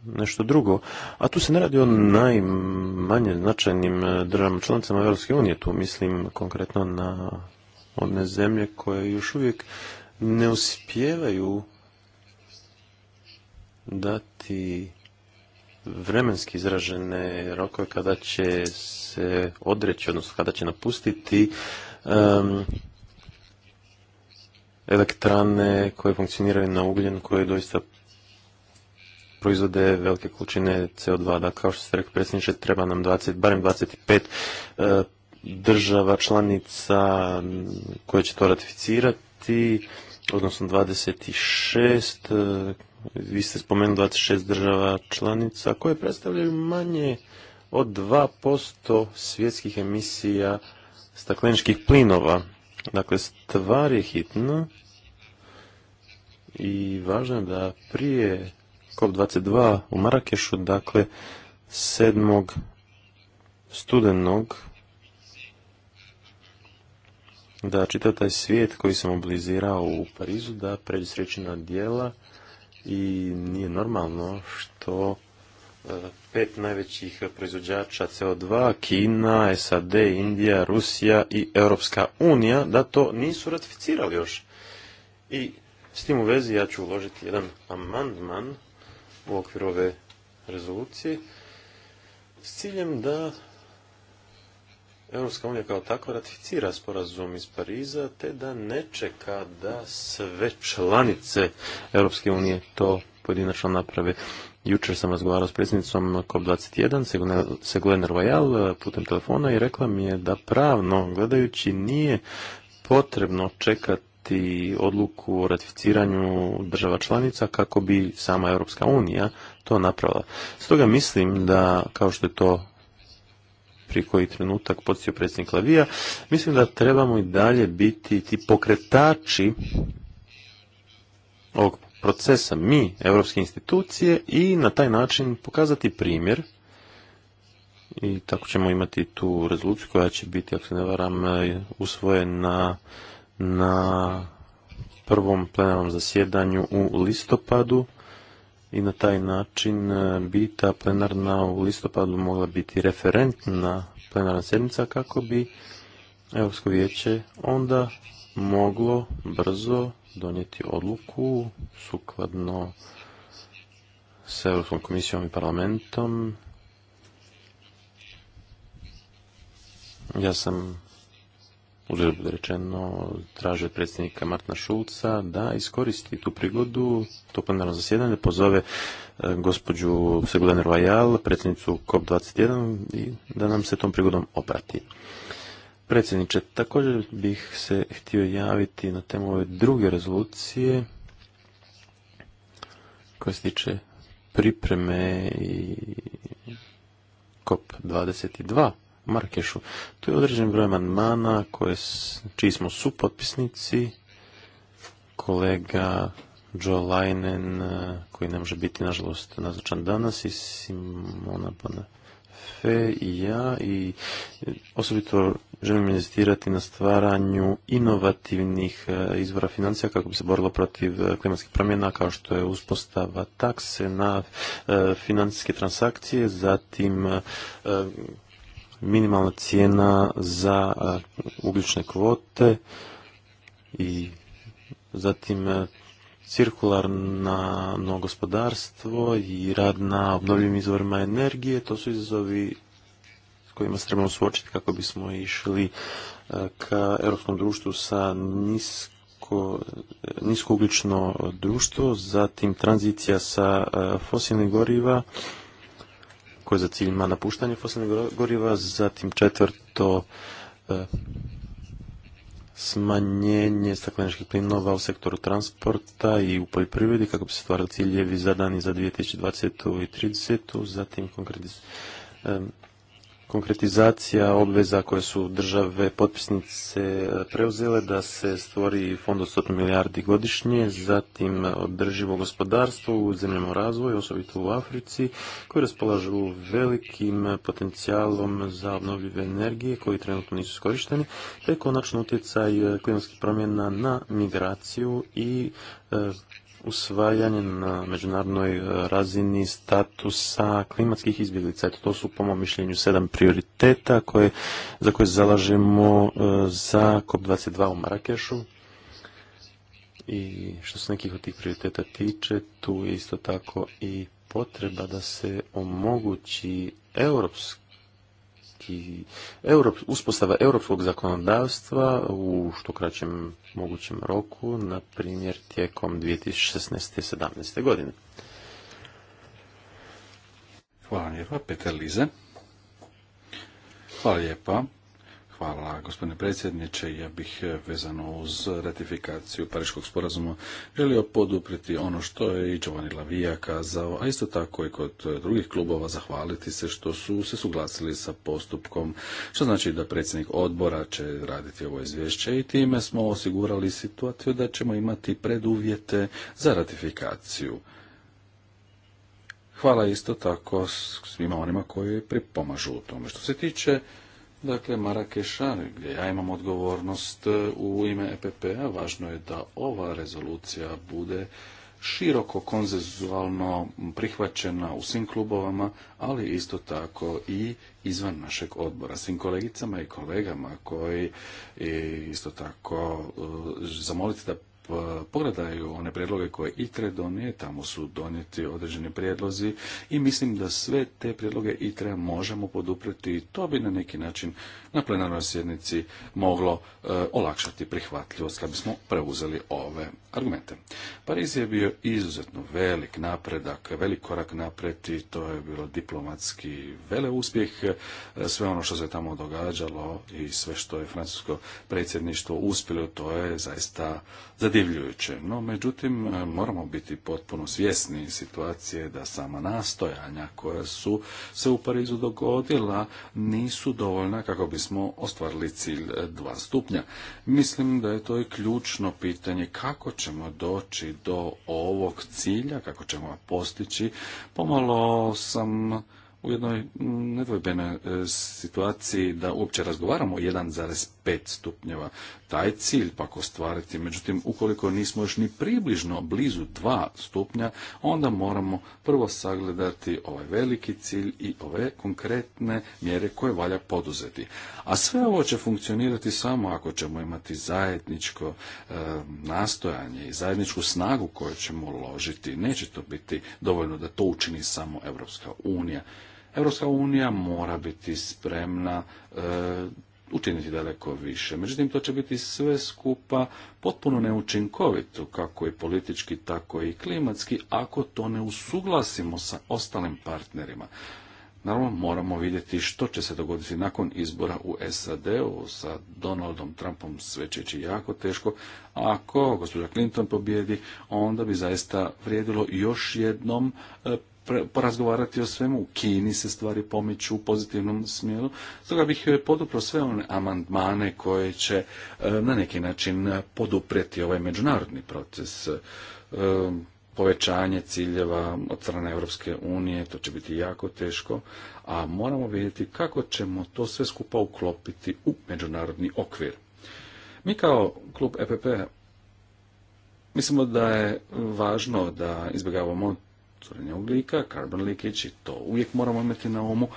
nešto drugo. A tu se ne radi o najmanje značajnim e, državama članicama Europske unije, tu mislim konkretno na one zemlje koje još uvijek ne uspijevaju dati vremenski izražene rokove kada će se odreći, odnosno kada će napustiti elektrane koje funkcioniraju na ugljen, koje doista proizvode velike količine CO2. Da, kao što ste rekli, predsjedniče, treba nam 20, barem 25 e, država članica koje će to ratificirati, odnosno 26, e, vi ste spomenuli 26 država članica koje predstavljaju manje od 2% svjetskih emisija stakleničkih plinova. Dakle, stvar je hitna i važno je da prije COP22 u Marakešu, dakle 7. studenog, da čita taj svijet koji se mobilizirao u Parizu, da pređe srećena dijela i nije normalno što pet najvećih proizvođača CO2, Kina, SAD, Indija, Rusija i Europska unija, da to nisu ratificirali još. I s tim u vezi ja ću uložiti jedan amandman u okviru ove rezolucije s ciljem da Europska unija kao tako ratificira sporazum iz Pariza, te da ne čeka da sve članice Europske unije to pojedinačno naprave. Jučer sam razgovarao s predsjednicom COP21, Seglen Royal, e, putem telefona i rekla mi je da pravno gledajući nije potrebno čekati odluku o ratificiranju država članica kako bi sama Europska unija to napravila. Stoga mislim da, kao što je to pri koji trenutak podsjetio predsjednik Lavija, mislim da trebamo i dalje biti ti pokretači ovog procesa mi, europske institucije, i na taj način pokazati primjer i tako ćemo imati tu rezoluciju koja će biti, ako se ne varam, eh, usvojena na prvom plenarnom zasjedanju u listopadu i na taj način eh, bi ta plenarna u listopadu mogla biti referentna plenarna sjednica kako bi Europsko vijeće onda moglo brzo donijeti odluku sukladno s Europskom komisijom i parlamentom. Ja sam uzred bude rečeno tražio predsjednika Martina Šulca da iskoristi tu prigodu, to plenarno zasjedanje, pozove e, gospođu Segudan Royal, predsjednicu COP21 i da nam se tom prigodom obrati predsjedniče. Također bih se htio javiti na temu ove druge rezolucije koja se tiče pripreme i COP22 Markešu. Tu je određen broj manmana koje, čiji smo supotpisnici, kolega Joe Leinen, koji ne može biti, nažalost, nazočan danas, i Simona Pana Fe i ja i osobito želim investirati na stvaranju inovativnih e, izvora financija kako bi se borilo protiv e, klimatskih promjena kao što je uspostava takse na e, financijske transakcije, zatim minimalna cijena za ugljične kvote i zatim cirkularno gospodarstvo i rad na obnovljivim izvorima energije, to su izazovi s kojima se trebamo suočiti kako bismo išli e, ka europskom društvu sa nisko, ugljično društvo, zatim tranzicija sa e, fosilnih goriva koje za cilj ima napuštanje fosilnih goriva, zatim četvrto e, smanjenje stakleničkih plinova u sektoru transporta i u poljoprivredi kako bi se stvarali ciljevi zadani za 2020. i 2030. Zatim konkretno konkretizacija obveza koje su države potpisnice preuzele da se stvori fond od 100 milijardi godišnje, zatim održivo gospodarstvo u zemljama razvoju, osobito u Africi, koji raspolažu velikim potencijalom za obnovljive energije koji trenutno nisu skorišteni, te konačno utjecaj klimatskih promjena na migraciju i e, usvajanje na međunarodnoj e, razini statusa klimatskih izbjeglica. Eto, to su po mom mišljenju sedam prioriteta koje, za koje zalažemo e, za COP22 u Marakešu. I što se nekih od tih prioriteta tiče, tu je isto tako i potreba da se omogući europski europski, Europ, uspostava europskog zakonodavstva u što kraćem mogućem roku, na primjer tijekom 2016. i 2017. godine. Hvala lijepa, Peter Lize. Hvala lijepa. Hvala gospodine predsjedniče. Ja bih e, vezano uz ratifikaciju Pariškog sporazuma želio podupriti ono što je i Giovanni Lavija kazao, a isto tako i kod e, drugih klubova zahvaliti se što su se suglasili sa postupkom, što znači da predsjednik odbora će raditi ovo izvješće i time smo osigurali situaciju da ćemo imati preduvjete za ratifikaciju. Hvala isto tako svima onima koji pripomažu u tome. Što se tiče dakle Marakeša, gdje ja imam odgovornost e, u ime EPP-a, važno je da ova rezolucija bude široko konzenzualno prihvaćena u svim klubovama, ali isto tako i izvan našeg odbora. Svim kolegicama i kolegama koji isto tako e, zamolite da pogledaju one prijedloge koje ITRE donije, tamo su donijeti određeni prijedlozi i mislim da sve te prijedloge ITRE možemo poduprijeti i to bi na neki način na plenarnoj sjednici moglo e, olakšati prihvatljivost kad bismo preuzeli ove argumente. Pariz je bio izuzetno velik napredak, velik korak napred i to je bilo diplomatski vele uspjeh. E, sve ono što se tamo događalo i sve što je francusko predsjedništvo uspjelo, to je zaista za zadivljujuće. No, međutim, e, moramo biti potpuno svjesni situacije da sama nastojanja koja su se u Parizu dogodila nisu dovoljna kako bismo ostvarili cilj e, dva stupnja. Mislim da je to i ključno pitanje kako ćemo doći do ovog cilja, kako ćemo postići. Pomalo sam u jednoj nedvojbenoj e, situaciji da uopće razgovaramo o 1,5 pet stupnjeva taj cilj pak ostvariti. Međutim, ukoliko nismo još ni približno blizu dva stupnja, onda moramo prvo sagledati ovaj veliki cilj i ove konkretne mjere koje valja poduzeti. A sve ovo će funkcionirati samo ako ćemo imati zajedničko e, nastojanje i zajedničku snagu koju ćemo uložiti. Neće to biti dovoljno da to učini samo Europska unija. Europska unija mora biti spremna e, učiniti daleko više. Međutim, to će biti sve skupa potpuno neučinkovito, kako i politički, tako i klimatski, ako to ne usuglasimo sa ostalim partnerima. Naravno, moramo vidjeti što će se dogoditi nakon izbora u SAD-u sa Donaldom Trumpom sve će jako teško. ako gospođa Clinton pobjedi, onda bi zaista vrijedilo još jednom e, porazgovarati o svemu. U Kini se stvari pomiču u pozitivnom smjeru. Stoga bih eh, podupro sve one amandmane koje će eh, na neki način eh, podupreti ovaj međunarodni proces povećanje ciljeva od strane Europske unije, to će biti jako teško, a moramo vidjeti kako ćemo to sve skupa uklopiti u međunarodni okvir. Mi kao klub EPP mislimo da je važno da izbjegavamo curenje ugljika, carbon leakage i to uvijek moramo imati na umu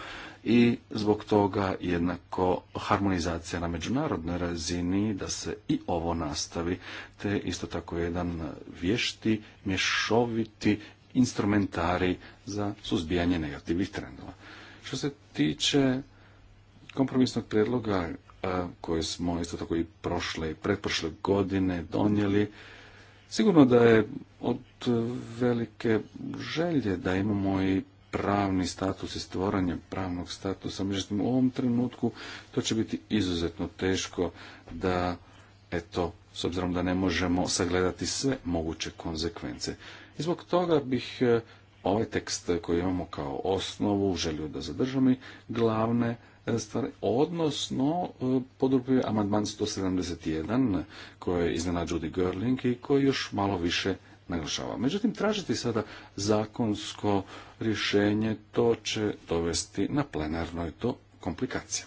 i zbog toga jednako harmonizacija na međunarodnoj razini da se i ovo nastavi te isto tako jedan vješti, mješoviti instrumentari za suzbijanje negativnih trendova. Što se tiče kompromisnog prijedloga e, koje smo isto tako i prošle i pretprošle godine donijeli, sigurno da je od velike želje da imamo i pravni status i stvoranje pravnog statusa. Međutim, u ovom trenutku to će biti izuzetno teško da, eto, s obzirom da ne možemo sagledati sve moguće konsekvence. I zbog toga bih e, ovaj tekst koji imamo kao osnovu želio da zadržam i glavne e, stvari, odnosno e, podrupio amandman 171 koje je Judy Görling i koji još malo više naglašava. Međutim, tražiti sada zakonsko rješenje, to će dovesti na plenarnoj to komplikacije.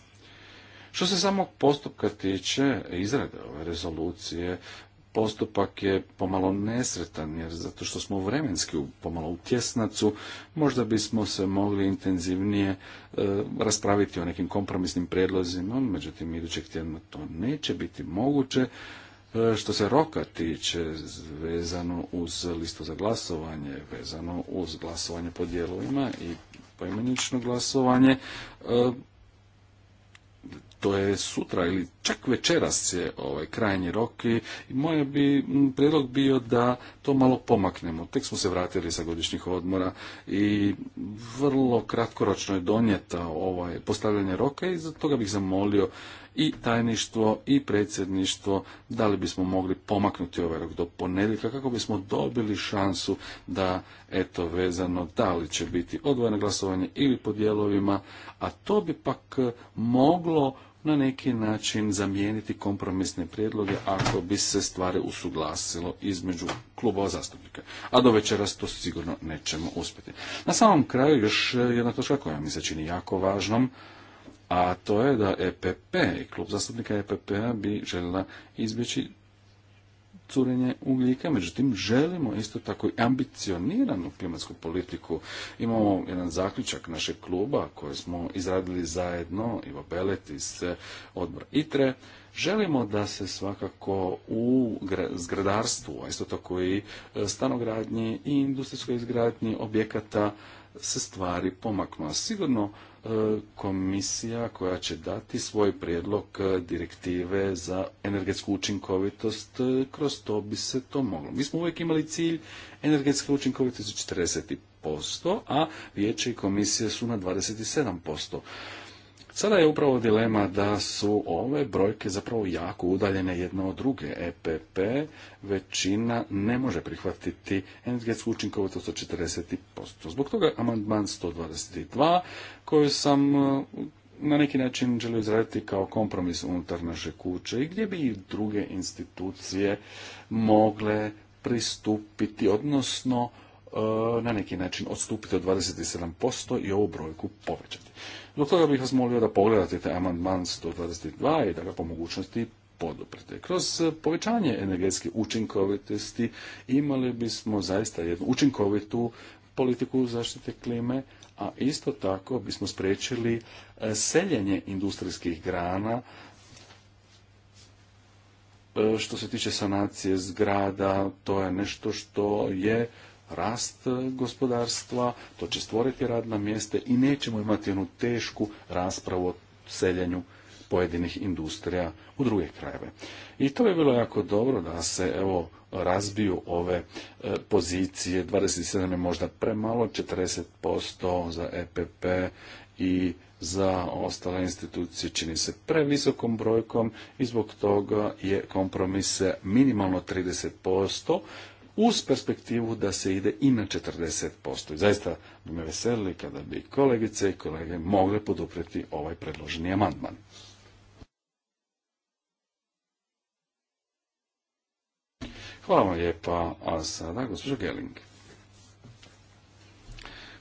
Što se samog postupka tiče izrade ove rezolucije, postupak je pomalo nesretan, jer zato što smo vremenski pomalo u tjesnacu, možda bismo se mogli intenzivnije e, raspraviti o nekim kompromisnim prijedlozima, međutim, idućeg tjedna to neće biti moguće, E, što se roka tiče, vezano uz listu za glasovanje, vezano uz glasovanje po dijelovima i poimenično glasovanje, e, to je sutra ili čak večeras je ovaj krajnji rok i moj bi prijedlog bio da to malo pomaknemo. Tek smo se vratili sa godišnjih odmora i vrlo kratkoročno je donijeta ovaj postavljanje roka i za toga bih zamolio i tajništvo i predsjedništvo da li bismo mogli pomaknuti ovaj rok do ponedjeljka kako bismo dobili šansu da eto vezano da li će biti odvojeno glasovanje ili po dijelovima, a to bi pak eh, moglo na neki način zamijeniti kompromisne prijedloge ako bi se stvari usuglasilo između klubova zastupnika. A do večeras to sigurno nećemo uspjeti. Na samom kraju još eh, jedna točka koja mi se čini jako važnom, a to je da EPP, i klub zastupnika EPP-a bi željela izbjeći curenje ugljika, međutim želimo isto tako i ambicioniranu klimatsku politiku. Imamo jedan zaključak našeg kluba koji smo izradili zajedno, Ivo Belet iz e, odbora ITRE, Želimo da se svakako u zgradarstvu, a isto tako i e, stanogradnji i industrijskoj izgradnji objekata se stvari pomaknu. A sigurno komisija koja će dati svoj prijedlog e, direktive za energetsku učinkovitost, e, kroz to bi se to moglo. Mi smo uvijek imali cilj energetske učinkovitosti 40%, a vijeće i komisije su na 27%. Sada je upravo dilema da su ove brojke zapravo jako udaljene jedna od druge. EPP većina ne može prihvatiti energetsku učinkovitost od 40%. Zbog toga je amandman 122 koju sam e, na neki način želio izraditi kao kompromis unutar naše kuće i gdje bi i druge institucije mogle pristupiti, odnosno e, na neki način odstupiti od 27% i ovu brojku povećati. Zbog toga bih vas molio da pogledate taj amandman 122 i da ga po mogućnosti poduprete. Kroz eh, povećanje energetske učinkovitosti imali bismo zaista jednu učinkovitu politiku zaštite klime, a isto tako bismo spriječili eh, seljenje industrijskih grana eh, što se tiče sanacije zgrada, to je nešto što je rast e, gospodarstva, to će stvoriti radna mjesta i nećemo imati jednu tešku raspravu o seljenju pojedinih industrija u druge krajeve. I to je bilo jako dobro da se evo razbiju ove e, pozicije, 27 je možda premalo, 40% za EPP i za ostale institucije čini se previsokom brojkom i zbog toga je kompromis minimalno 30%, uz perspektivu da se ide i na 40%. zaista bi me veselili kada bi kolegice i kolege mogle podupreti ovaj predloženi amandman. Hvala vam lijepa, a sada gospođo Gelling.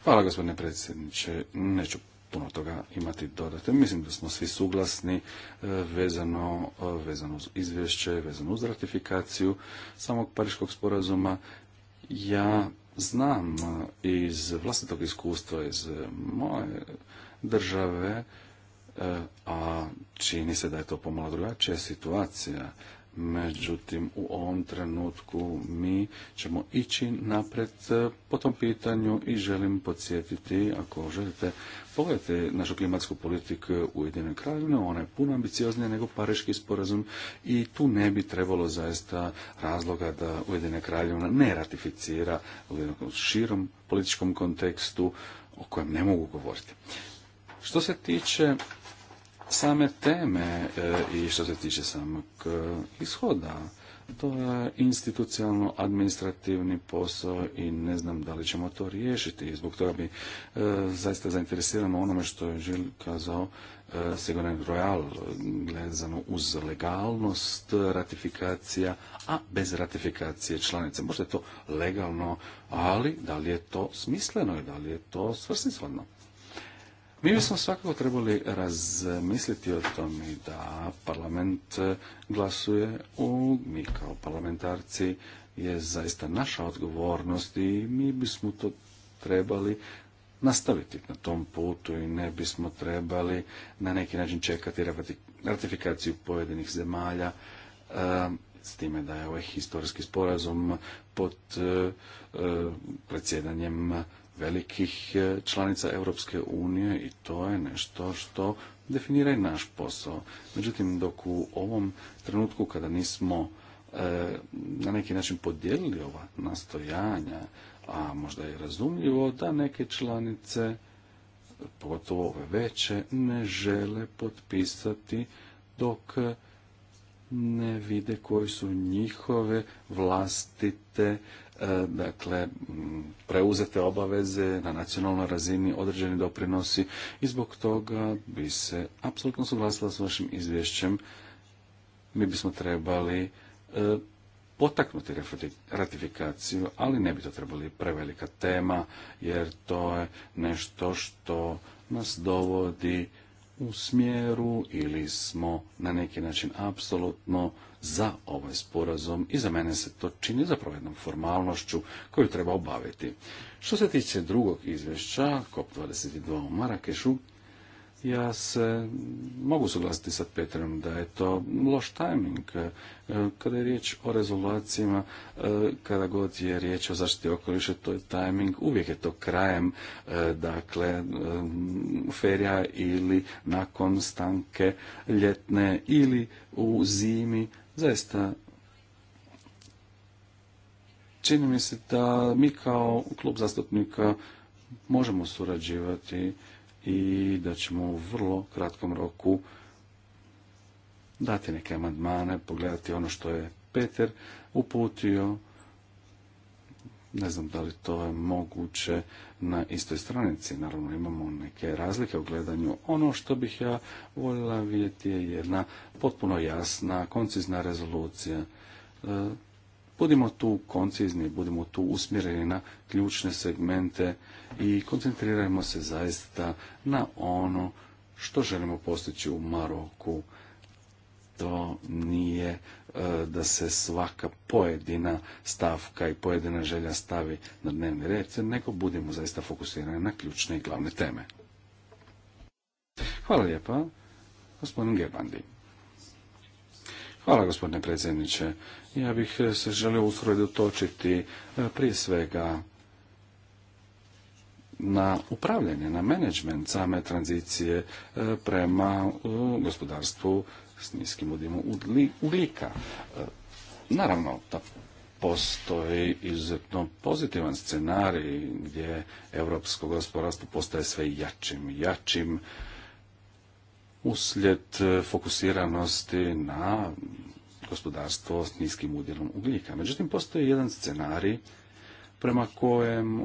Hvala gospodine predsjedniče, neću puno toga imati dodate. Mislim da smo svi suglasni e, vezano, e, vezano uz izvješće, vezano uz ratifikaciju samog Pariškog sporazuma. Ja znam iz vlastitog iskustva, iz moje države, e, a čini se da je to pomalo drugačija situacija. Međutim, u ovom trenutku mi ćemo ići napred po tom pitanju i želim podsjetiti, ako želite, Pogledajte našu klimatsku politiku u Ujedinjenoj kraljevini, ona je puno ambicioznija nego Pariški sporazum i tu ne bi trebalo zaista razloga da Ujedinjena kraljevina ne ratificira u jednom širom političkom kontekstu o kojem ne mogu govoriti. Što se tiče same teme e, i što se tiče samog e, ishoda to je institucionalno administrativni posao i ne znam da li ćemo to riješiti. I zbog toga bi e, zaista zainteresirano onome što je Žil kazao e, Royal gledano uz legalnost ratifikacija, a bez ratifikacije članice. Možda je to legalno, ali da li je to smisleno i da li je to svrsishodno? Mi bismo svakako trebali razmisliti o tome da parlament glasuje u, mi kao parlamentarci je zaista naša odgovornost i mi bismo to trebali nastaviti na tom putu i ne bismo trebali na neki način čekati ratifikaciju pojedinih zemalja ehm, s time da je ovaj historijski sporazum pod eh, eh, predsjedanjem velikih e, članica Europske unije i to je nešto što definira i naš posao. Međutim, dok u ovom trenutku kada nismo e, na neki način podijelili ova nastojanja, a možda je razumljivo da neke članice, pogotovo ove veće, ne žele potpisati dok ne vide koji su njihove vlastite E, dakle preuzete obaveze na nacionalnoj razini određeni doprinosi i zbog toga bi se apsolutno suglasila s vašim izvješćem mi bismo trebali e, potaknuti ratifikaciju, ali ne bi to trebali prevelika tema, jer to je nešto što nas dovodi u smjeru ili smo na neki način apsolutno za ovaj sporazum i za mene se to čini zapravo jednom formalnošću koju treba obaviti. Što se tiče drugog izvješća, COP22 u Marakešu, ja se mogu suglasiti sa Petrem da je to loš tajming e, kada je riječ o rezolucijama, e, kada god je riječ o zaštiti okoliša, to je tajming, uvijek je to krajem, e, dakle, ferija ili nakon stanke ljetne ili u zimi, Zaista, čini mi se da mi kao klub zastupnika možemo surađivati i da ćemo u vrlo kratkom roku dati neke amandmane, pogledati ono što je Peter uputio ne znam da li to je moguće na istoj stranici. Naravno imamo neke razlike u gledanju. Ono što bih ja voljela vidjeti je jedna potpuno jasna, koncizna rezolucija. E, budimo tu koncizni, budimo tu usmjereni na ključne segmente i koncentrirajmo se zaista na ono što želimo postići u Maroku. To nije E, da se svaka pojedina stavka i pojedina želja stavi na dnevni red, nego budimo zaista fokusirani na ključne i glavne teme. Hvala lijepa, gospodin Hvala gospodine predsjedniče. Ja bih se želio usredotočiti e, prije svega na upravljanje, na menadžment same tranzicije e, prema gospodarstvu s niskim udjelom ugljika. E, naravno, da postoji izuzetno pozitivan scenarij gdje europsko gospodarstvo postaje sve jačim i jačim uslijed e, fokusiranosti na gospodarstvo s niskim udjelom ugljika. Međutim, postoji jedan scenarij prema kojem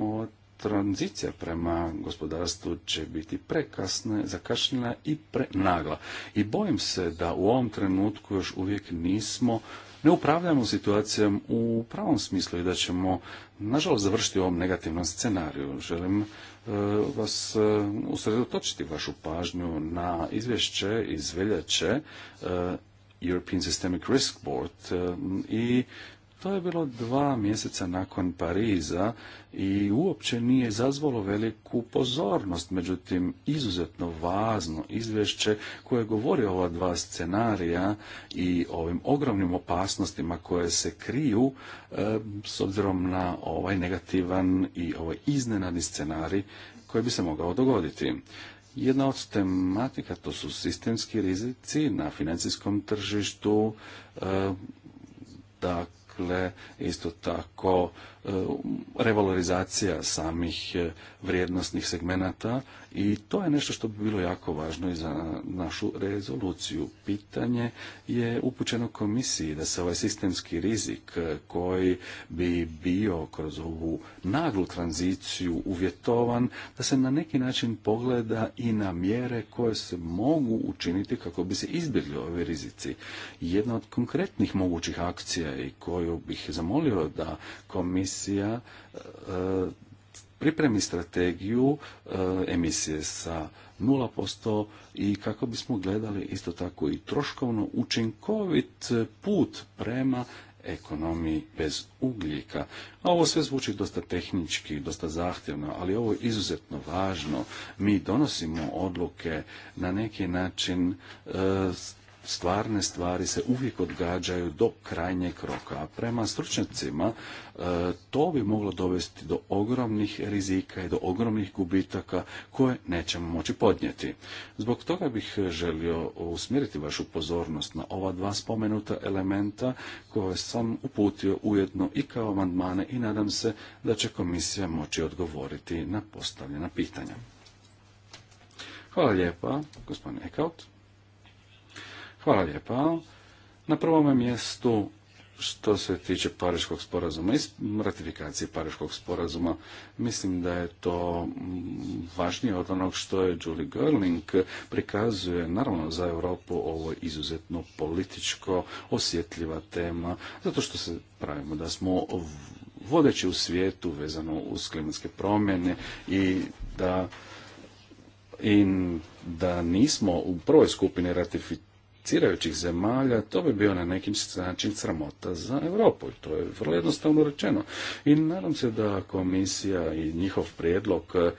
tranzicija prema gospodarstvu će biti prekasna, zakašnjena i prenagla. I bojim se da u ovom trenutku još uvijek nismo ne upravljamo situacijom u pravom smislu i da ćemo nažalost završiti u ovom negativnom scenariju. Želim e, vas e, usredotočiti vašu pažnju na izvješće iz veljače e, European Systemic Risk Board i to je bilo dva mjeseca nakon Pariza i uopće nije izazvalo veliku pozornost, međutim izuzetno važno izvješće koje govori o ova dva scenarija i ovim ogromnim opasnostima koje se kriju e, s obzirom na ovaj negativan i ovaj iznenadni scenarij koji bi se mogao dogoditi. Jedna od tematika to su sistemski rizici na financijskom tržištu, e, da Dakle, isto tako E, revalorizacija samih e, vrijednostnih segmenata i to je nešto što bi bilo jako važno i za našu rezoluciju. Pitanje je upućeno komisiji da se ovaj sistemski rizik e, koji bi bio kroz ovu naglu tranziciju uvjetovan, da se na neki način pogleda i na mjere koje se mogu učiniti kako bi se izbjegli ovi rizici. Jedna od konkretnih mogućih akcija i koju bih zamolio da komisija E, pripremi strategiju e, emisije sa 0% i kako bismo gledali isto tako i troškovno učinkovit put prema ekonomiji bez ugljika. ovo sve zvuči dosta tehnički, dosta zahtjevno, ali ovo je izuzetno važno. Mi donosimo odluke na neki način e, stvarne stvari se uvijek odgađaju do krajnjeg roka. A prema stručnjacima e, to bi moglo dovesti do ogromnih rizika i do ogromnih gubitaka koje nećemo moći podnijeti. Zbog toga bih želio usmjeriti vašu pozornost na ova dva spomenuta elementa koje sam uputio ujedno i kao amandmane i nadam se da će komisija moći odgovoriti na postavljena pitanja. Hvala lijepa, gospodine Ekaut. Hvala lijepa. Na prvome mjestu što se tiče Pariškog sporazuma i ratifikacije Pariškog sporazuma, mislim da je to mm, važnije od onog što je Julie Gerling prikazuje. Naravno, za Europu ovo izuzetno političko, osjetljiva tema, zato što se pravimo da smo vodeći u svijetu vezano uz klimatske promjene i da i da nismo u prvoj skupini ratifikacije, participirajućih zemalja, to bi bio na neki način sramota za Europu. I to je vrlo jednostavno rečeno. I nadam se da komisija i njihov prijedlog e,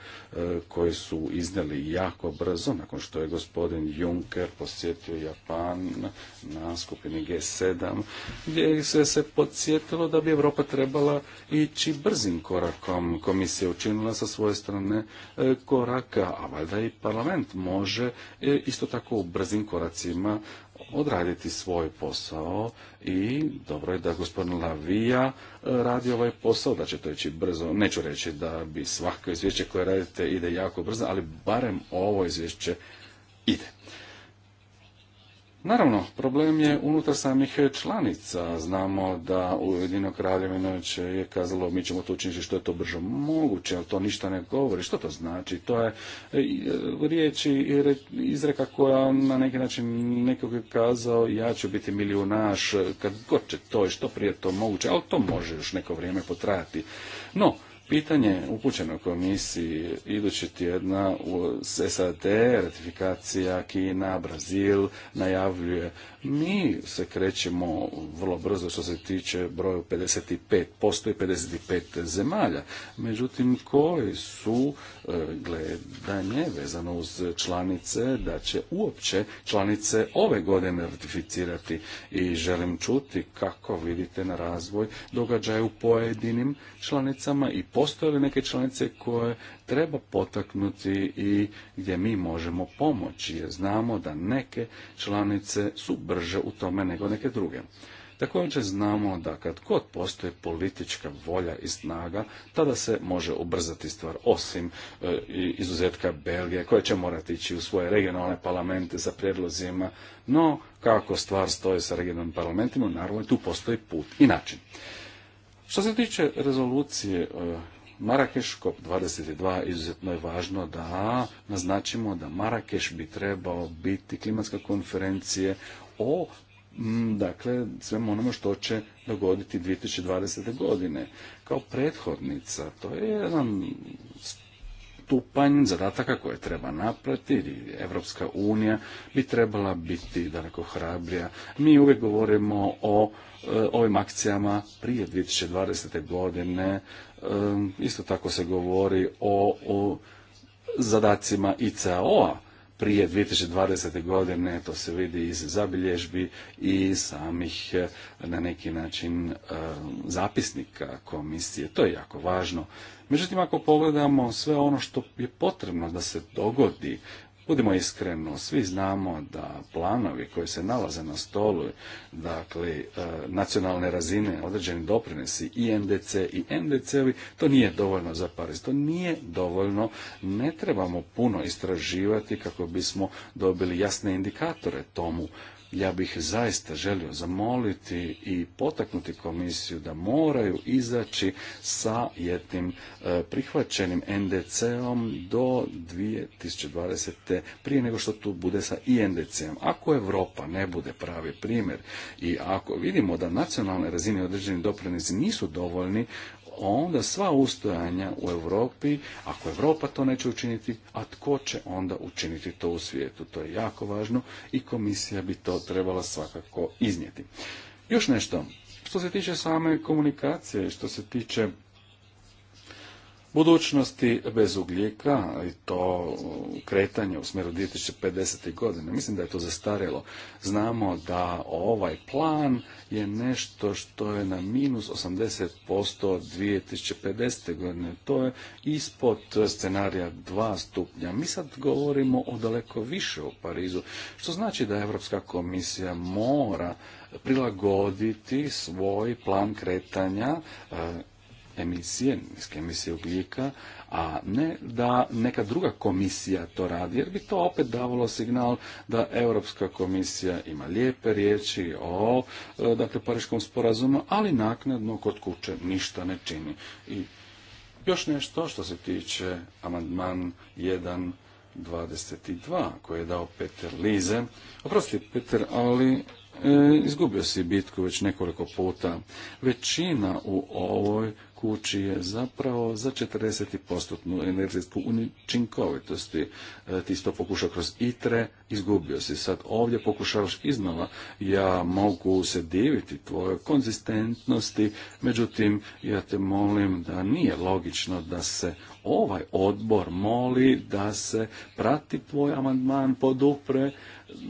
koji su iznijeli jako brzo, nakon što je gospodin Juncker posjetio Japan na skupini G7, gdje se se podsjetilo da bi Europa trebala ići brzim korakom. Komisija učinila sa svoje strane e, koraka, a valjda i parlament može e, isto tako u brzim koracima odraditi svoj posao i dobro je da gospodin Lavija e, radi ovaj posao, da će to ići brzo. Neću reći da bi svako izvješće koje radite ide jako brzo, ali barem ovo izvješće ide. Naravno, problem je unutar samih članica. Znamo da Ujedinjeno kraljevino je kazalo mi ćemo to učiniti što je to brže moguće, ali to ništa ne govori. Što to znači? To je e, riječ i izreka koja na neki način nekog je kazao ja ću biti milijunaš kad god će to i što prije to moguće, ali to može još neko vrijeme potrajati. No, Pitanje upućeno komisiji idući tjedna u SAD, ratifikacija Kina, Brazil najavljuje. Mi se krećemo vrlo brzo što se tiče broju 55, postoji 55 zemalja. Međutim, koji su e, gledanje vezano uz članice da će uopće članice ove godine ratificirati i želim čuti kako vidite na razvoj događaja u pojedinim članicama i postoje li neke članice koje treba potaknuti i gdje mi možemo pomoći, jer znamo da neke članice su brže u tome nego neke druge. Također znamo da kad kod postoji politička volja i snaga, tada se može ubrzati stvar, osim e, izuzetka Belgije, koja će morati ići u svoje regionalne parlamente sa prijedlozima, no kako stvar stoje sa regionalnim parlamentima, naravno tu postoji put i način. Što se tiče rezolucije e, Marakeš COP22 izuzetno je važno da naznačimo da Marakeš bi trebao biti klimatska konferencije o dakle svemu onome što će dogoditi 2020. godine. Kao prethodnica, to je jedan stupanj zadataka koje treba napraviti. Evropska unija bi trebala biti daleko hrabrija. Mi uvijek govorimo o e, ovim akcijama prije 2020. godine. E, isto tako se govori o, o zadacima ICAO-a prije 2020. godine, to se vidi iz zabilježbi i samih eh, na neki način eh, zapisnika komisije. To je jako važno. Međutim, ako pogledamo sve ono što je potrebno da se dogodi Budimo iskreno, svi znamo da planovi koji se nalaze na stolu, dakle, e, nacionalne razine, određeni doprinesi i NDC i NDC-ovi, to nije dovoljno za Pariz, to nije dovoljno, ne trebamo puno istraživati kako bismo dobili jasne indikatore tomu ja bih zaista želio zamoliti i potaknuti komisiju da moraju izaći sa jednim e, prihvaćenim NDC-om do 2020. prije nego što tu bude sa ndc om Ako Europa ne bude pravi primjer i ako vidimo da nacionalne razine određeni doprinosi nisu dovoljni, onda sva ustojanja u Europi, ako Europa to neće učiniti, a tko će onda učiniti to u svijetu? To je jako važno i komisija bi to trebala svakako iznijeti. Još nešto, što se tiče same komunikacije, što se tiče budućnosti bez ugljika i to kretanje u smjeru 2050. godine. Mislim da je to zastarjelo. Znamo da ovaj plan je nešto što je na minus 80% 2050. godine. To je ispod scenarija dva stupnja. Mi sad govorimo o daleko više u Parizu, što znači da Europska komisija mora prilagoditi svoj plan kretanja e, emisije, niske emisije ugljika, a ne da neka druga komisija to radi, jer bi to opet davalo signal da Europska komisija ima lijepe riječi o e, dakle, Pariškom sporazumu, ali naknadno kod kuće ništa ne čini. I još nešto što se tiče amandman 1.22 22 koje je dao Peter Lize. Oprosti Peter, ali e, izgubio si bitku već nekoliko puta. Većina u ovoj kući je zapravo za 40% energetsku učinkovitosti. E, ti si to pokušao kroz ITRE, izgubio si. Sad ovdje pokušavaš iznova. Ja mogu se diviti tvojoj konzistentnosti, međutim, ja te molim da nije logično da se ovaj odbor moli da se prati tvoj amandman podupre,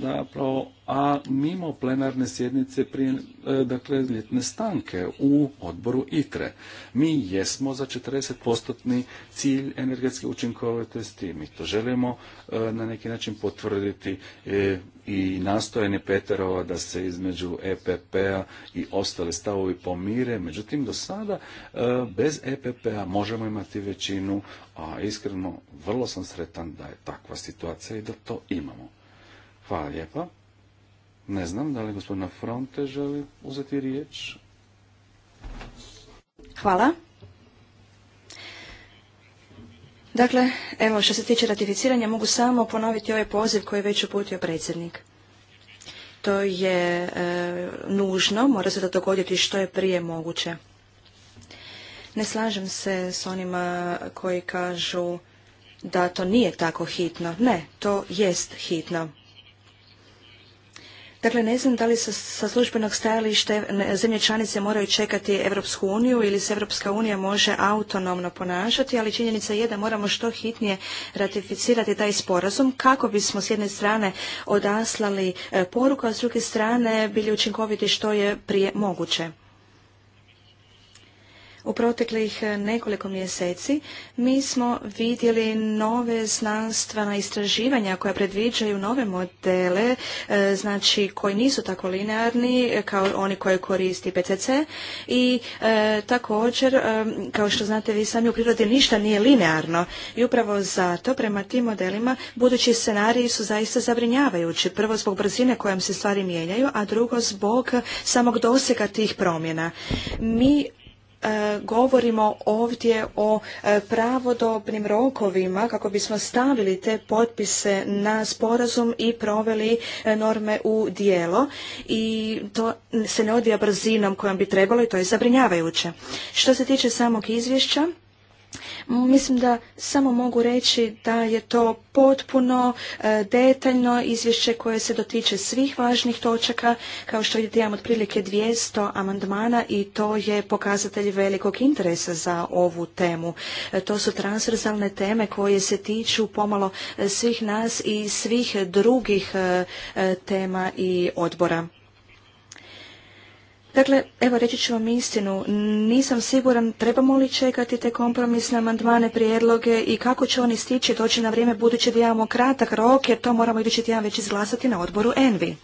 zapravo, a mimo plenarne sjednice prije, e, dakle, ljetne stanke u odboru ITRE. Mi jesmo za 40% cilj energetske učinkovitosti, mi to želimo e, na neki način potvrditi e, i nastojanje Peterova da se između EPP-a i ostale stavovi pomire. Međutim, do sada bez EPP-a možemo imati većinu, a iskreno vrlo sam sretan da je takva situacija i da to imamo. Hvala lijepa. Ne znam, da li gospodina Fronte želi uzeti riječ? Hvala. Dakle, evo što se tiče ratificiranja mogu samo ponoviti ovaj poziv koji je već uputio predsjednik. To je e, nužno, mora se da dogoditi što je prije moguće. Ne slažem se s onima koji kažu da to nije tako hitno. Ne, to jest hitno. Dakle, ne znam da li sa, službenog stajališta e, zemlje članice moraju čekati Europsku uniju ili se Evropska unija može autonomno ponašati, ali činjenica je da moramo što hitnije ratificirati taj sporazum kako bismo s jedne strane odaslali e, poruku, a s druge strane bili učinkoviti što je prije moguće u proteklih e, nekoliko mjeseci mi smo vidjeli nove znanstvena istraživanja koja predviđaju nove modele, e, znači koji nisu tako linearni e, kao oni koje koristi PCC i također, kao što znate vi sami u prirodi ništa nije linearno i upravo zato prema tim modelima budući scenariji su zaista zabrinjavajući. Prvo zbog brzine kojom se stvari mijenjaju, a drugo zbog samog dosega tih promjena. Mi E, govorimo ovdje o e, pravodobnim rokovima kako bismo stavili te potpise na sporazum i proveli e, norme u dijelo i to se ne odvija brzinom kojom bi trebalo i to je zabrinjavajuće. Što se tiče samog izvješća, Mislim da samo mogu reći da je to potpuno e, detaljno izvješće koje se dotiče svih važnih točaka. Kao što vidite imamo otprilike 200 amandmana i to je pokazatelj velikog interesa za ovu temu. E, to su transverzalne teme koje se tiču pomalo e, svih nas i svih drugih tema i odbora. Dakle, evo reći ću vam istinu, nisam siguran trebamo li čekati te kompromisne amandmane, prijedloge i kako će oni stići doći na vrijeme budući da imamo kratak rok jer to moramo idući tjedan već izglasati na odboru Envi.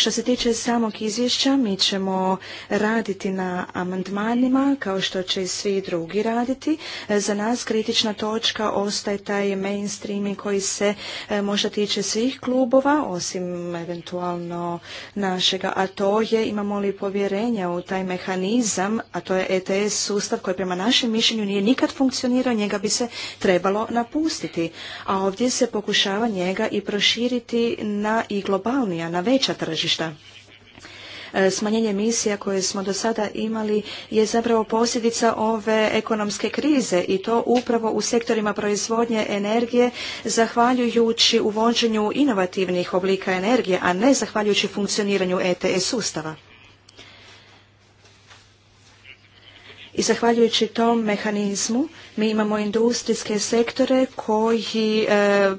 Što se tiče samog izvješća, mi ćemo raditi na amandmanima, kao što će i svi drugi raditi. E, za nas kritična točka ostaje taj mainstream koji se e, možda tiče svih klubova, osim eventualno našega, a to je imamo li povjerenja u taj mehanizam, a to je ETS sustav koji prema našem mišljenju nije nikad funkcionirao, njega bi se trebalo napustiti. A ovdje se pokušava njega i proširiti na i globalnija, na veća tržišta tržišta. E, smanjenje emisija koje smo do sada imali je zapravo posljedica ove ekonomske krize i to upravo u sektorima proizvodnje energije zahvaljujući uvođenju inovativnih oblika energije, a ne zahvaljujući funkcioniranju ETS sustava. I zahvaljujući tom mehanizmu mi imamo industrijske sektore koji e,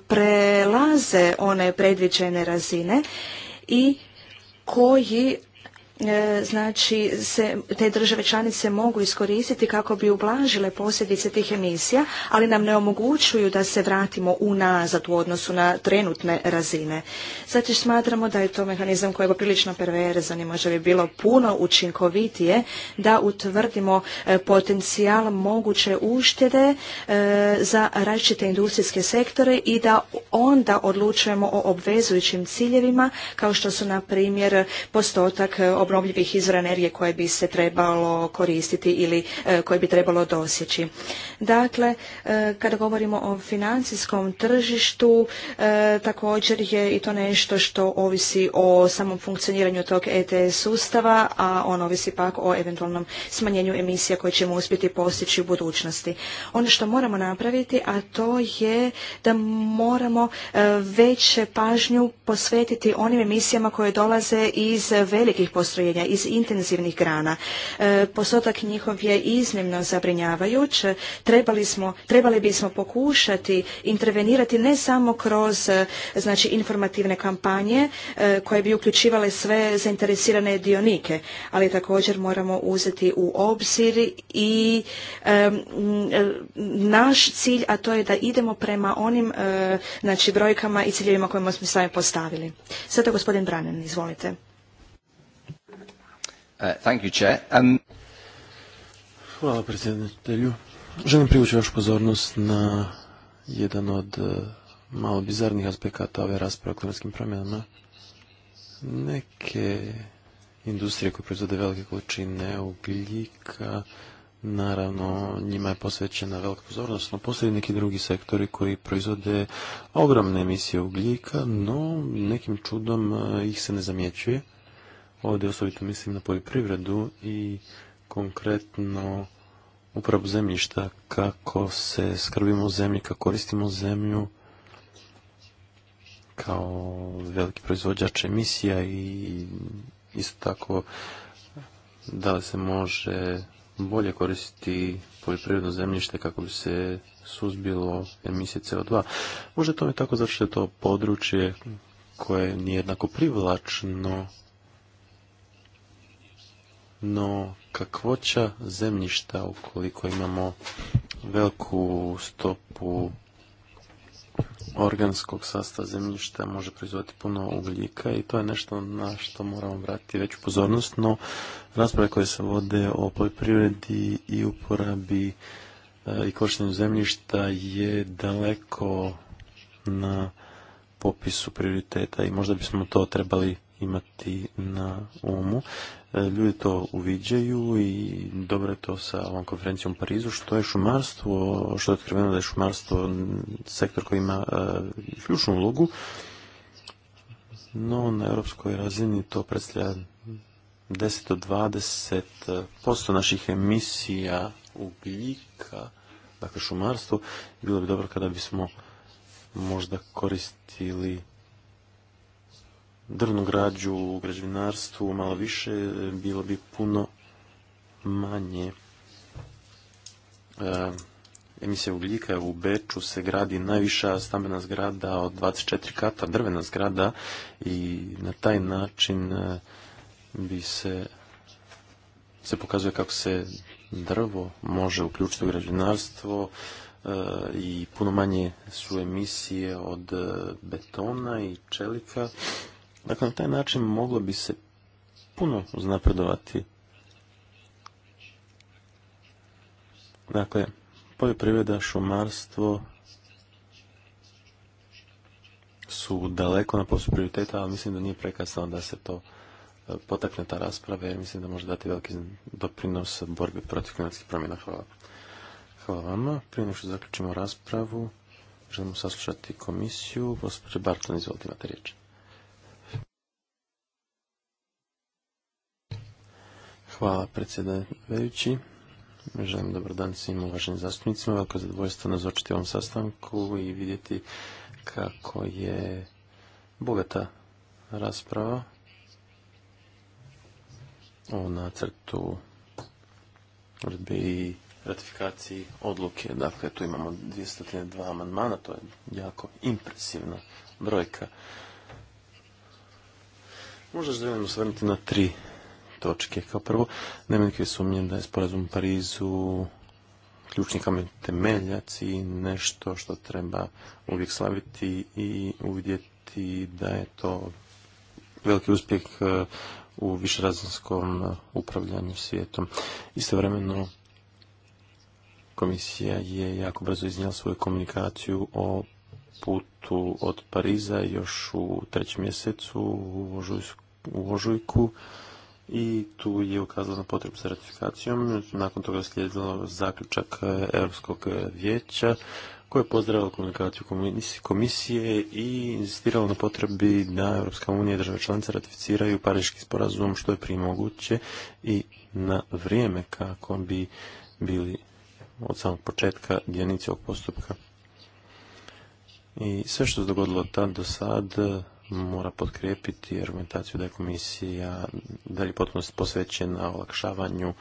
prelaze one predviđene razine i koji E, znači se te države članice mogu iskoristiti kako bi ublažile posljedice tih emisija, ali nam ne omogućuju da se vratimo unazad u odnosu na trenutne razine. Znači smatramo da je to mehanizam koji je prilično perverzan i možda bi bilo puno učinkovitije da utvrdimo e, potencijal moguće uštede e, za različite industrijske sektore i da onda odlučujemo o obvezujućim ciljevima kao što su na primjer postotak obnovljivih izvora energije koje bi se trebalo koristiti ili e, koje bi trebalo dosjeći. Dakle, e, kada govorimo o financijskom tržištu, e, također je i to nešto što ovisi o samom funkcioniranju tog ETS sustava, a on ovisi pak o eventualnom smanjenju emisija koje ćemo uspjeti postići u budućnosti. Ono što moramo napraviti, a to je da moramo veće pažnju posvetiti onim emisijama koje dolaze iz velikih postupnika postrojenja, iz intenzivnih grana. E, postotak njihov je iznimno zabrinjavajuć. Trebali, trebali bismo pokušati intervenirati ne samo kroz e, znači, informativne kampanje e, koje bi uključivale sve zainteresirane dionike, ali također moramo uzeti u obzir i e, naš cilj, a to je da idemo prema onim znači, brojkama i ciljevima kojima smo sami postavili. Sada gospodin Branen, izvolite. Uh, thank you, Um... Hvala predsjedatelju. Želim privući vašu pozornost na jedan od uh, malo bizarnih aspekata ove rasprave o klimatskim promjenama. Neke industrije koje proizvode velike količine ugljika, naravno njima je posvećena velika pozornost, no postoje neki drugi sektori koji proizvode ogromne emisije ugljika, no nekim čudom uh, ih se ne zamjećuje. Ovdje osobito mislim na poljoprivredu i konkretno upravo zemljišta, kako se skrbimo zemlji, kako koristimo zemlju kao veliki proizvođač emisija i isto tako da li se može bolje koristiti poljoprivredno zemljište kako bi se suzbilo emisije CO2. Može tome tako zato to područje koje nije jednako privlačno no kakvoća zemljišta ukoliko imamo veliku stopu organskog sastava zemljišta može proizvoditi puno ugljika i to je nešto na što moramo vratiti veću pozornost, no rasprave koje se vode o poljoprivredi i uporabi e, i korištenju zemljišta je daleko na popisu prioriteta i možda bismo to trebali imati na umu. E, ljudi to uviđaju i dobro je to sa ovom konferencijom u Parizu, što je šumarstvo, što je otkriveno da je šumarstvo sektor koji ima e, ključnu ulogu, no na europskoj razini to predstavlja 10 do 20 e, posto naših emisija ugljika, dakle šumarstvo, bilo bi dobro kada bismo možda koristili drvnu građu u građevinarstvu malo više, bilo bi puno manje e, emisija ugljika. U Beču se gradi najviša stambena zgrada od 24 kata, drvena zgrada i na taj način e, bi se se pokazuje kako se drvo može uključiti u građevinarstvo e, i puno manje su emisije od betona i čelika Dakle, na taj način moglo bi se puno uznapredovati. Dakle, poljoprivreda, šumarstvo su daleko na poslu prioriteta, ali mislim da nije prekasno da se to e, potakne ta rasprava, jer mislim da može dati veliki doprinos borbi protiv klimatskih promjena. Hvala. Hvala vama. Prije nego što zaključimo raspravu, želimo saslušati komisiju. Gospodin Barton, izvolite imate riječ. Hvala predsjedavajući. Želim dobar dan svim uvaženim zastupnicima. Veliko zadovoljstvo nazočiti ovom sastanku i vidjeti kako je bogata rasprava o nacrtu uredbe i ratifikaciji odluke. Dakle, tu imamo 202 amandmana, to je jako impresivna brojka. Možda želim osvrnuti na tri točke. Kao prvo, nema nikakve sumnje da je sporazum u Parizu ključni kamen temeljac i nešto što treba uvijek slaviti i uvidjeti da je to veliki uspjeh e, u višerazinskom e, upravljanju svijetom. Istovremeno, komisija je jako brzo iznijela svoju komunikaciju o putu od Pariza još u trećem mjesecu u ožujku i tu je ukazala na potrebu sa ratifikacijom. Nakon toga slijedilo zaključak e, Europskog e, vijeća koje je pozdravilo komunikaciju komisije i insistiralo na potrebi da Europska unija i države članice ratificiraju Pariški sporazum što je prije moguće i na vrijeme kako bi bili od samog početka djenici ovog postupka. I sve što se dogodilo tad do sad mora podkrijepiti argumentaciju da je komisija dalje potpuno posvećena olakšavanju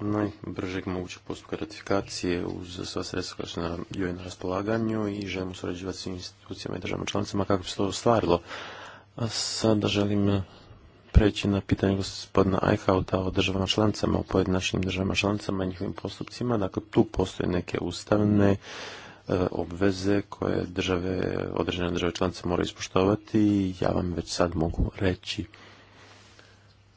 najbržeg mogućeg postupka ratifikacije uz sva sredstva koja su na joj na raspolaganju i želimo surađivati s institucijama i državama članicama kako bi se to ostvarilo. A sada želim preći na pitanje gospodina Eichauta o državama članicama, o pojedinačnim državama članicama i njihovim postupcima. Dakle, tu postoje neke ustavne E, obveze koje države, određene države članice moraju ispoštovati. Ja vam već sad mogu reći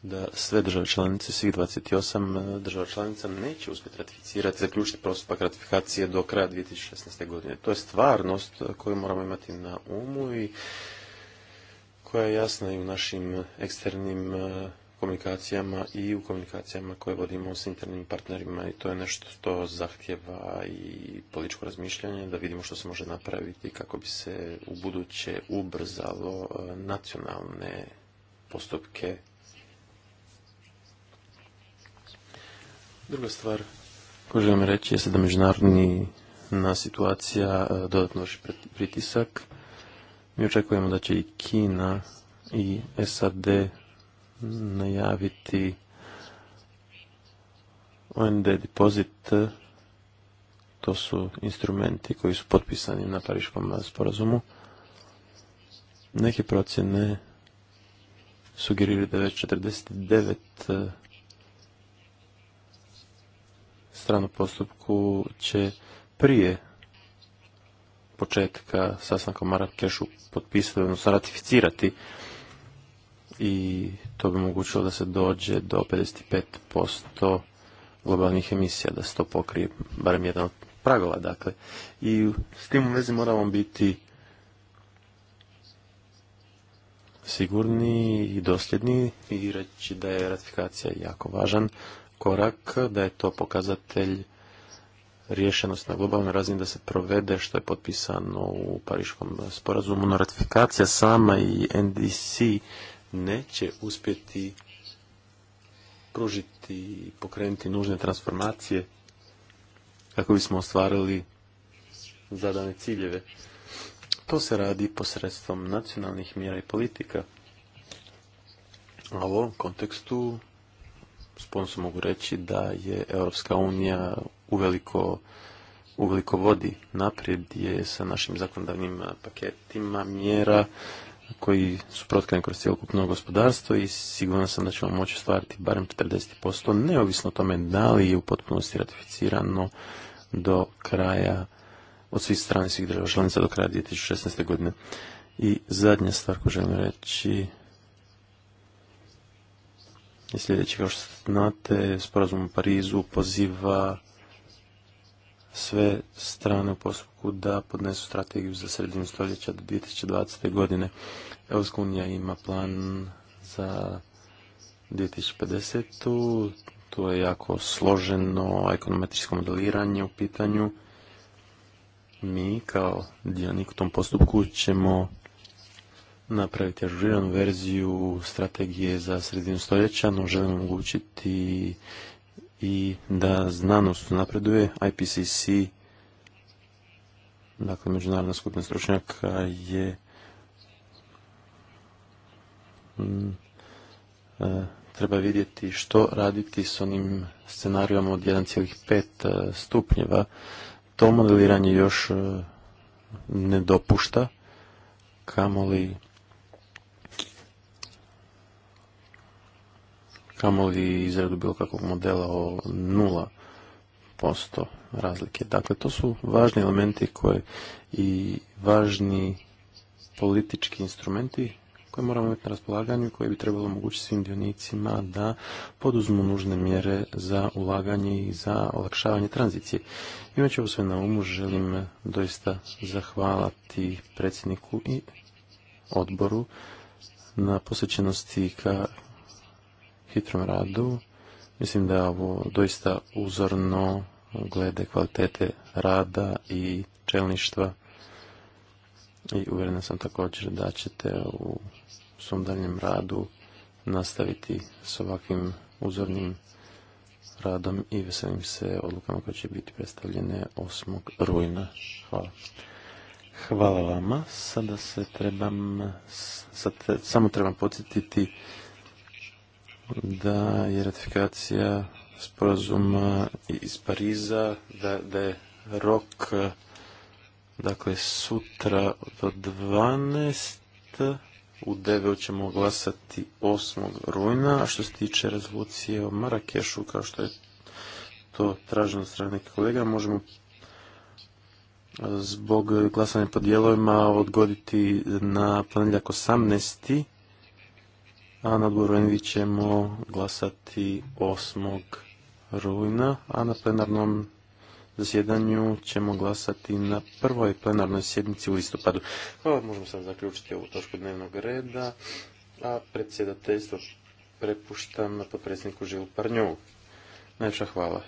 da sve države članice, svih 28 e, država članica neće uspjeti ratificirati, zaključiti postupak ratifikacije do kraja 2016. godine. To je stvarnost koju moramo imati na umu i koja je jasna i u našim eksternim e, komunikacijama i u komunikacijama koje vodimo s internim partnerima i to je nešto što zahtjeva i političko razmišljanje da vidimo što se može napraviti kako bi se u buduće ubrzalo e, nacionalne postupke. Druga stvar koju želim reći je da međunarodni na situacija e, dodatno vrši pritisak. Mi očekujemo da će i Kina i SAD najaviti OND depozit. To su instrumenti koji su potpisani na Pariškom sporazumu. Neke procjene sugeriraju da već 49 e, stranu postupku će prije početka sastanka u Marakešu potpisati, odnosno ratificirati i to bi omogućilo da se dođe do 55% globalnih emisija, da se to pokrije barem jedan od pragova, dakle. I s tim u vezi moramo biti sigurni i dosljedni i reći da je ratifikacija jako važan korak, da je to pokazatelj rješenost na globalnoj razini da se provede što je potpisano u Pariškom sporazumu, no ratifikacija sama i NDC neće uspjeti pružiti i pokrenuti nužne transformacije kako bismo ostvarili zadane ciljeve. To se radi posredstvom nacionalnih mjera i politika. A u ovom kontekstu sponsor mogu reći da je Europska unija uveliko uveliko vodi naprijed je sa našim zakonodavnim paketima mjera koji su protkani kroz cijelokupno gospodarstvo i sigurno sam da ćemo moći stvariti barem 40%, neovisno o tome da li je u potpunosti ratificirano do kraja, od svih strane svih država članica do kraja 2016. godine. I zadnja stvar koju želim reći je sljedeći, kao što znate, sporazum u Parizu poziva sve strane u postupku da podnesu strategiju za sredinu stoljeća do 2020. godine. Evropska unija ima plan za 2050. To je jako složeno ekonometrijsko modeliranje u pitanju. Mi kao dionik u tom postupku ćemo napraviti ažuriranu verziju strategije za sredinu stoljeća, no želimo omogućiti i da znanost napreduje. IPCC, dakle Međunarodna skupina stručnjaka, je mm, e, treba vidjeti što raditi s onim scenarijom od 1,5 e, stupnjeva. To modeliranje još e, ne dopušta kamoli kamoli izradu bilo kakvog modela o nula posto razlike. Dakle, to su važni elementi koje i važni politički instrumenti koje moramo imati na raspolaganju i koje bi trebalo omogućiti svim dionicima da poduzmu nužne mjere za ulaganje i za olakšavanje tranzicije. Imaću ovo sve na umu, želim doista zahvalati predsjedniku i odboru na posvećenosti ka hitrom radu. Mislim da je ovo doista uzorno glede kvalitete rada i čelništva i uvjerena sam također da ćete u svom daljem radu nastaviti s ovakvim uzornim radom i veselim se odlukama koje će biti predstavljene 8. rujna. Hvala. Hvala vama. Sada se trebam, samo trebam podsjetiti da je ratifikacija sporazuma iz Pariza, da, da je rok dakle sutra do 12 u 9 ćemo glasati 8. rujna, a što se tiče rezolucije o Marakešu, kao što je to traženo strane kolega, možemo zbog glasanja po dijelovima odgoditi na ponedjeljak 18 a na odboru ćemo glasati 8. rujna, a na plenarnom zasjedanju ćemo glasati na prvoj plenarnoj sjednici u listopadu. Hvala, možemo sad zaključiti ovu točku dnevnog reda, a predsjedateljstvo prepuštam potpredsjedniku Žilu Parnjovu. Najljepša hvala.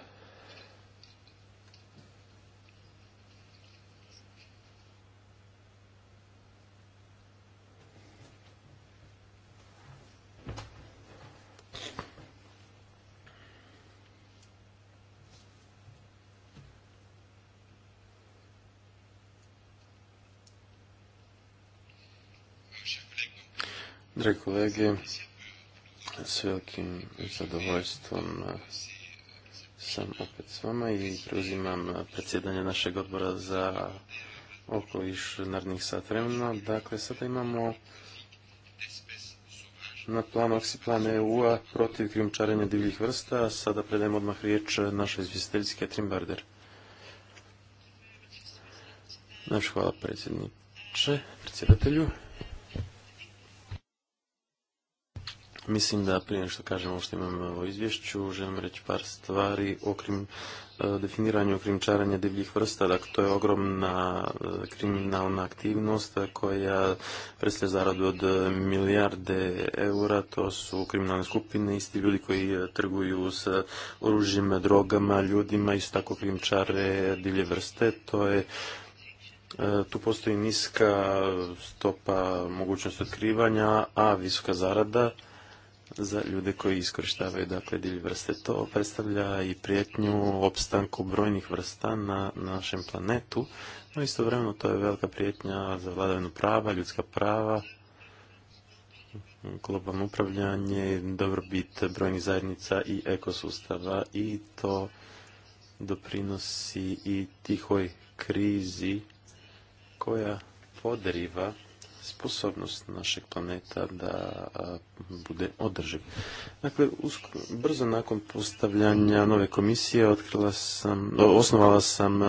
Dre kolege, s velikim zadovoljstvom sam opet s vama i preuzimam predsjedanje našeg odbora za okoliš narednih sat vremena. Dakle, sada imamo na plan Oksiplan EU-a protiv krijumčarenja divljih vrsta. Sada predajem odmah riječ našoj izvjestiteljici Katrin Barder. Naš hvala predsjedniče, predsjedatelju. Mislim da prije nešto kažemo što imamo o izvješću, želim reći par stvari o krim, e, definiranju krimčaranja divljih vrsta. Dakle, to je ogromna e, kriminalna aktivnost koja predstavlja zaradu od milijarde eura. To su kriminalne skupine, isti ljudi koji e, trguju s oružjima, drogama, ljudima, isto tako krimčare divlje vrste. To je tu postoji niska stopa mogućnosti otkrivanja, a visoka zarada za ljude koji iskorištavaju dakle divlje vrste. To predstavlja i prijetnju opstanku brojnih vrsta na našem planetu, no istovremeno to je velika prijetnja za vladavinu prava, ljudska prava, globalno upravljanje, dobrobit brojnih zajednica i ekosustava i to doprinosi i tihoj krizi koja podriva sposobnost našeg planeta da bude održiv. Dakle, brzo nakon postavljanja nove komisije otkrila sam, osnovala sam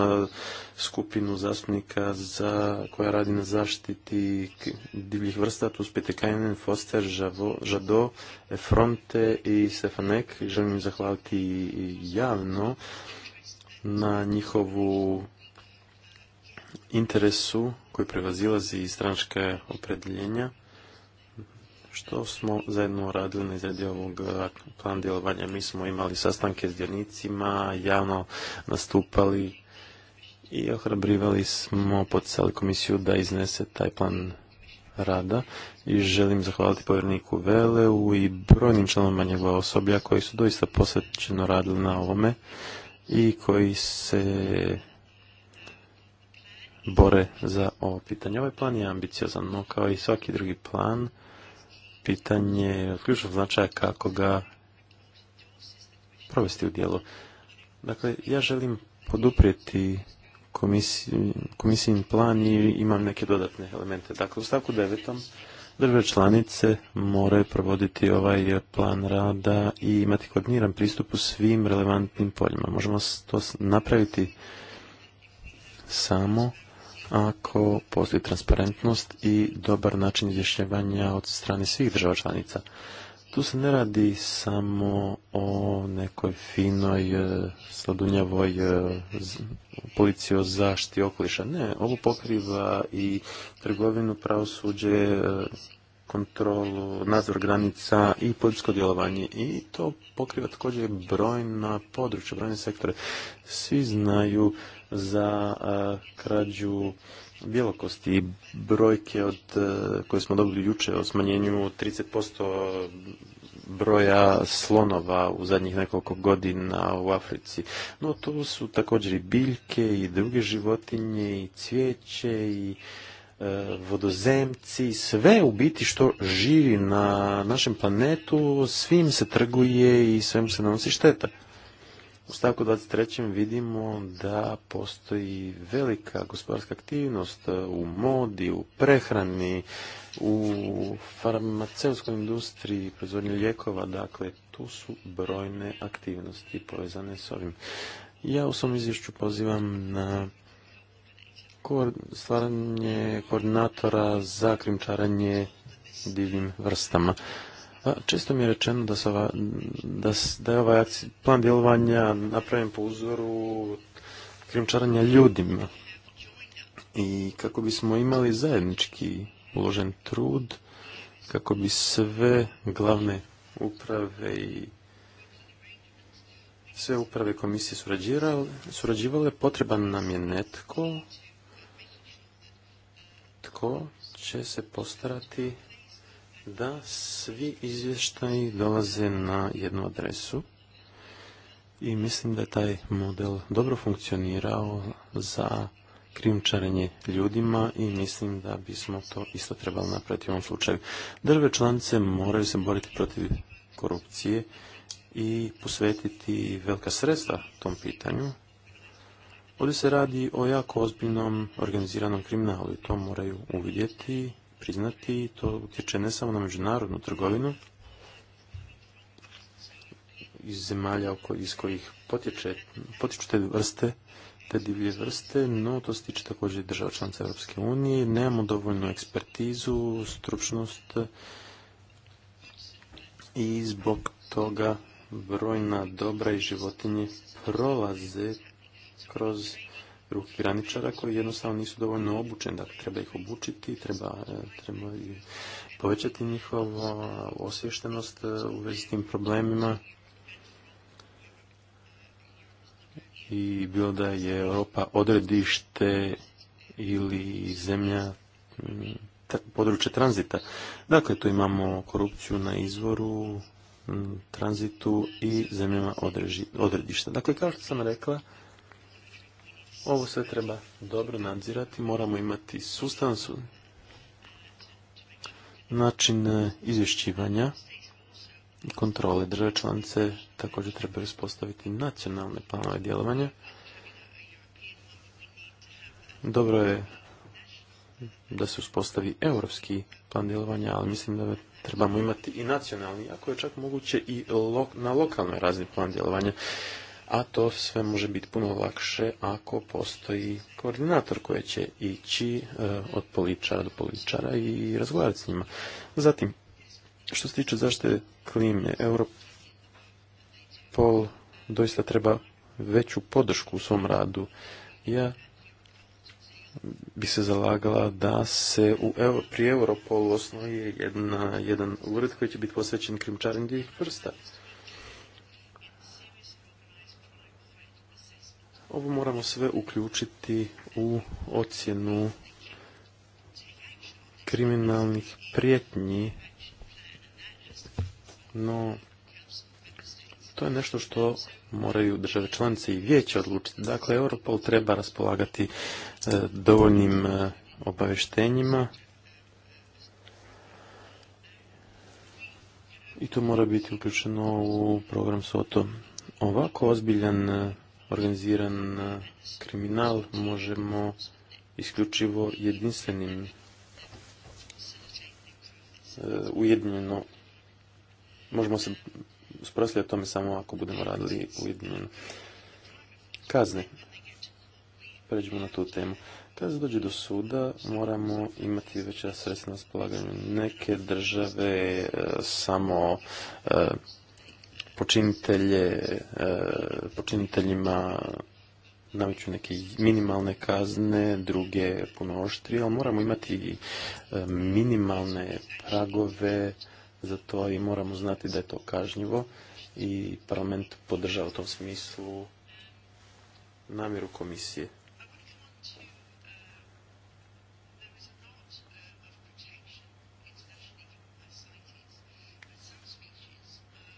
skupinu zastupnika za, koja radi na zaštiti divljih vrsta, tu spete Kajnen, Foster, Žavo, Žado, Fronte i Stefanek. Želim im zahvaliti javno na njihovu interesu koji prevazilazi iz stranačke opredjeljenja, što smo zajedno radili na izradi ovog eh, plana djelovanja. Mi smo imali sastanke s djelnicima, javno nastupali i ohrabrivali smo, poticali komisiju da iznese taj plan rada i želim zahvaliti povjerniku Veleu i brojnim članovima njegova osoblja koji su doista posvećeno radili na ovome i koji se bore za ovo pitanje. Ovaj plan je ambiciozan, no kao i svaki drugi plan, pitanje je od ključnog značaja kako ga provesti u dijelu. Dakle, ja želim poduprijeti komisijni plan i imam neke dodatne elemente. Dakle, u stavku devetom države članice moraju provoditi ovaj plan rada i imati koordiniran pristup u svim relevantnim poljima. Možemo to napraviti samo ako postoji transparentnost i dobar način izjašnjavanja od strane svih država članica. Tu se ne radi samo o nekoj finoj, e, sladunjavoj e, policiji o zaštiti okoliša. Ne, ovo pokriva i trgovinu, pravosuđe, e, kontrolu, nadzor granica i političko djelovanje. I to pokriva također brojna područja, brojne sektore. Svi znaju za krađu bjelokosti i brojke od, koje smo dobili juče o smanjenju 30% broja slonova u zadnjih nekoliko godina u Africi. No tu su također i biljke i druge životinje i cvijeće i vodozemci, sve u biti što živi na našem planetu, svim se trguje i svemu se nanosi šteta. U stavku 23. vidimo da postoji velika gospodarska aktivnost e, u modi, u prehrani, u farmaceutskoj industriji, proizvodnji lijekova, dakle tu su brojne aktivnosti povezane s ovim. Ja u svom izvješću pozivam na stvaranje koordinatora za krimčaranje divnim vrstama. Pa, Često mi je rečeno da, da, da je ovaj plan djelovanja napravljen po uzoru krimčaranja ljudima. I kako bismo imali zajednički uložen trud, kako bi sve glavne uprave i sve uprave komisije surađivale, potreban nam je netko tko će se postarati da svi izvještaji dolaze na jednu adresu i mislim da je taj model dobro funkcionirao za krijumčarenje ljudima i mislim da bismo to isto trebali napraviti u ovom slučaju. Države članice moraju se boriti protiv korupcije i posvetiti velika sredstva tom pitanju. Ovdje se radi o jako ozbiljnom organiziranom kriminalu i to moraju uvidjeti priznati, to utječe ne samo na međunarodnu trgovinu iz zemalja iz kojih potječe, potiču te vrste, te divlje vrste, no to se tiče također i država članica Europske unije. Nemamo dovoljnu ekspertizu, stručnost i zbog toga brojna dobra i životinje prolaze kroz ruki graničara koji jednostavno nisu dovoljno obučeni, dakle treba ih obučiti, treba, e, treba povećati njihovu osviještenost e, u vezi s tim problemima. I bilo da je Europa odredište ili zemlja mm, područje tranzita. Dakle, tu imamo korupciju na izvoru, mm, tranzitu i zemljama odredišta. Dakle, kao što sam rekla, ovo sve treba dobro nadzirati, moramo imati sustavan način e, izvješćivanja i kontrole. Države članice također treba uspostaviti nacionalne planove djelovanja. Dobro je da se uspostavi europski plan djelovanja, ali mislim da trebamo imati i nacionalni, ako je čak moguće i na lokalnoj razini plan djelovanja a to sve može biti puno lakše ako postoji koordinator koji će ići eh, od političara do poličara i razgovarati s njima. Zatim, što se tiče zaštite klime, Europol doista treba veću podršku u svom radu. Ja bi se zalagala da se u, pri Europolu osnuje jedan ured koji će biti posvećen krimčarenju vrsta. Ovo moramo sve uključiti u ocjenu kriminalnih prijetnji, no to je nešto što moraju države članice i vijeće odlučiti. Dakle, Europol treba raspolagati e, dovoljnim e, obavještenjima i to mora biti uključeno u program SOTO. Ovako ozbiljan e, organiziran eh, kriminal možemo isključivo jedinstvenim eh, ujedinjeno možemo se sprostiti o tome samo ako budemo radili ujedinjeno kazne pređemo na tu temu kada se dođe do suda, moramo imati veća sredstva na spolaganju. Neke države eh, samo počinitelje, e, počiniteljima naviću neke minimalne kazne, druge puno oštrije, ali moramo imati e, minimalne pragove za to i moramo znati da je to kažnjivo i parlament podržava u tom smislu namjeru komisije.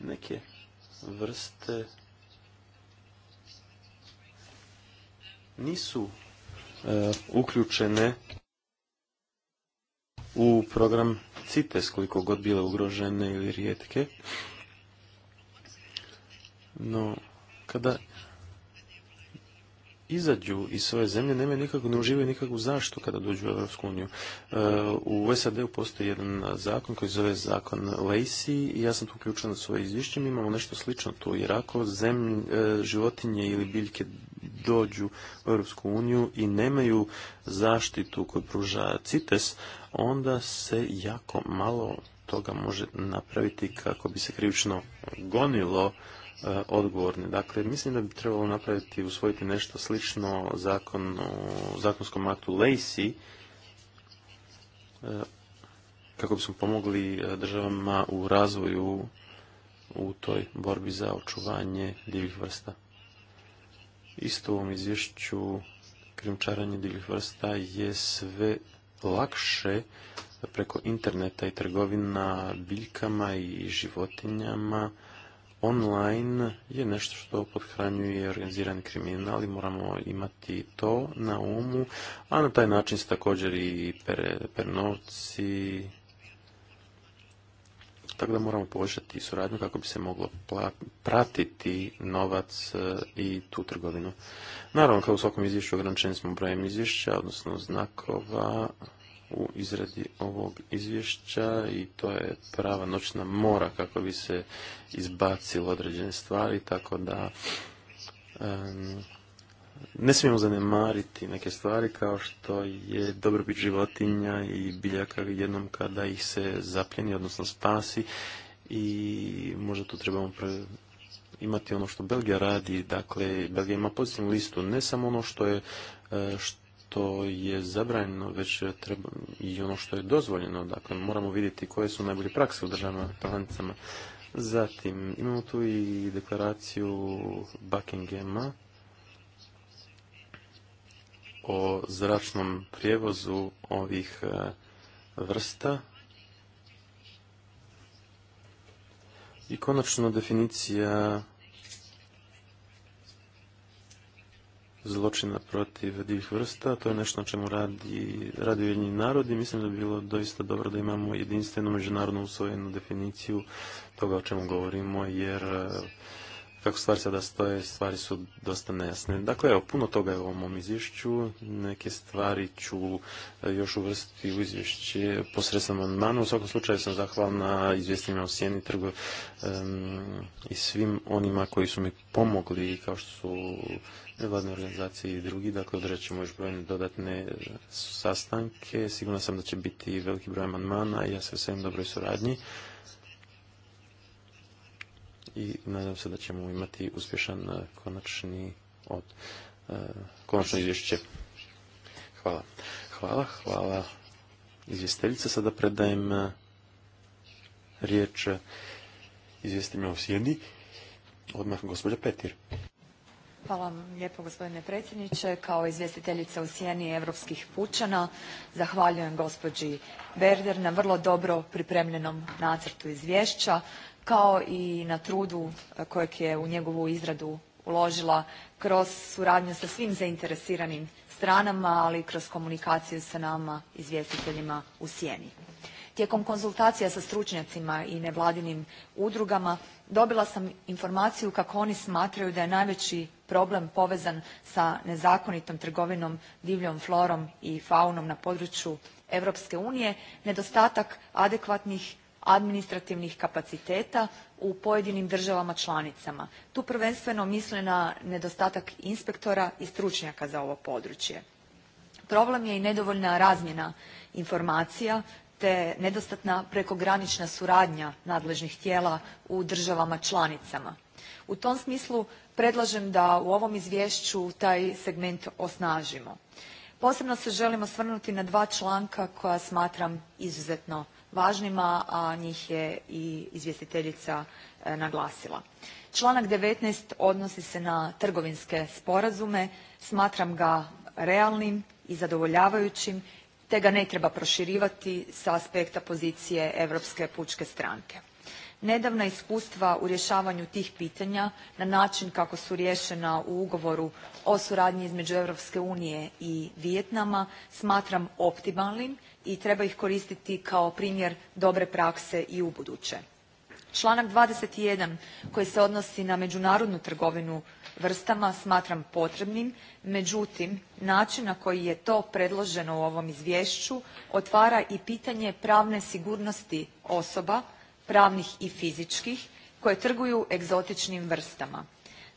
Neke vrste nisu e, uključene u program CITES koliko god bile ugrožene ili rijetke. No, kada izađu iz svoje zemlje nemaju nikakvu, ne uživaju nikakvu zaštitu kada dođu u Europsku uniju. E, u SAD-u postoji jedan zakon koji zove zakon Lacey i ja sam tu uključen na svoje izvješće. Mi imamo nešto slično tu, jer ako e, životinje ili biljke dođu u Europsku uniju i nemaju zaštitu koju pruža CITES, onda se jako malo toga može napraviti kako bi se krivično gonilo E, odgovorni. Dakle, mislim da bi trebalo napraviti, usvojiti nešto slično zakon zakonskom aktu Lacey, e, kako bismo pomogli e, državama u razvoju u toj borbi za očuvanje divih vrsta. Isto u ovom izvješću krimčaranje divljih vrsta je sve lakše preko interneta i trgovina biljkama i životinjama online je nešto što podhranjuje organizirani kriminal i moramo imati to na umu, a na taj način se također i novci, tako da moramo poboljšati suradnju kako bi se moglo pratiti novac e, i tu trgovinu. Naravno, kao u svakom izvješću ograničeni smo brojem izvješća, odnosno znakova, u izradi ovog izvješća i to je prava noćna mora kako bi se izbacilo određene stvari, tako da ne smijemo zanemariti neke stvari kao što je dobrobit životinja i biljaka jednom kada ih se zapljeni, odnosno spasi i možda tu trebamo imati ono što Belgija radi, dakle Belgija ima pozitivnu listu, ne samo ono što je e, to je zabranjeno, već treba i ono što je dozvoljeno. Dakle, moramo vidjeti koje su najbolje prakse u državama članicama. Zatim, imamo tu i deklaraciju Buckinghama o zračnom prijevozu ovih e, vrsta. I konačno definicija zločina protiv divih vrsta. To je nešto na čemu radi, radi narod narodi. Mislim da bi bilo doista dobro da imamo jedinstvenu međunarodnu usvojenu definiciju toga o čemu govorimo, jer e, kako stvari sada stoje, stvari su dosta nejasne. Dakle, evo, puno toga je u ovom izvješću. Neke stvari ću e, još uvrstiti u izvješće posredstvom Manu. U svakom slučaju sam na izvjestima u Sjeni trgu i svim onima koji su mi pomogli, kao što su nevladne organizacije i drugi, dakle održat ćemo još brojne dodatne e, sastanke. Sigurno sam da će biti veliki broj manmana i ja se veselim dobroj suradnji. I nadam se da ćemo imati uspješan e, konačni od, e, konačno izvješće. Hvala. Hvala, hvala izvjesteljice. Sada predajem riječ izvjestiteljima u sjedi. Odmah gospođa Petir. Hvala vam lijepo gospodine predsjedniče. Kao izvjestiteljica u sjeni Europskih pučana zahvaljujem gospođi Berder na vrlo dobro pripremljenom nacrtu izvješća kao i na trudu eh, kojeg je u njegovu izradu uložila kroz suradnju sa svim zainteresiranim stranama, ali i kroz komunikaciju sa nama izvjestiteljima u sjeni. Tijekom konzultacija sa stručnjacima i nevladinim udrugama dobila sam informaciju kako oni smatraju da je najveći problem povezan sa nezakonitom trgovinom divljom florom i faunom na području Europske unije, nedostatak adekvatnih administrativnih kapaciteta u pojedinim državama članicama. Tu prvenstveno mislim na nedostatak inspektora i stručnjaka za ovo područje. Problem je i nedovoljna razmjena informacija te nedostatna prekogranična suradnja nadležnih tijela u državama članicama. U tom smislu predlažem da u ovom izvješću taj segment osnažimo. Posebno se želim osvrnuti na dva članka koja smatram izuzetno važnima, a njih je i izvjestiteljica e, naglasila. Članak 19. odnosi se na trgovinske sporazume, smatram ga realnim i zadovoljavajućim te ga ne treba proširivati sa aspekta pozicije Europske pučke stranke. Nedavna iskustva u rješavanju tih pitanja na način kako su riješena u ugovoru o suradnji između Europske unije i Vijetnama smatram optimalnim i treba ih koristiti kao primjer dobre prakse i ubuduće. Članak 21. koji se odnosi na međunarodnu trgovinu vrstama smatram potrebnim, međutim način na koji je to predloženo u ovom izvješću otvara i pitanje pravne sigurnosti osoba pravnih i fizičkih koje trguju egzotičnim vrstama.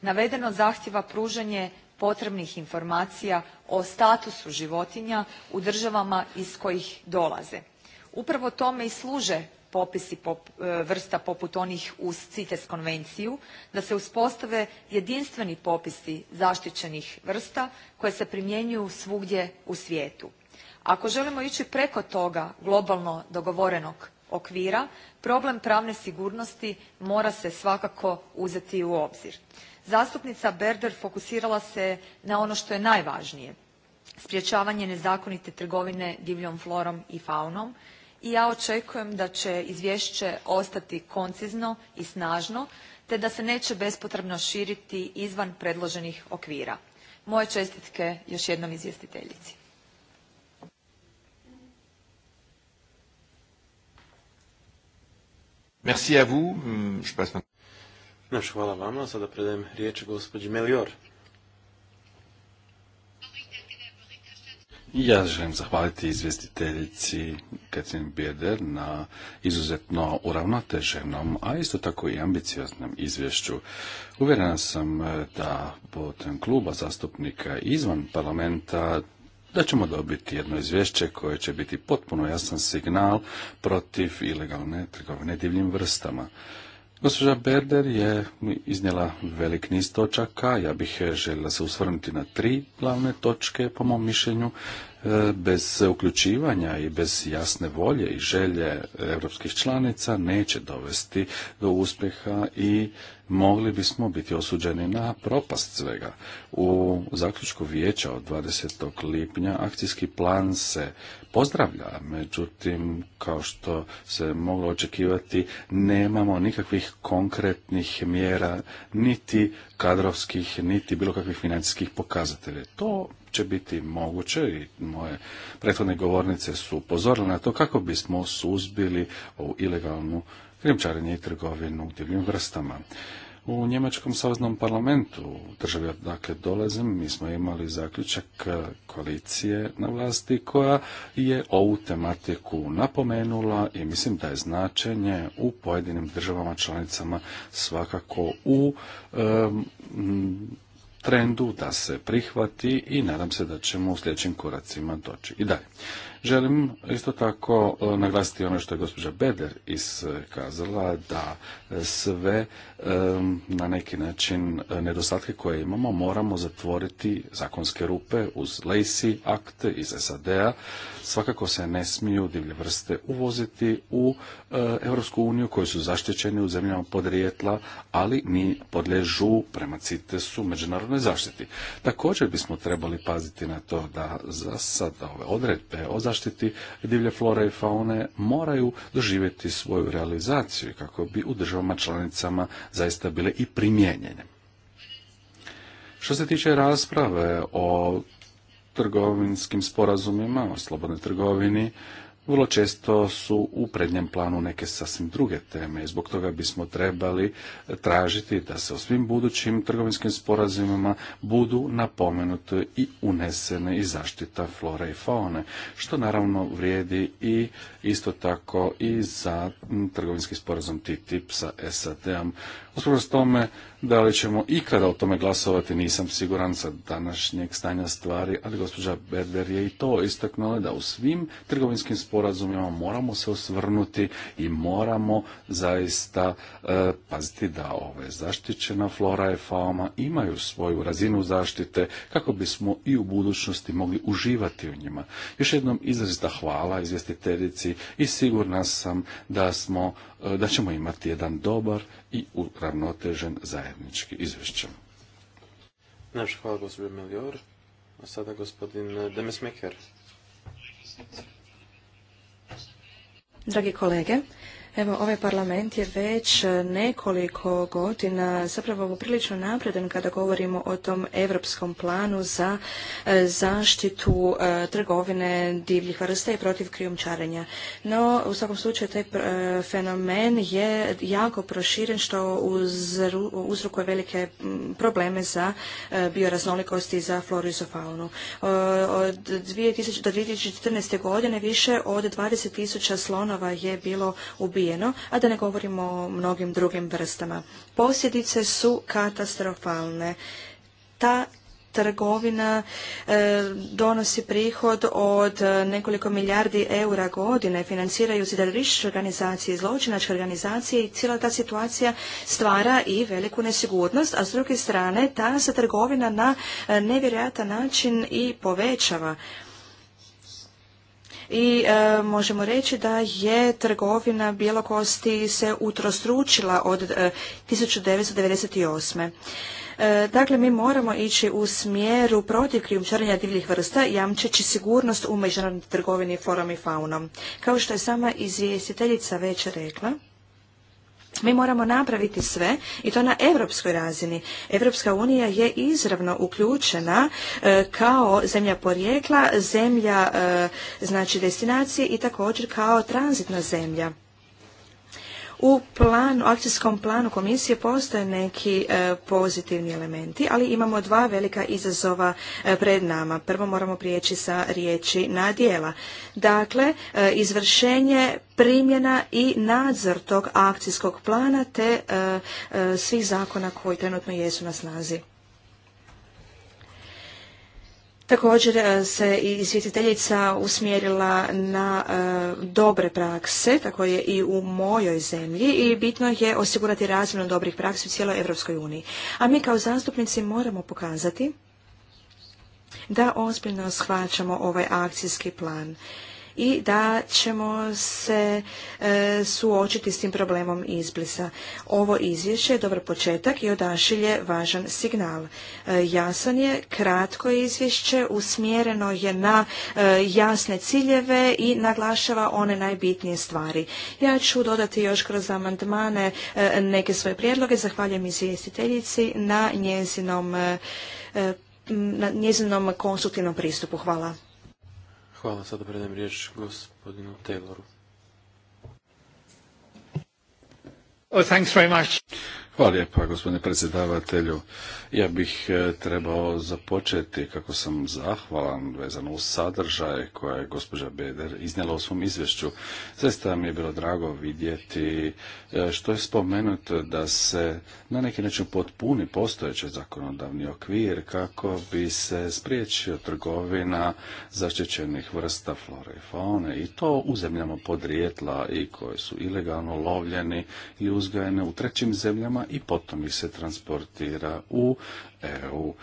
Navedeno zahtjeva pružanje potrebnih informacija o statusu životinja u državama iz kojih dolaze. Upravo tome i služe popisi e, vrsta poput onih uz CITES konvenciju da se uspostave jedinstveni popisi zaštićenih vrsta koje se primjenjuju svugdje u svijetu. Ako želimo ići preko toga globalno dogovorenog okvira problem pravne sigurnosti mora se svakako uzeti u obzir. Zastupnica Berder fokusirala se na ono što je najvažnije, sprječavanje nezakonite trgovine divljom florom i faunom i ja očekujem da će izvješće ostati koncizno i snažno te da se neće bespotrebno širiti izvan predloženih okvira. Moje čestitke još jednom izvjestiteljici. Merci à vous. Je passe hvala vama. Sada predajem riječ gospođi Melior. Ja želim zahvaliti izvjestiteljici Katrin Bjeder na izuzetno uravnoteženom, a isto tako i ambicioznom izvješću. Uvjerena sam eh, da potem kluba zastupnika izvan parlamenta da ćemo dobiti jedno izvješće koje će biti potpuno jasan signal protiv ilegalne trgovine divljim vrstama. Gospođa Berder je iznijela velik niz točaka, ja bih željela se usvrnuti na tri glavne točke po mom mišljenju. E, bez uključivanja i bez jasne volje i želje europskih članica neće dovesti do uspjeha i mogli bismo biti osuđeni na propast svega. U zaključku vijeća od 20. lipnja akcijski plan se pozdravlja, međutim, kao što se moglo očekivati, nemamo nikakvih konkretnih mjera, niti kadrovskih, niti bilo kakvih financijskih pokazatelja. To će biti moguće i moje prethodne govornice su upozorile na to kako bismo suzbili ovu ilegalnu krijumčarenje i trgovinu divljim vrstama. U Njemačkom saveznom parlamentu, u državi odakle dolazim, mi smo imali zaključak e, koalicije na vlasti koja je ovu tematiku napomenula i mislim da je značenje u pojedinim državama članicama svakako u e, trendu da se prihvati i nadam se da ćemo u sljedećim koracima doći i dalje. Želim isto tako e, naglasiti ono što je gospođa Beder iskazala da sve e, na neki način e, nedostatke koje imamo moramo zatvoriti zakonske rupe uz Lacey Act iz SAD-a. Svakako se ne smiju divlje vrste uvoziti u Europsku uniju koji su zaštićeni u zemljama podrijetla, ali ni podlježu prema CITES-u međunarodnoj zaštiti. Također bismo trebali paziti na to da za sad ove odredbe o zaštiti divlje flore i faune moraju doživjeti svoju realizaciju kako bi u državama članicama zaista bile i primijenjene. Što se tiče rasprave o trgovinskim sporazumima, o slobodnoj trgovini, vrlo često su u prednjem planu neke sasvim druge teme. Zbog toga bismo trebali tražiti da se u svim budućim trgovinskim sporazumima budu napomenute i unesene i zaštita flore i faune, što naravno vrijedi i isto tako i za trgovinski sporazum TTIP sa SAD-om. s tome, da li ćemo ikada o tome glasovati, nisam siguran sa današnjeg stanja stvari, ali gospođa Berber je i to istaknula da u svim trgovinskim sporazumima sporazumima moramo se osvrnuti i moramo zaista e, paziti da ove zaštićena flora i fauna imaju svoju razinu zaštite kako bismo i u budućnosti mogli uživati u njima. Još jednom izrazita hvala izvjestiteljici i sigurna sam da smo e, da ćemo imati jedan dobar i uravnotežen zajednički izvješće. hvala gospodin Melior, a sada gospodin Dragi kolege, Evo, ovaj parlament je već e, nekoliko godina zapravo prilično napredan kada govorimo o tom europskom planu za e, zaštitu e, trgovine divljih vrsta i protiv krijumčarenja. No, u svakom slučaju, taj fenomen je jako proširen što uzrukuje velike probleme za bioraznolikost i za floru i faunu. Od 2014. godine više od 20.000 slonova je bilo u ubijeno, a da ne govorimo o mnogim drugim vrstama. Posljedice su katastrofalne. Ta trgovina e, donosi prihod od nekoliko milijardi eura godine, financiraju se terorističke organizacije, zločinačke organizacije i cijela ta situacija stvara i veliku nesigurnost, a s druge strane ta se trgovina na e, nevjerojatan način i povećava i e, možemo reći da je trgovina bjelokosti se utrostručila od e, 1998. E, dakle, mi moramo ići u smjeru protiv krijumčarenja divljih vrsta, jamčeći sigurnost u međunarodnoj trgovini forom i faunom. Kao što je sama izvjestiteljica već rekla, mi moramo napraviti sve i to na europskoj razini. Europska unija je izravno uključena e, kao zemlja porijekla, zemlja e, znači destinacije i također kao tranzitna zemlja. U planu, akcijskom planu komisije postoje neki e, pozitivni elementi, ali imamo dva velika izazova e, pred nama. Prvo moramo prijeći sa riječi na dijela. Dakle, e, izvršenje primjena i nadzor tog akcijskog plana te svih zakona koji trenutno jesu na snazi. Također e, se i svjetiteljica usmjerila na e, dobre prakse, tako je i u mojoj zemlji i bitno je osigurati razmjenu dobrih praksi u cijeloj Europskoj uniji. A mi kao zastupnici moramo pokazati da ozbiljno shvaćamo ovaj akcijski plan i da ćemo se e, suočiti s tim problemom izblisa. Ovo izvješće je dobar početak i odašilje važan signal. E, jasan je, kratko izvješće, usmjereno je na e, jasne ciljeve i naglašava one najbitnije stvari. Ja ću dodati još kroz amandmane neke svoje prijedloge. Zahvaljujem izvjestiteljici na njezinom na njezinom konstruktivnom pristupu. Hvala. Hvala, sada predajem riječ gospodinu Tayloru. Oh, thanks very much. Hvala lijepa, gospodine predsjedavatelju. Ja bih e, trebao započeti kako sam zahvalan vezano uz sadržaje koje je gospođa Beder iznijela u svom izvješću. Zaista mi je bilo drago vidjeti e, što je spomenuto da se na neki način potpuni postojeći zakonodavni okvir kako bi se spriječio trgovina zaštićenih vrsta flore i faune i to u zemljama podrijetla i koje su ilegalno lovljeni i uzgajene u trećim zemljama i potom ih se transportira u EU.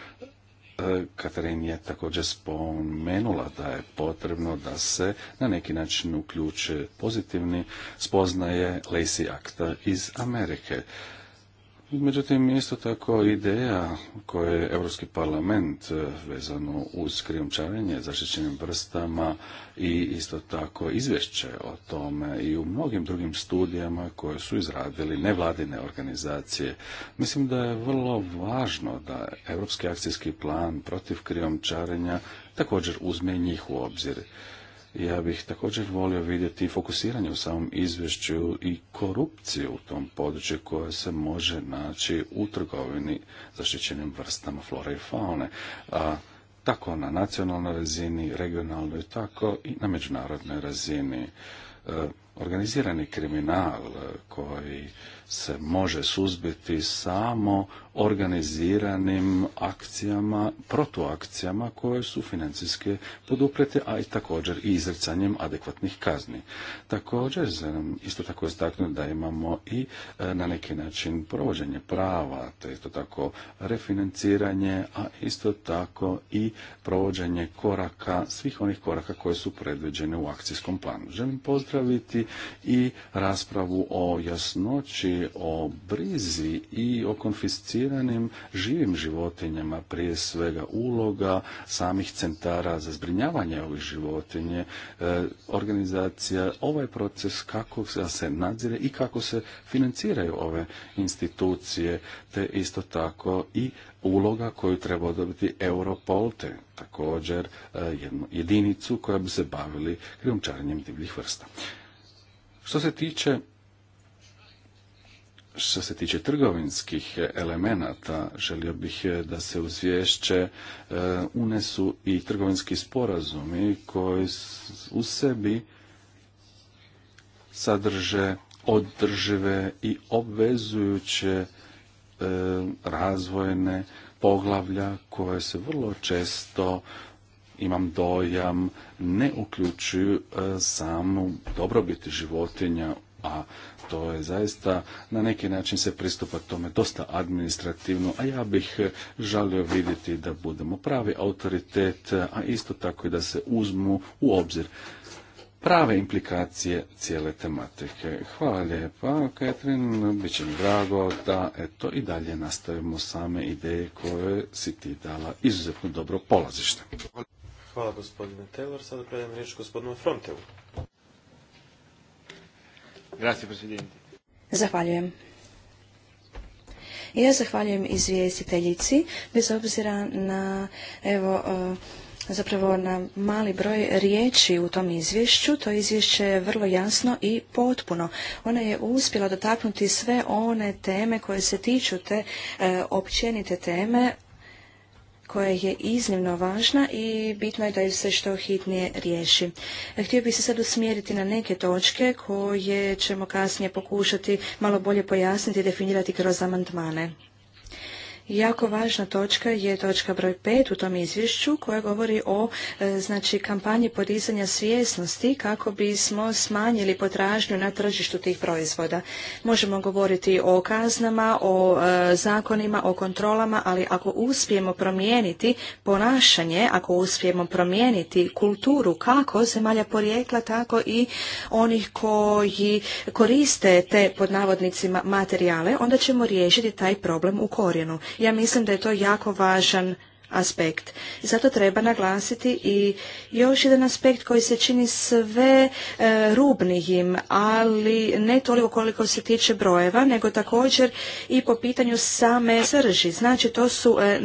E, Katarin je također spomenula da je potrebno da se na neki način uključe pozitivni spoznaje Lacey akta iz Amerike. Međutim, isto tako ideja koja je Europski parlament e, vezano uz krijumčarenje zaštićenim vrstama i isto tako izvješće o tome i u mnogim drugim studijama koje su izradili nevladine organizacije. Mislim da je vrlo važno da Europski akcijski plan protiv krijomčarenja također uzme njih u obzir. Ja bih također volio vidjeti fokusiranje u samom izvješću i korupciju u tom području koje se može naći u trgovini zaštićenim vrstama flore i faune. A, tako na nacionalnoj razini, regionalnoj, tako i na međunarodnoj razini. E, organizirani kriminal koji se može suzbiti samo organiziranim akcijama, protuakcijama koje su financijske poduprete, a i također i izrcanjem adekvatnih kazni. Također, isto tako istaknuti da imamo i e, na neki način provođenje prava, je isto tako refinanciranje, a isto tako i provođenje koraka, svih onih koraka koje su predviđene u akcijskom planu. Želim pozdraviti i raspravu o jasnoći o brizi i o konfisciranim živim životinjama, prije svega uloga samih centara za zbrinjavanje ovih životinje, e, organizacija, ovaj proces kako se nadzire i kako se financiraju ove institucije, te isto tako i uloga koju treba dobiti Europol, također e, jednu jedinicu koja bi se bavili krijumčarenjem divljih vrsta. Što se tiče što se tiče trgovinskih elemenata, želio bih e, da se u izvješće e, unesu i trgovinski sporazumi koji u sebi sadrže održive i obvezujuće e, razvojne poglavlja koje se vrlo često imam dojam ne uključuju samu dobrobiti životinja a to je zaista na neki način se pristupa tome dosta administrativno, a ja bih eh, žalio vidjeti da budemo pravi autoritet, eh, a isto tako i da se uzmu u obzir prave implikacije cijele tematike. Hvala lijepa, Katrin, bit će mi drago da eto i dalje nastavimo same ideje koje si ti dala izuzetno dobro polazište. Hvala gospodine Taylor, sada predajem riječ gospodinu Frontevu. Zahvaljujem. Ja zahvaljujem izvjestiteljici, bez obzira na, evo, e, zapravo na mali broj riječi u tom izvješću. To izvješće je vrlo jasno i potpuno. Ona je uspjela dotaknuti sve one teme koje se tiču te e, općenite teme koja je iznimno važna i bitno je da ju se što hitnije riješi. Htio bih se sad usmjeriti na neke točke koje ćemo kasnije pokušati malo bolje pojasniti i definirati kroz amandmane. Jako važna točka je točka broj 5 u tom izvješću koja govori o e, znači kampanji podizanja svjesnosti kako bismo smanjili potražnju na tržištu tih proizvoda. Možemo govoriti o kaznama, o e, zakonima, o kontrolama, ali ako uspijemo promijeniti ponašanje, ako uspijemo promijeniti kulturu kako zemalja porijekla, tako i onih koji koriste te pod navodnicima materijale, onda ćemo riješiti taj problem u korijenu. Ja mislim da je to jako važan aspekt. Zato treba naglasiti i još jedan aspekt koji se čini sve e, rubnijim, ali ne toliko koliko se tiče brojeva, nego također i po pitanju same srži. Znači to su e,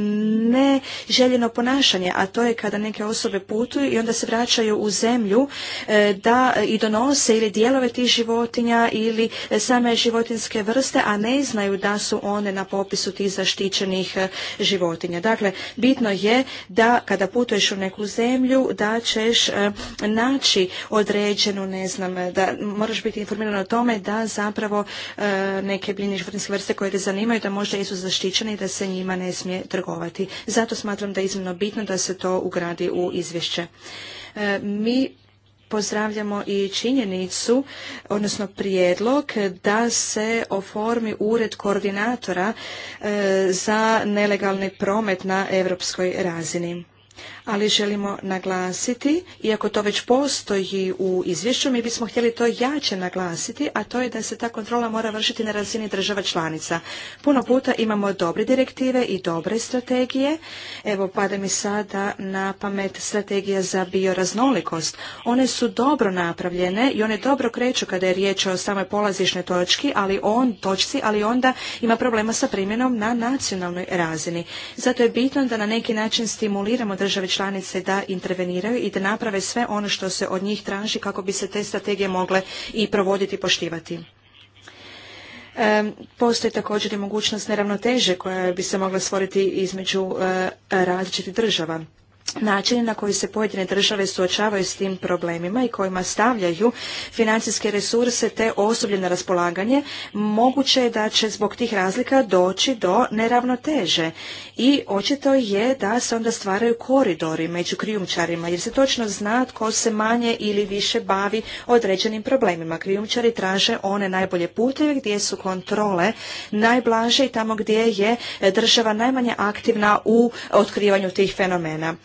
neželjeno ponašanje, a to je kada neke osobe putuju i onda se vraćaju u zemlju e, da i donose ili dijelove tih životinja ili e, same životinske vrste, a ne znaju da su one na popisu tih zaštićenih e, životinja. Dakle, bi bitno je da kada putuješ u neku zemlju da ćeš e, naći određenu, ne znam, da moraš biti informiran o tome da zapravo e, neke biljne životinske vrste koje te zanimaju da možda jesu zaštićene i da se njima ne smije trgovati. Zato smatram da je iznimno bitno da se to ugradi u izvješće. E, mi Pozdravljamo i činjenicu, odnosno prijedlog da se oformi ured koordinatora e, za nelegalni promet na europskoj razini ali želimo naglasiti, iako to već postoji u izvješću, mi bismo htjeli to jače naglasiti, a to je da se ta kontrola mora vršiti na razini država članica. Puno puta imamo dobre direktive i dobre strategije. Evo, pada mi sada na pamet strategija za bioraznolikost. One su dobro napravljene i one dobro kreću kada je riječ o samoj polazišnoj točki, ali on točci, ali onda ima problema sa primjenom na nacionalnoj razini. Zato je bitno da na neki način stimuliramo države članice da interveniraju i da naprave sve ono što se od njih traži kako bi se te strategije mogle i provoditi i poštivati. E, postoji također i mogućnost neravnoteže koja bi se mogla stvoriti između e, različitih država načini na koji se pojedine države suočavaju s tim problemima i kojima stavljaju financijske resurse te osoblje na raspolaganje, moguće je da će zbog tih razlika doći do neravnoteže. I očito je da se onda stvaraju koridori među krijumčarima, jer se točno zna tko se manje ili više bavi određenim problemima. Krijumčari traže one najbolje puteve gdje su kontrole najblaže i tamo gdje je država najmanje aktivna u otkrivanju tih fenomena.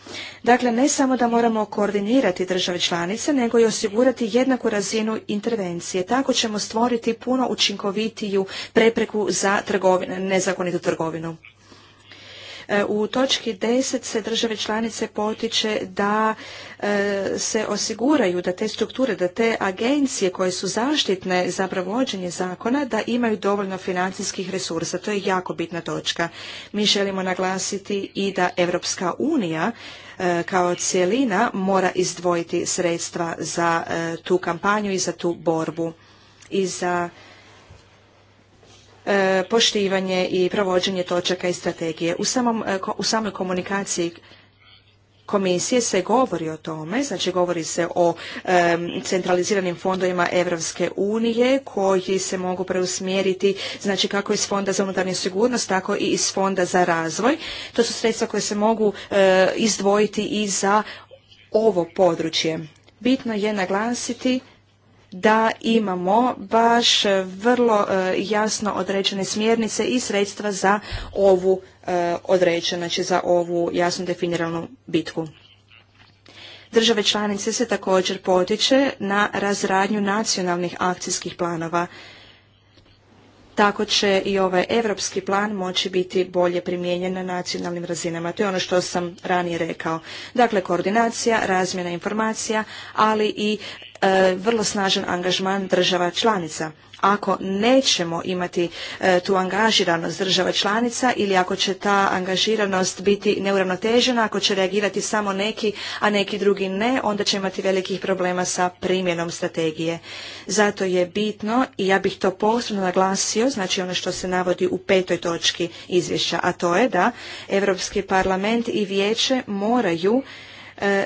Dakle, ne samo da moramo koordinirati države članice, nego i osigurati jednaku razinu intervencije. Tako ćemo stvoriti puno učinkovitiju prepreku za nezakonitu trgovinu. E, u točki 10 se države članice potiče da e, se osiguraju da te strukture, da te agencije koje su zaštitne za provođenje zakona, da imaju dovoljno financijskih resursa. To je jako bitna točka. Mi želimo naglasiti i da Europska unija e, kao cijelina mora izdvojiti sredstva za tu kampanju i za tu borbu i za E, poštivanje i provođenje točaka i strategije. E, u, samoj komunikaciji komisije se govori o tome, znači govori se o e, centraliziranim fondovima Europske unije koji se mogu preusmjeriti znači kako iz fonda za unutarnju sigurnost tako i iz fonda za razvoj. To su sredstva koje se mogu izdvojiti i za ovo područje. Bitno je naglasiti da imamo baš e, vrlo e, jasno određene smjernice i sredstva za ovu e, određenu, znači za ovu jasno definiranu bitku. Države članice se također potiče na razradnju nacionalnih akcijskih planova. Tako će i ovaj europski plan moći biti bolje primijenjen na nacionalnim razinama. To je ono što sam ranije rekao. Dakle, koordinacija, razmjena informacija, ali i E, vrlo snažan angažman država članica. Ako nećemo imati e, tu angažiranost država članica ili ako će ta angažiranost biti neuravnotežena, ako će reagirati samo neki, a neki drugi ne, onda će imati velikih problema sa primjenom strategije. Zato je bitno i ja bih to posebno naglasio, znači ono što se navodi u petoj točki izvješća, a to je da Europski parlament i vijeće moraju e,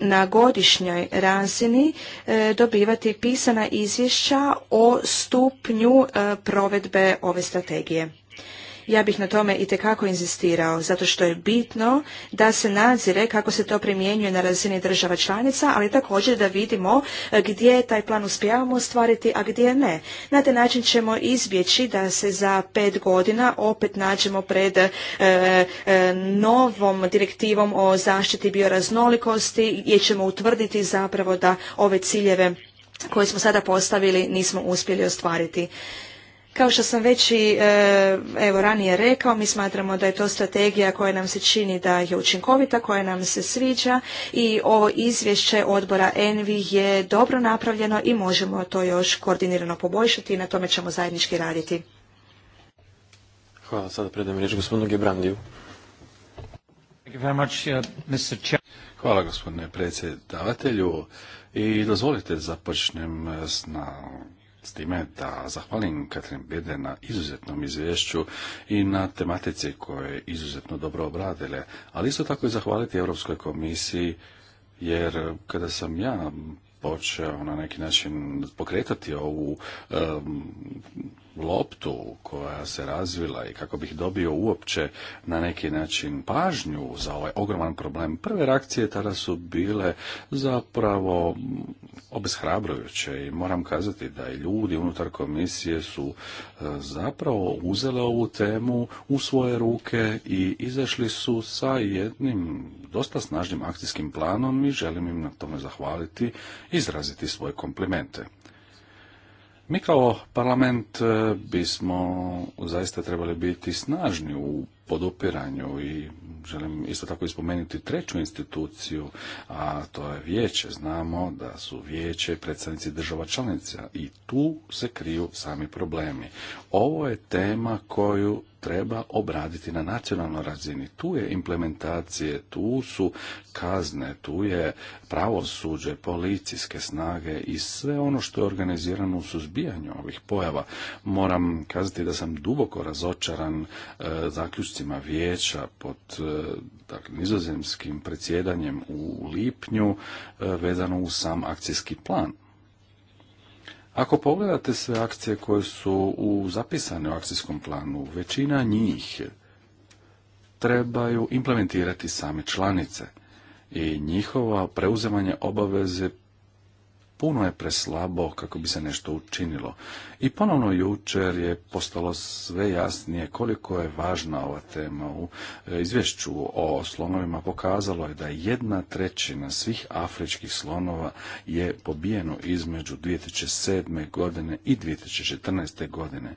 na godišnjoj razini e, dobivati pisana izvješća o stupnju e, provedbe ove strategije. Ja bih na tome i tekako inzistirao, zato što je bitno da se nadzire kako se to primjenjuje na razini država članica, ali također da vidimo e, gdje taj plan uspijavamo ostvariti, a gdje ne. Na taj način ćemo izbjeći da se za pet godina opet nađemo pred e, e, novom direktivom o zaštiti bioraznolikosti gdje ćemo utvrditi zapravo da ove ciljeve koje smo sada postavili nismo uspjeli ostvariti. Kao što sam već i e, evo, ranije rekao, mi smatramo da je to strategija koja nam se čini da je učinkovita, koja nam se sviđa i ovo izvješće odbora ENVI je dobro napravljeno i možemo to još koordinirano poboljšati i na tome ćemo zajednički raditi. Hvala, sada predajem riječ gospodinu Gebrandiju. Uh, Hvala gospodine predsjedavatelju i dozvolite započnem s na s time da zahvalim Katrin Bede na izuzetnom izvješću i na tematici koje je izuzetno dobro obradile, ali isto tako i zahvaliti Europskoj komisiji, jer kada sam ja počeo na neki način pokretati ovu loptu koja se razvila i kako bih dobio uopće na neki način pažnju za ovaj ogroman problem. Prve reakcije tada su bile zapravo obeshrabrujuće i moram kazati da i ljudi unutar komisije su e, zapravo uzele ovu temu u svoje ruke i izašli su sa jednim dosta snažnim akcijskim planom i želim im na tome zahvaliti i izraziti svoje komplimente. Mi kao parlament e, bismo zaista trebali biti snažni u podupiranju i želim isto tako ispomenuti treću instituciju, a to je vijeće. Znamo da su vijeće predstavnici država članica i tu se kriju sami problemi. Ovo je tema koju treba obraditi na nacionalnoj razini. Tu je implementacije, tu su kazne, tu je pravosuđe, policijske snage i sve ono što je organizirano u suzbijanju ovih pojava. Moram kazati da sam duboko razočaran e, zaključcima vijeća pod e, dakle, nizozemskim predsjedanjem u lipnju e, vezano uz sam akcijski plan. Ako pogledate sve akcije koje su u zapisane u akcijskom planu, većina njih trebaju implementirati same članice i njihova preuzemanje obaveze puno je preslabo kako bi se nešto učinilo. I ponovno jučer je postalo sve jasnije koliko je važna ova tema u e, izvješću o slonovima. Pokazalo je da jedna trećina svih afričkih slonova je pobijeno između 2007. godine i 2014. godine.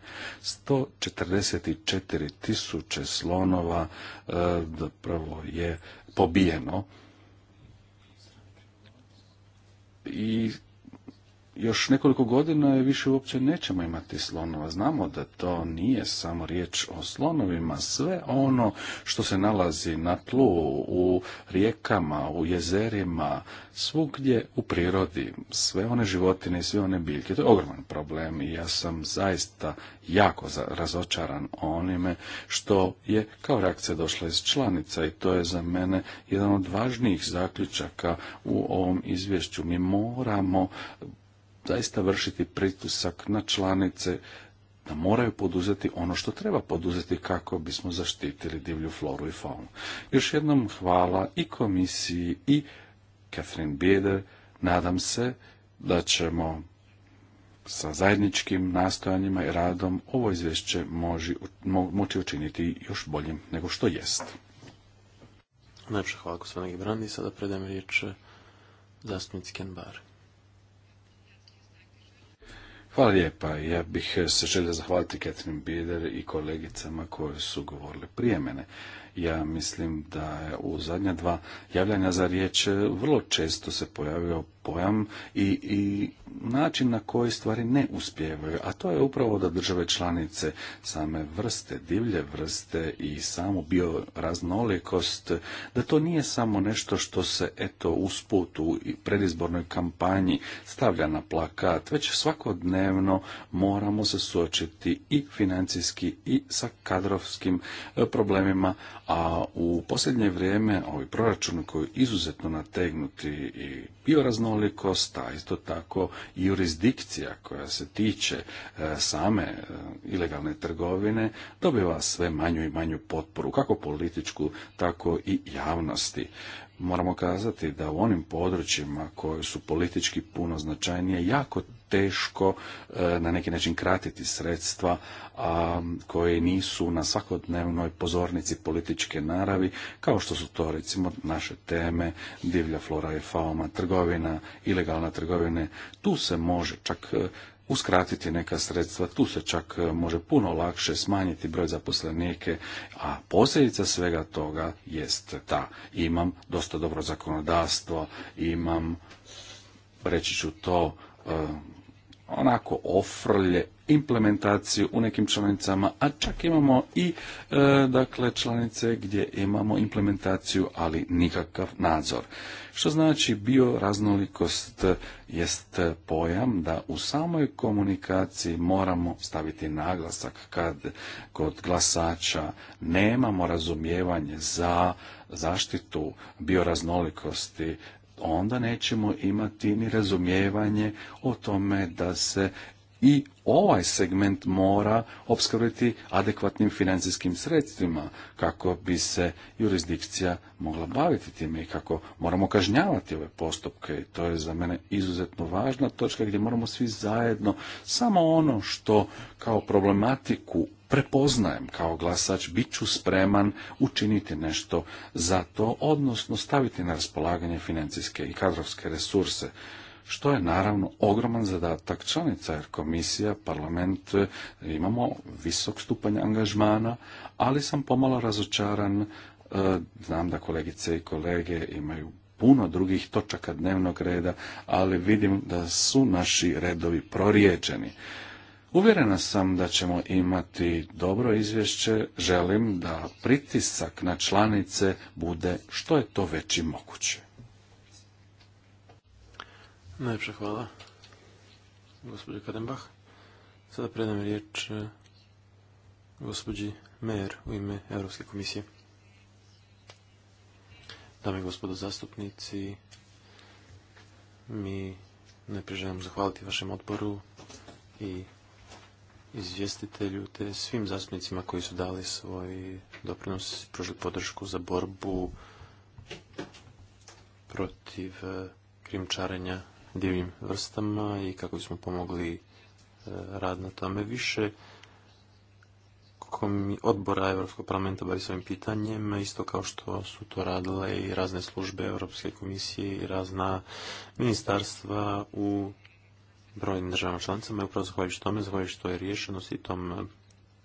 144 tisuće slonova e, zapravo je pobijeno i još nekoliko godina je više uopće nećemo imati slonova. Znamo da to nije samo riječ o slonovima. Sve ono što se nalazi na tlu, u rijekama, u jezerima, svugdje u prirodi, sve one životine i sve one biljke, to je ogroman problem i ja sam zaista jako razočaran onime što je kao reakcija došla iz članica i to je za mene jedan od važnijih zaključaka u ovom izvješću. Mi moramo zaista vršiti pritisak na članice da moraju poduzeti ono što treba poduzeti kako bismo zaštitili divlju floru i faunu. Još jednom hvala i komisiji i Catherine Bieder. Nadam se da ćemo sa zajedničkim nastojanjima i radom ovo izvješće mo, moći učiniti još boljim nego što jest. Najpše hvala gospodine Gibrandi. Sada predajem riječ zastupnici Ken Hvala lijepa. Ja bih se želio zahvaliti Catherine Bieder i kolegicama koje su govorile prije mene. Ja mislim da je u zadnja dva javljanja za riječ vrlo često se pojavio pojam i, i način na koji stvari ne uspijevaju, a to je upravo da države članice same vrste, divlje vrste i samu bioraznolikost, da to nije samo nešto što se eto usput u predizbornoj kampanji stavlja na plakat, već svakodnevno moramo se suočiti i financijski i sa kadrovskim e, problemima, a u posljednje vrijeme ovi proračun koji izuzetno nategnuti i biorazno raznolikost, a isto tako i jurisdikcija koja se tiče e, same e, ilegalne trgovine dobiva sve manju i manju potporu, kako političku, tako i javnosti. Moramo kazati da u onim područjima koje su politički puno značajnije, jako teško e, na neki način kratiti sredstva a, koje nisu na svakodnevnoj pozornici političke naravi, kao što su to recimo naše teme, divlja flora i fauma, trgovina, ilegalna trgovine. Tu se može čak e, uskratiti neka sredstva, tu se čak e, može puno lakše smanjiti broj zaposlenike, a posljedica svega toga jest ta. Imam dosta dobro zakonodavstvo, imam, reći ću to, onako ofrlje implementaciju u nekim članicama, a čak imamo i e, dakle članice gdje imamo implementaciju, ali nikakav nadzor. Što znači bioraznolikost jest pojam da u samoj komunikaciji moramo staviti naglasak kad kod glasača nemamo razumijevanje za zaštitu bioraznolikosti onda nećemo imati ni razumijevanje o tome da se i ovaj segment mora opskrbiti adekvatnim financijskim sredstvima kako bi se jurisdikcija mogla baviti time i kako moramo kažnjavati ove postupke. to je za mene izuzetno važna točka gdje moramo svi zajedno samo ono što kao problematiku prepoznajem kao glasač, bit ću spreman učiniti nešto za to, odnosno staviti na raspolaganje financijske i kadrovske resurse što je naravno ogroman zadatak članica, jer komisija, parlament, e, imamo visok stupanj angažmana, ali sam pomalo razočaran, e, znam da kolegice i kolege imaju puno drugih točaka dnevnog reda, ali vidim da su naši redovi prorijeđeni. Uvjerena sam da ćemo imati dobro izvješće, želim da pritisak na članice bude što je to veći moguće. Najljepša hvala, gospođo Kadenbach. Sada predam riječ e, gospođi Mer u ime Europske komisije. Dame i gospodo zastupnici, mi najprije želim zahvaliti vašem odboru i izvjestitelju te svim zastupnicima koji su dali svoj doprinos i pružili podršku za borbu protiv e, krimčarenja divim vrstama i kako bismo pomogli e, rad na tome više odbora Europskog parlamenta bavi s ovim pitanjem, isto kao što su to radile i razne službe Europske komisije i razna ministarstva u brojnim državama članicama i upravo zahvaljujući tome, zahvaljujući to je riješeno i tom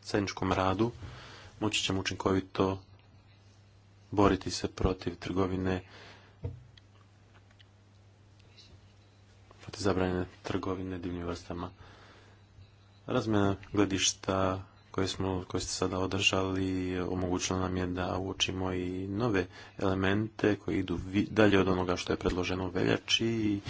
ceničkom radu, moći ćemo učinkovito boriti se protiv trgovine protiv zabranjene trgovine divnim vrstama. Razmjena gledišta koje, smo, koje ste sada održali omogućila nam je da uočimo i nove elemente koji idu dalje od onoga što je predloženo u veljači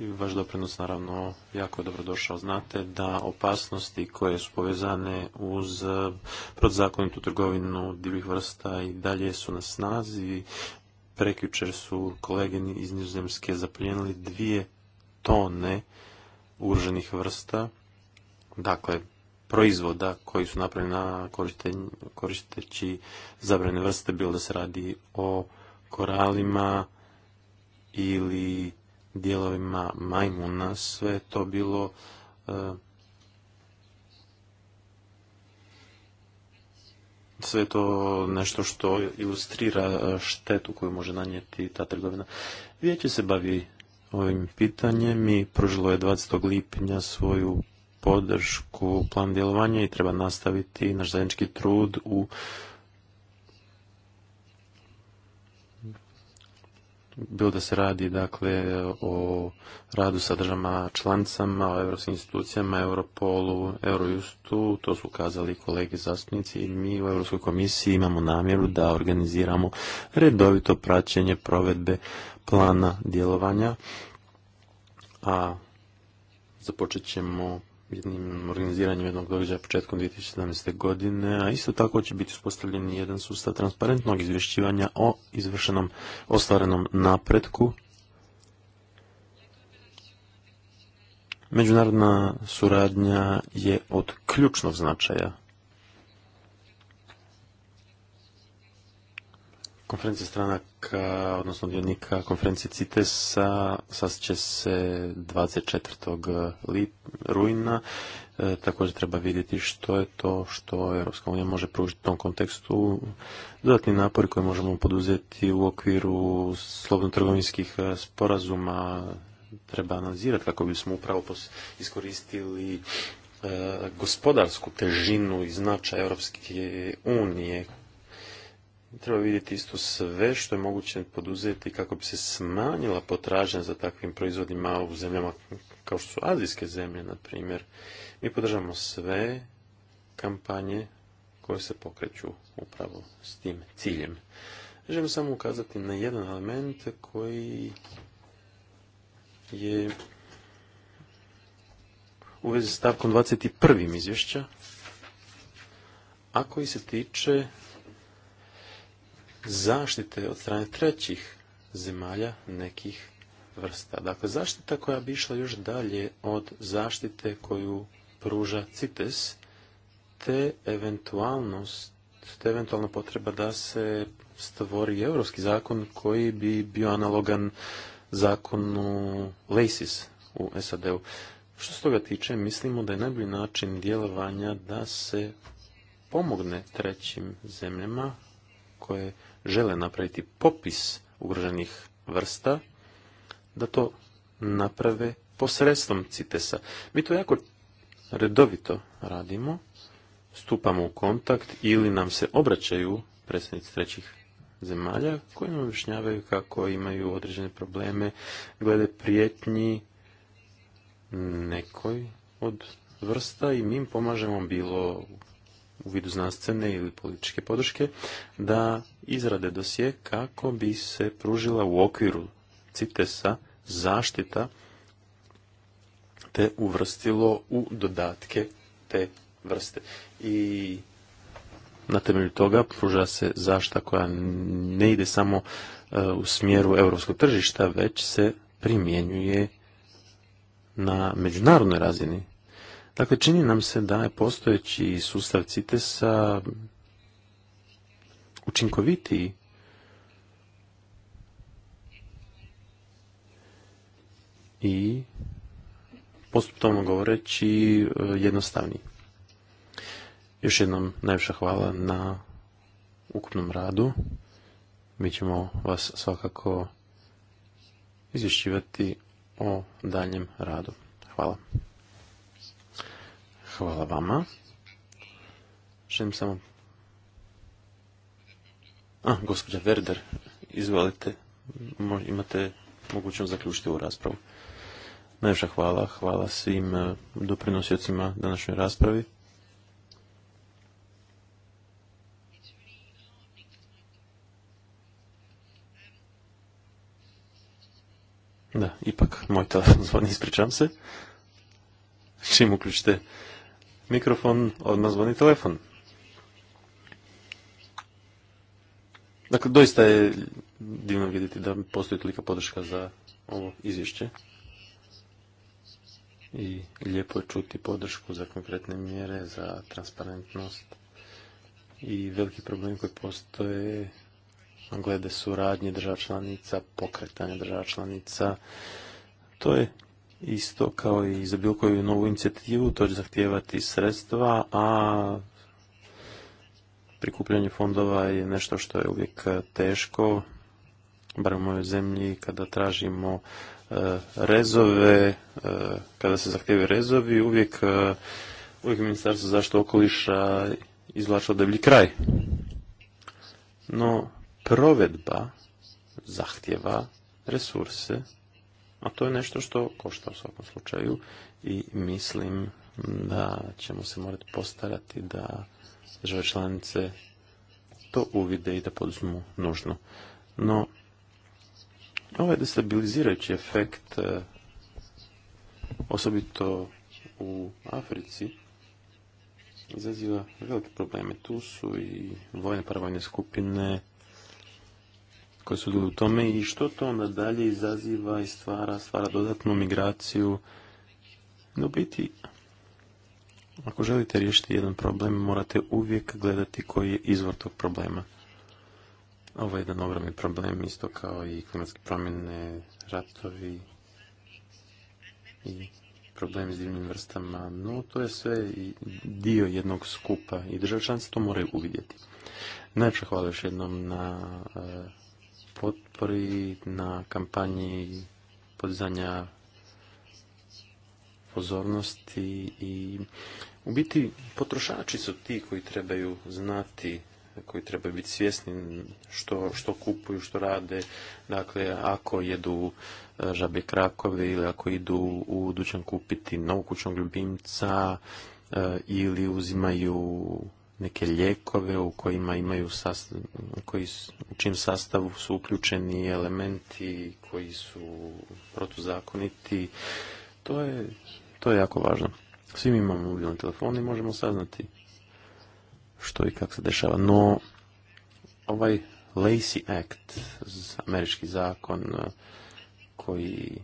i vaš doprinos naravno jako je dobro došao. Znate da opasnosti koje su povezane uz protzakonitu trgovinu divljih vrsta i dalje su na snazi. Prekjučer su kolege iz Nizozemske zapljenili dvije tone urženih vrsta, dakle, proizvoda koji su na koristeći zabrane vrste, bilo da se radi o koralima ili dijelovima majmuna, sve to bilo e, sve to nešto što ilustrira štetu koju može nanijeti ta trgovina. Vijeće se bavi ovim pitanjem i pružilo je 20. lipnja svoju podršku plan djelovanja i treba nastaviti naš zajednički trud u bilo da se radi dakle o radu sa državama članicama, o europskim institucijama, Europolu, Eurojustu, to su kazali kolege zastupnici i mi u Europskoj komisiji imamo namjeru da organiziramo redovito praćenje provedbe plana djelovanja, a započet ćemo jednim organiziranjem jednog događaja početkom 2017. godine, a isto tako će biti uspostavljen jedan sustav transparentnog izvješćivanja o izvršenom ostvarenom napretku. Međunarodna suradnja je od ključnog značaja. Konferencija strana dionika, odnosno dionika konferencije CITES-a će se 24. Eh, Lip, rujna. Eh, također treba vidjeti što je to što Europska unija može pružiti u tom kontekstu. Dodatni napori koje možemo poduzeti u okviru slobno trgovinskih eh, sporazuma treba analizirati kako bismo upravo iskoristili gospodarsku težinu i značaj Europske unije treba vidjeti isto sve što je moguće poduzeti kako bi se smanjila potražnja za takvim proizvodima u zemljama kao što su azijske zemlje, na primjer. Mi podržamo sve kampanje koje se pokreću upravo s tim ciljem. Želim samo ukazati na jedan element koji je u vezi s stavkom 21. izvješća, a koji se tiče zaštite od strane trećih zemalja nekih vrsta. Dakle, zaštita koja bi išla još dalje od zaštite koju pruža CITES, te eventualnost, te eventualna potreba da se stvori europski zakon koji bi bio analogan zakonu LACIS u SAD-u. Što se toga tiče, mislimo da je najbolji način djelovanja da se pomogne trećim zemljama koje žele napraviti popis ugroženih vrsta, da to naprave posredstvom CITES-a. Mi to jako redovito radimo, stupamo u kontakt ili nam se obraćaju predstavnici trećih zemalja koji nam objašnjavaju kako imaju određene probleme glede prijetnji nekoj od vrsta i mi im pomažemo bilo u vidu znanstvene ili političke podrške da izrade dosije kako bi se pružila u okviru CITES-a zaštita te uvrstilo u dodatke te vrste. I na temelju toga pruža se zašta koja ne ide samo e, u smjeru europskog tržišta, već se primjenjuje na međunarodnoj razini. Dakle, čini nam se da je postojeći sustav CITES-a učinkovitiji i postupno govoreći e, jednostavniji. Još jednom najviše hvala na ukupnom radu. Mi ćemo vas svakako izvješćivati o daljem radu. Hvala. Hvala vama. Želim samo... A, gospođa Verder, izvolite. Imate mogućnost zaključiti ovu raspravu. Najviše hvala. Hvala svim e, doprinosiocima današnjoj raspravi. Da, ipak moj telefon zvoni, ispričam se. Čim uključite mikrofon, odmah zvoni telefon. Dakle, doista je divno vidjeti da postoji tolika podrška za ovo izvješće. I lijepo je čuti podršku za konkretne mjere, za transparentnost i veliki problem koji postoje glede suradnje država članica, pokretanja država članica. To je isto kao i za bilo koju novu inicijativu, to će zahtijevati sredstva, a prikupljanje fondova je nešto što je uvijek teško, bar u mojoj zemlji, kada tražimo e, rezove, e, kada se zahtijevaju rezovi, uvijek, e, uvijek Ministarstvo zaštite okoliša izvlačilo deblji kraj. No, provedba zahtjeva resurse a to je nešto što košta u svakom slučaju i mislim da ćemo se morati postarati da države članice to uvide i da poduzmu nužno. No, ovaj destabilizirajući efekt, e, osobito u Africi, izaziva velike probleme. Tu su i vojne paravojne skupine, koji su u tome i što to onda dalje izaziva i stvara, stvara dodatnu migraciju. No biti, ako želite riješiti jedan problem, morate uvijek gledati koji je izvor tog problema. Ovo je jedan ogromni problem, isto kao i klimatske promjene, ratovi i problemi s divnim vrstama, no to je sve dio jednog skupa i države to moraju uvidjeti. Najprej hvala još jednom na eh, potpori na kampanji podizanja pozornosti i u biti potrošači su ti koji trebaju znati koji trebaju biti svjesni što, što kupuju, što rade. Dakle, ako jedu e, žabe krakove ili ako idu u dućan kupiti novog kućnog ljubimca e, ili uzimaju neke lijekove u kojima imaju koji, u čim sastavu su uključeni elementi koji su protuzakoniti. To je, to je jako važno. Svi mi imamo mobilni telefon i možemo saznati što i kako se dešava. No, ovaj Lacey Act, američki zakon koji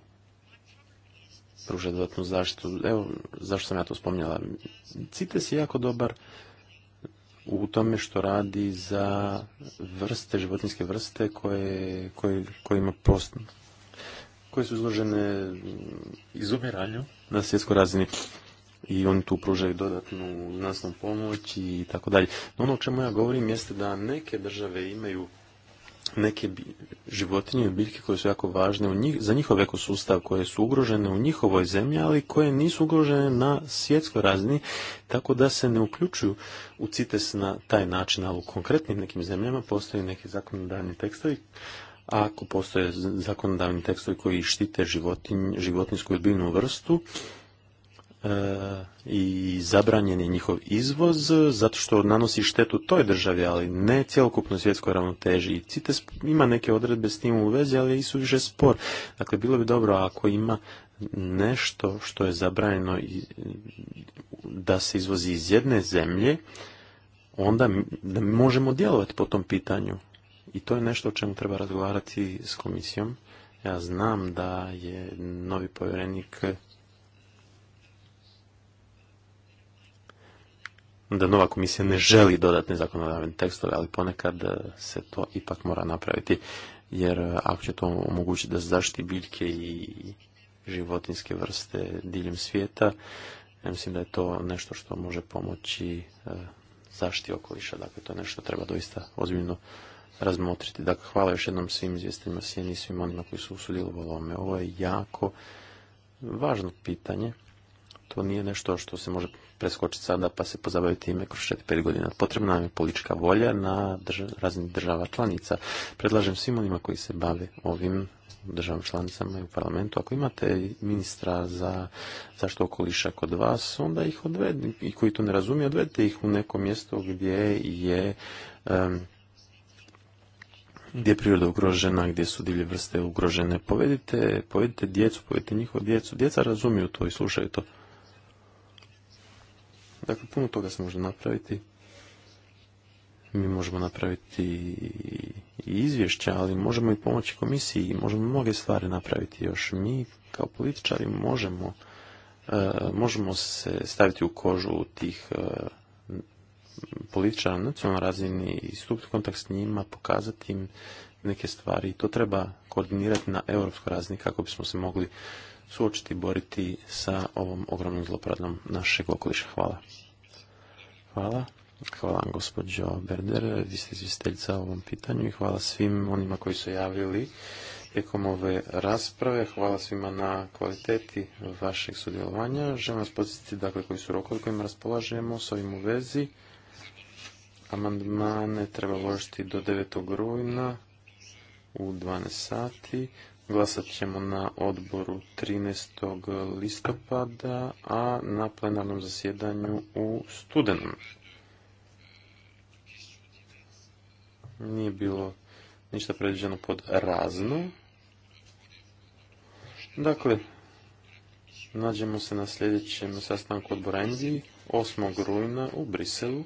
pruža dodatnu zaštitu, evo zašto sam ja to spominjala, CITES je jako dobar u tome što radi za vrste, životinske vrste koje, koje, kojima post, koje su izložene izumiranju na svjetskoj razini i oni tu pružaju dodatnu znanstvenu pomoć i tako dalje. No ono o čemu ja govorim jeste da neke države imaju neke životinje i biljke koje su jako važne u njih, za njihov ekosustav, koje su ugrožene u njihovoj zemlji, ali koje nisu ugrožene na svjetskoj razini, tako da se ne uključuju u CITES na taj način, ali u konkretnim nekim zemljama postoje neki zakonodavni tekstovi, a ako postoje zakonodavni tekstovi koji štite životinj, životinsku biljnu vrstu, E, i zabranjen je njihov izvoz zato što nanosi štetu toj državi, ali ne cjelokupno svjetskoj ravnoteži. CITES ima neke odredbe s tim u vezi, ali i su više spor. Dakle, bilo bi dobro ako ima nešto što je zabranjeno da se izvozi iz jedne zemlje, onda možemo djelovati po tom pitanju. I to je nešto o čemu treba razgovarati s komisijom. Ja znam da je novi povjerenik da nova komisija ne želi dodatne zakonodavne tekstove, ali ponekad e, se to ipak mora napraviti, jer e, ako će to omogućiti da se zaštiti biljke i životinske vrste diljem svijeta, ja mislim da je to nešto što može pomoći e, zaštiti okoliša, dakle to je nešto treba doista ozbiljno razmotriti. Dakle, hvala još jednom svim izvjestima Sjeni i svim onima koji su sudjelovali ovome. Ovo je jako važno pitanje. To nije nešto što se može preskočiti sada pa se pozabaviti ime kroz 4-5 godina. Potrebna nam je politička volja na razini raznih država članica. Predlažem svim onima koji se bave ovim državnim članicama i u parlamentu. Ako imate ministra za zaštitu okoliša kod vas, onda ih odvedite, i koji to ne razumije, odvedite ih u neko mjesto gdje je gdje je priroda ugrožena, gdje su divlje vrste ugrožene. Povedite, povedite djecu, povedite njihovu djecu. Djeca razumiju to i slušaju to. Dakle, puno toga se može napraviti. Mi možemo napraviti i izvješća, ali možemo i pomoći komisiji, možemo mnoge stvari napraviti još. Mi kao političari možemo, e, možemo se staviti u kožu tih e, političara na nacionalnoj razini i stupiti kontakt s njima, pokazati im neke stvari i to treba koordinirati na europskoj razini kako bismo se mogli suočiti, boriti sa ovom ogromnom zlopradnom našeg okoliša. Hvala. Hvala. Hvala gospođo Berder, vi ste izvjestiteljica ovom pitanju i hvala svim onima koji su javili tijekom ove rasprave. Hvala svima na kvaliteti vašeg sudjelovanja. Želim vas podsjetiti dakle, koji su rokovi kojima raspolažemo s ovim u vezi. Amandmane treba uložiti do 9. rujna u 12 sati. Glasat ćemo na odboru 13. listopada, a na plenarnom zasjedanju u studenom. Nije bilo ništa predviđeno pod razno. Dakle, nađemo se na sljedećem sastanku odbora Indiji 8. rujna u Briselu.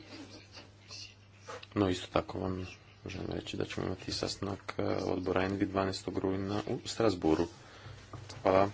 No isto tako vam Možemo reći da ćemo imati sastanak eh, odbora ENVI 12. rujna u Strasburu. Hvala.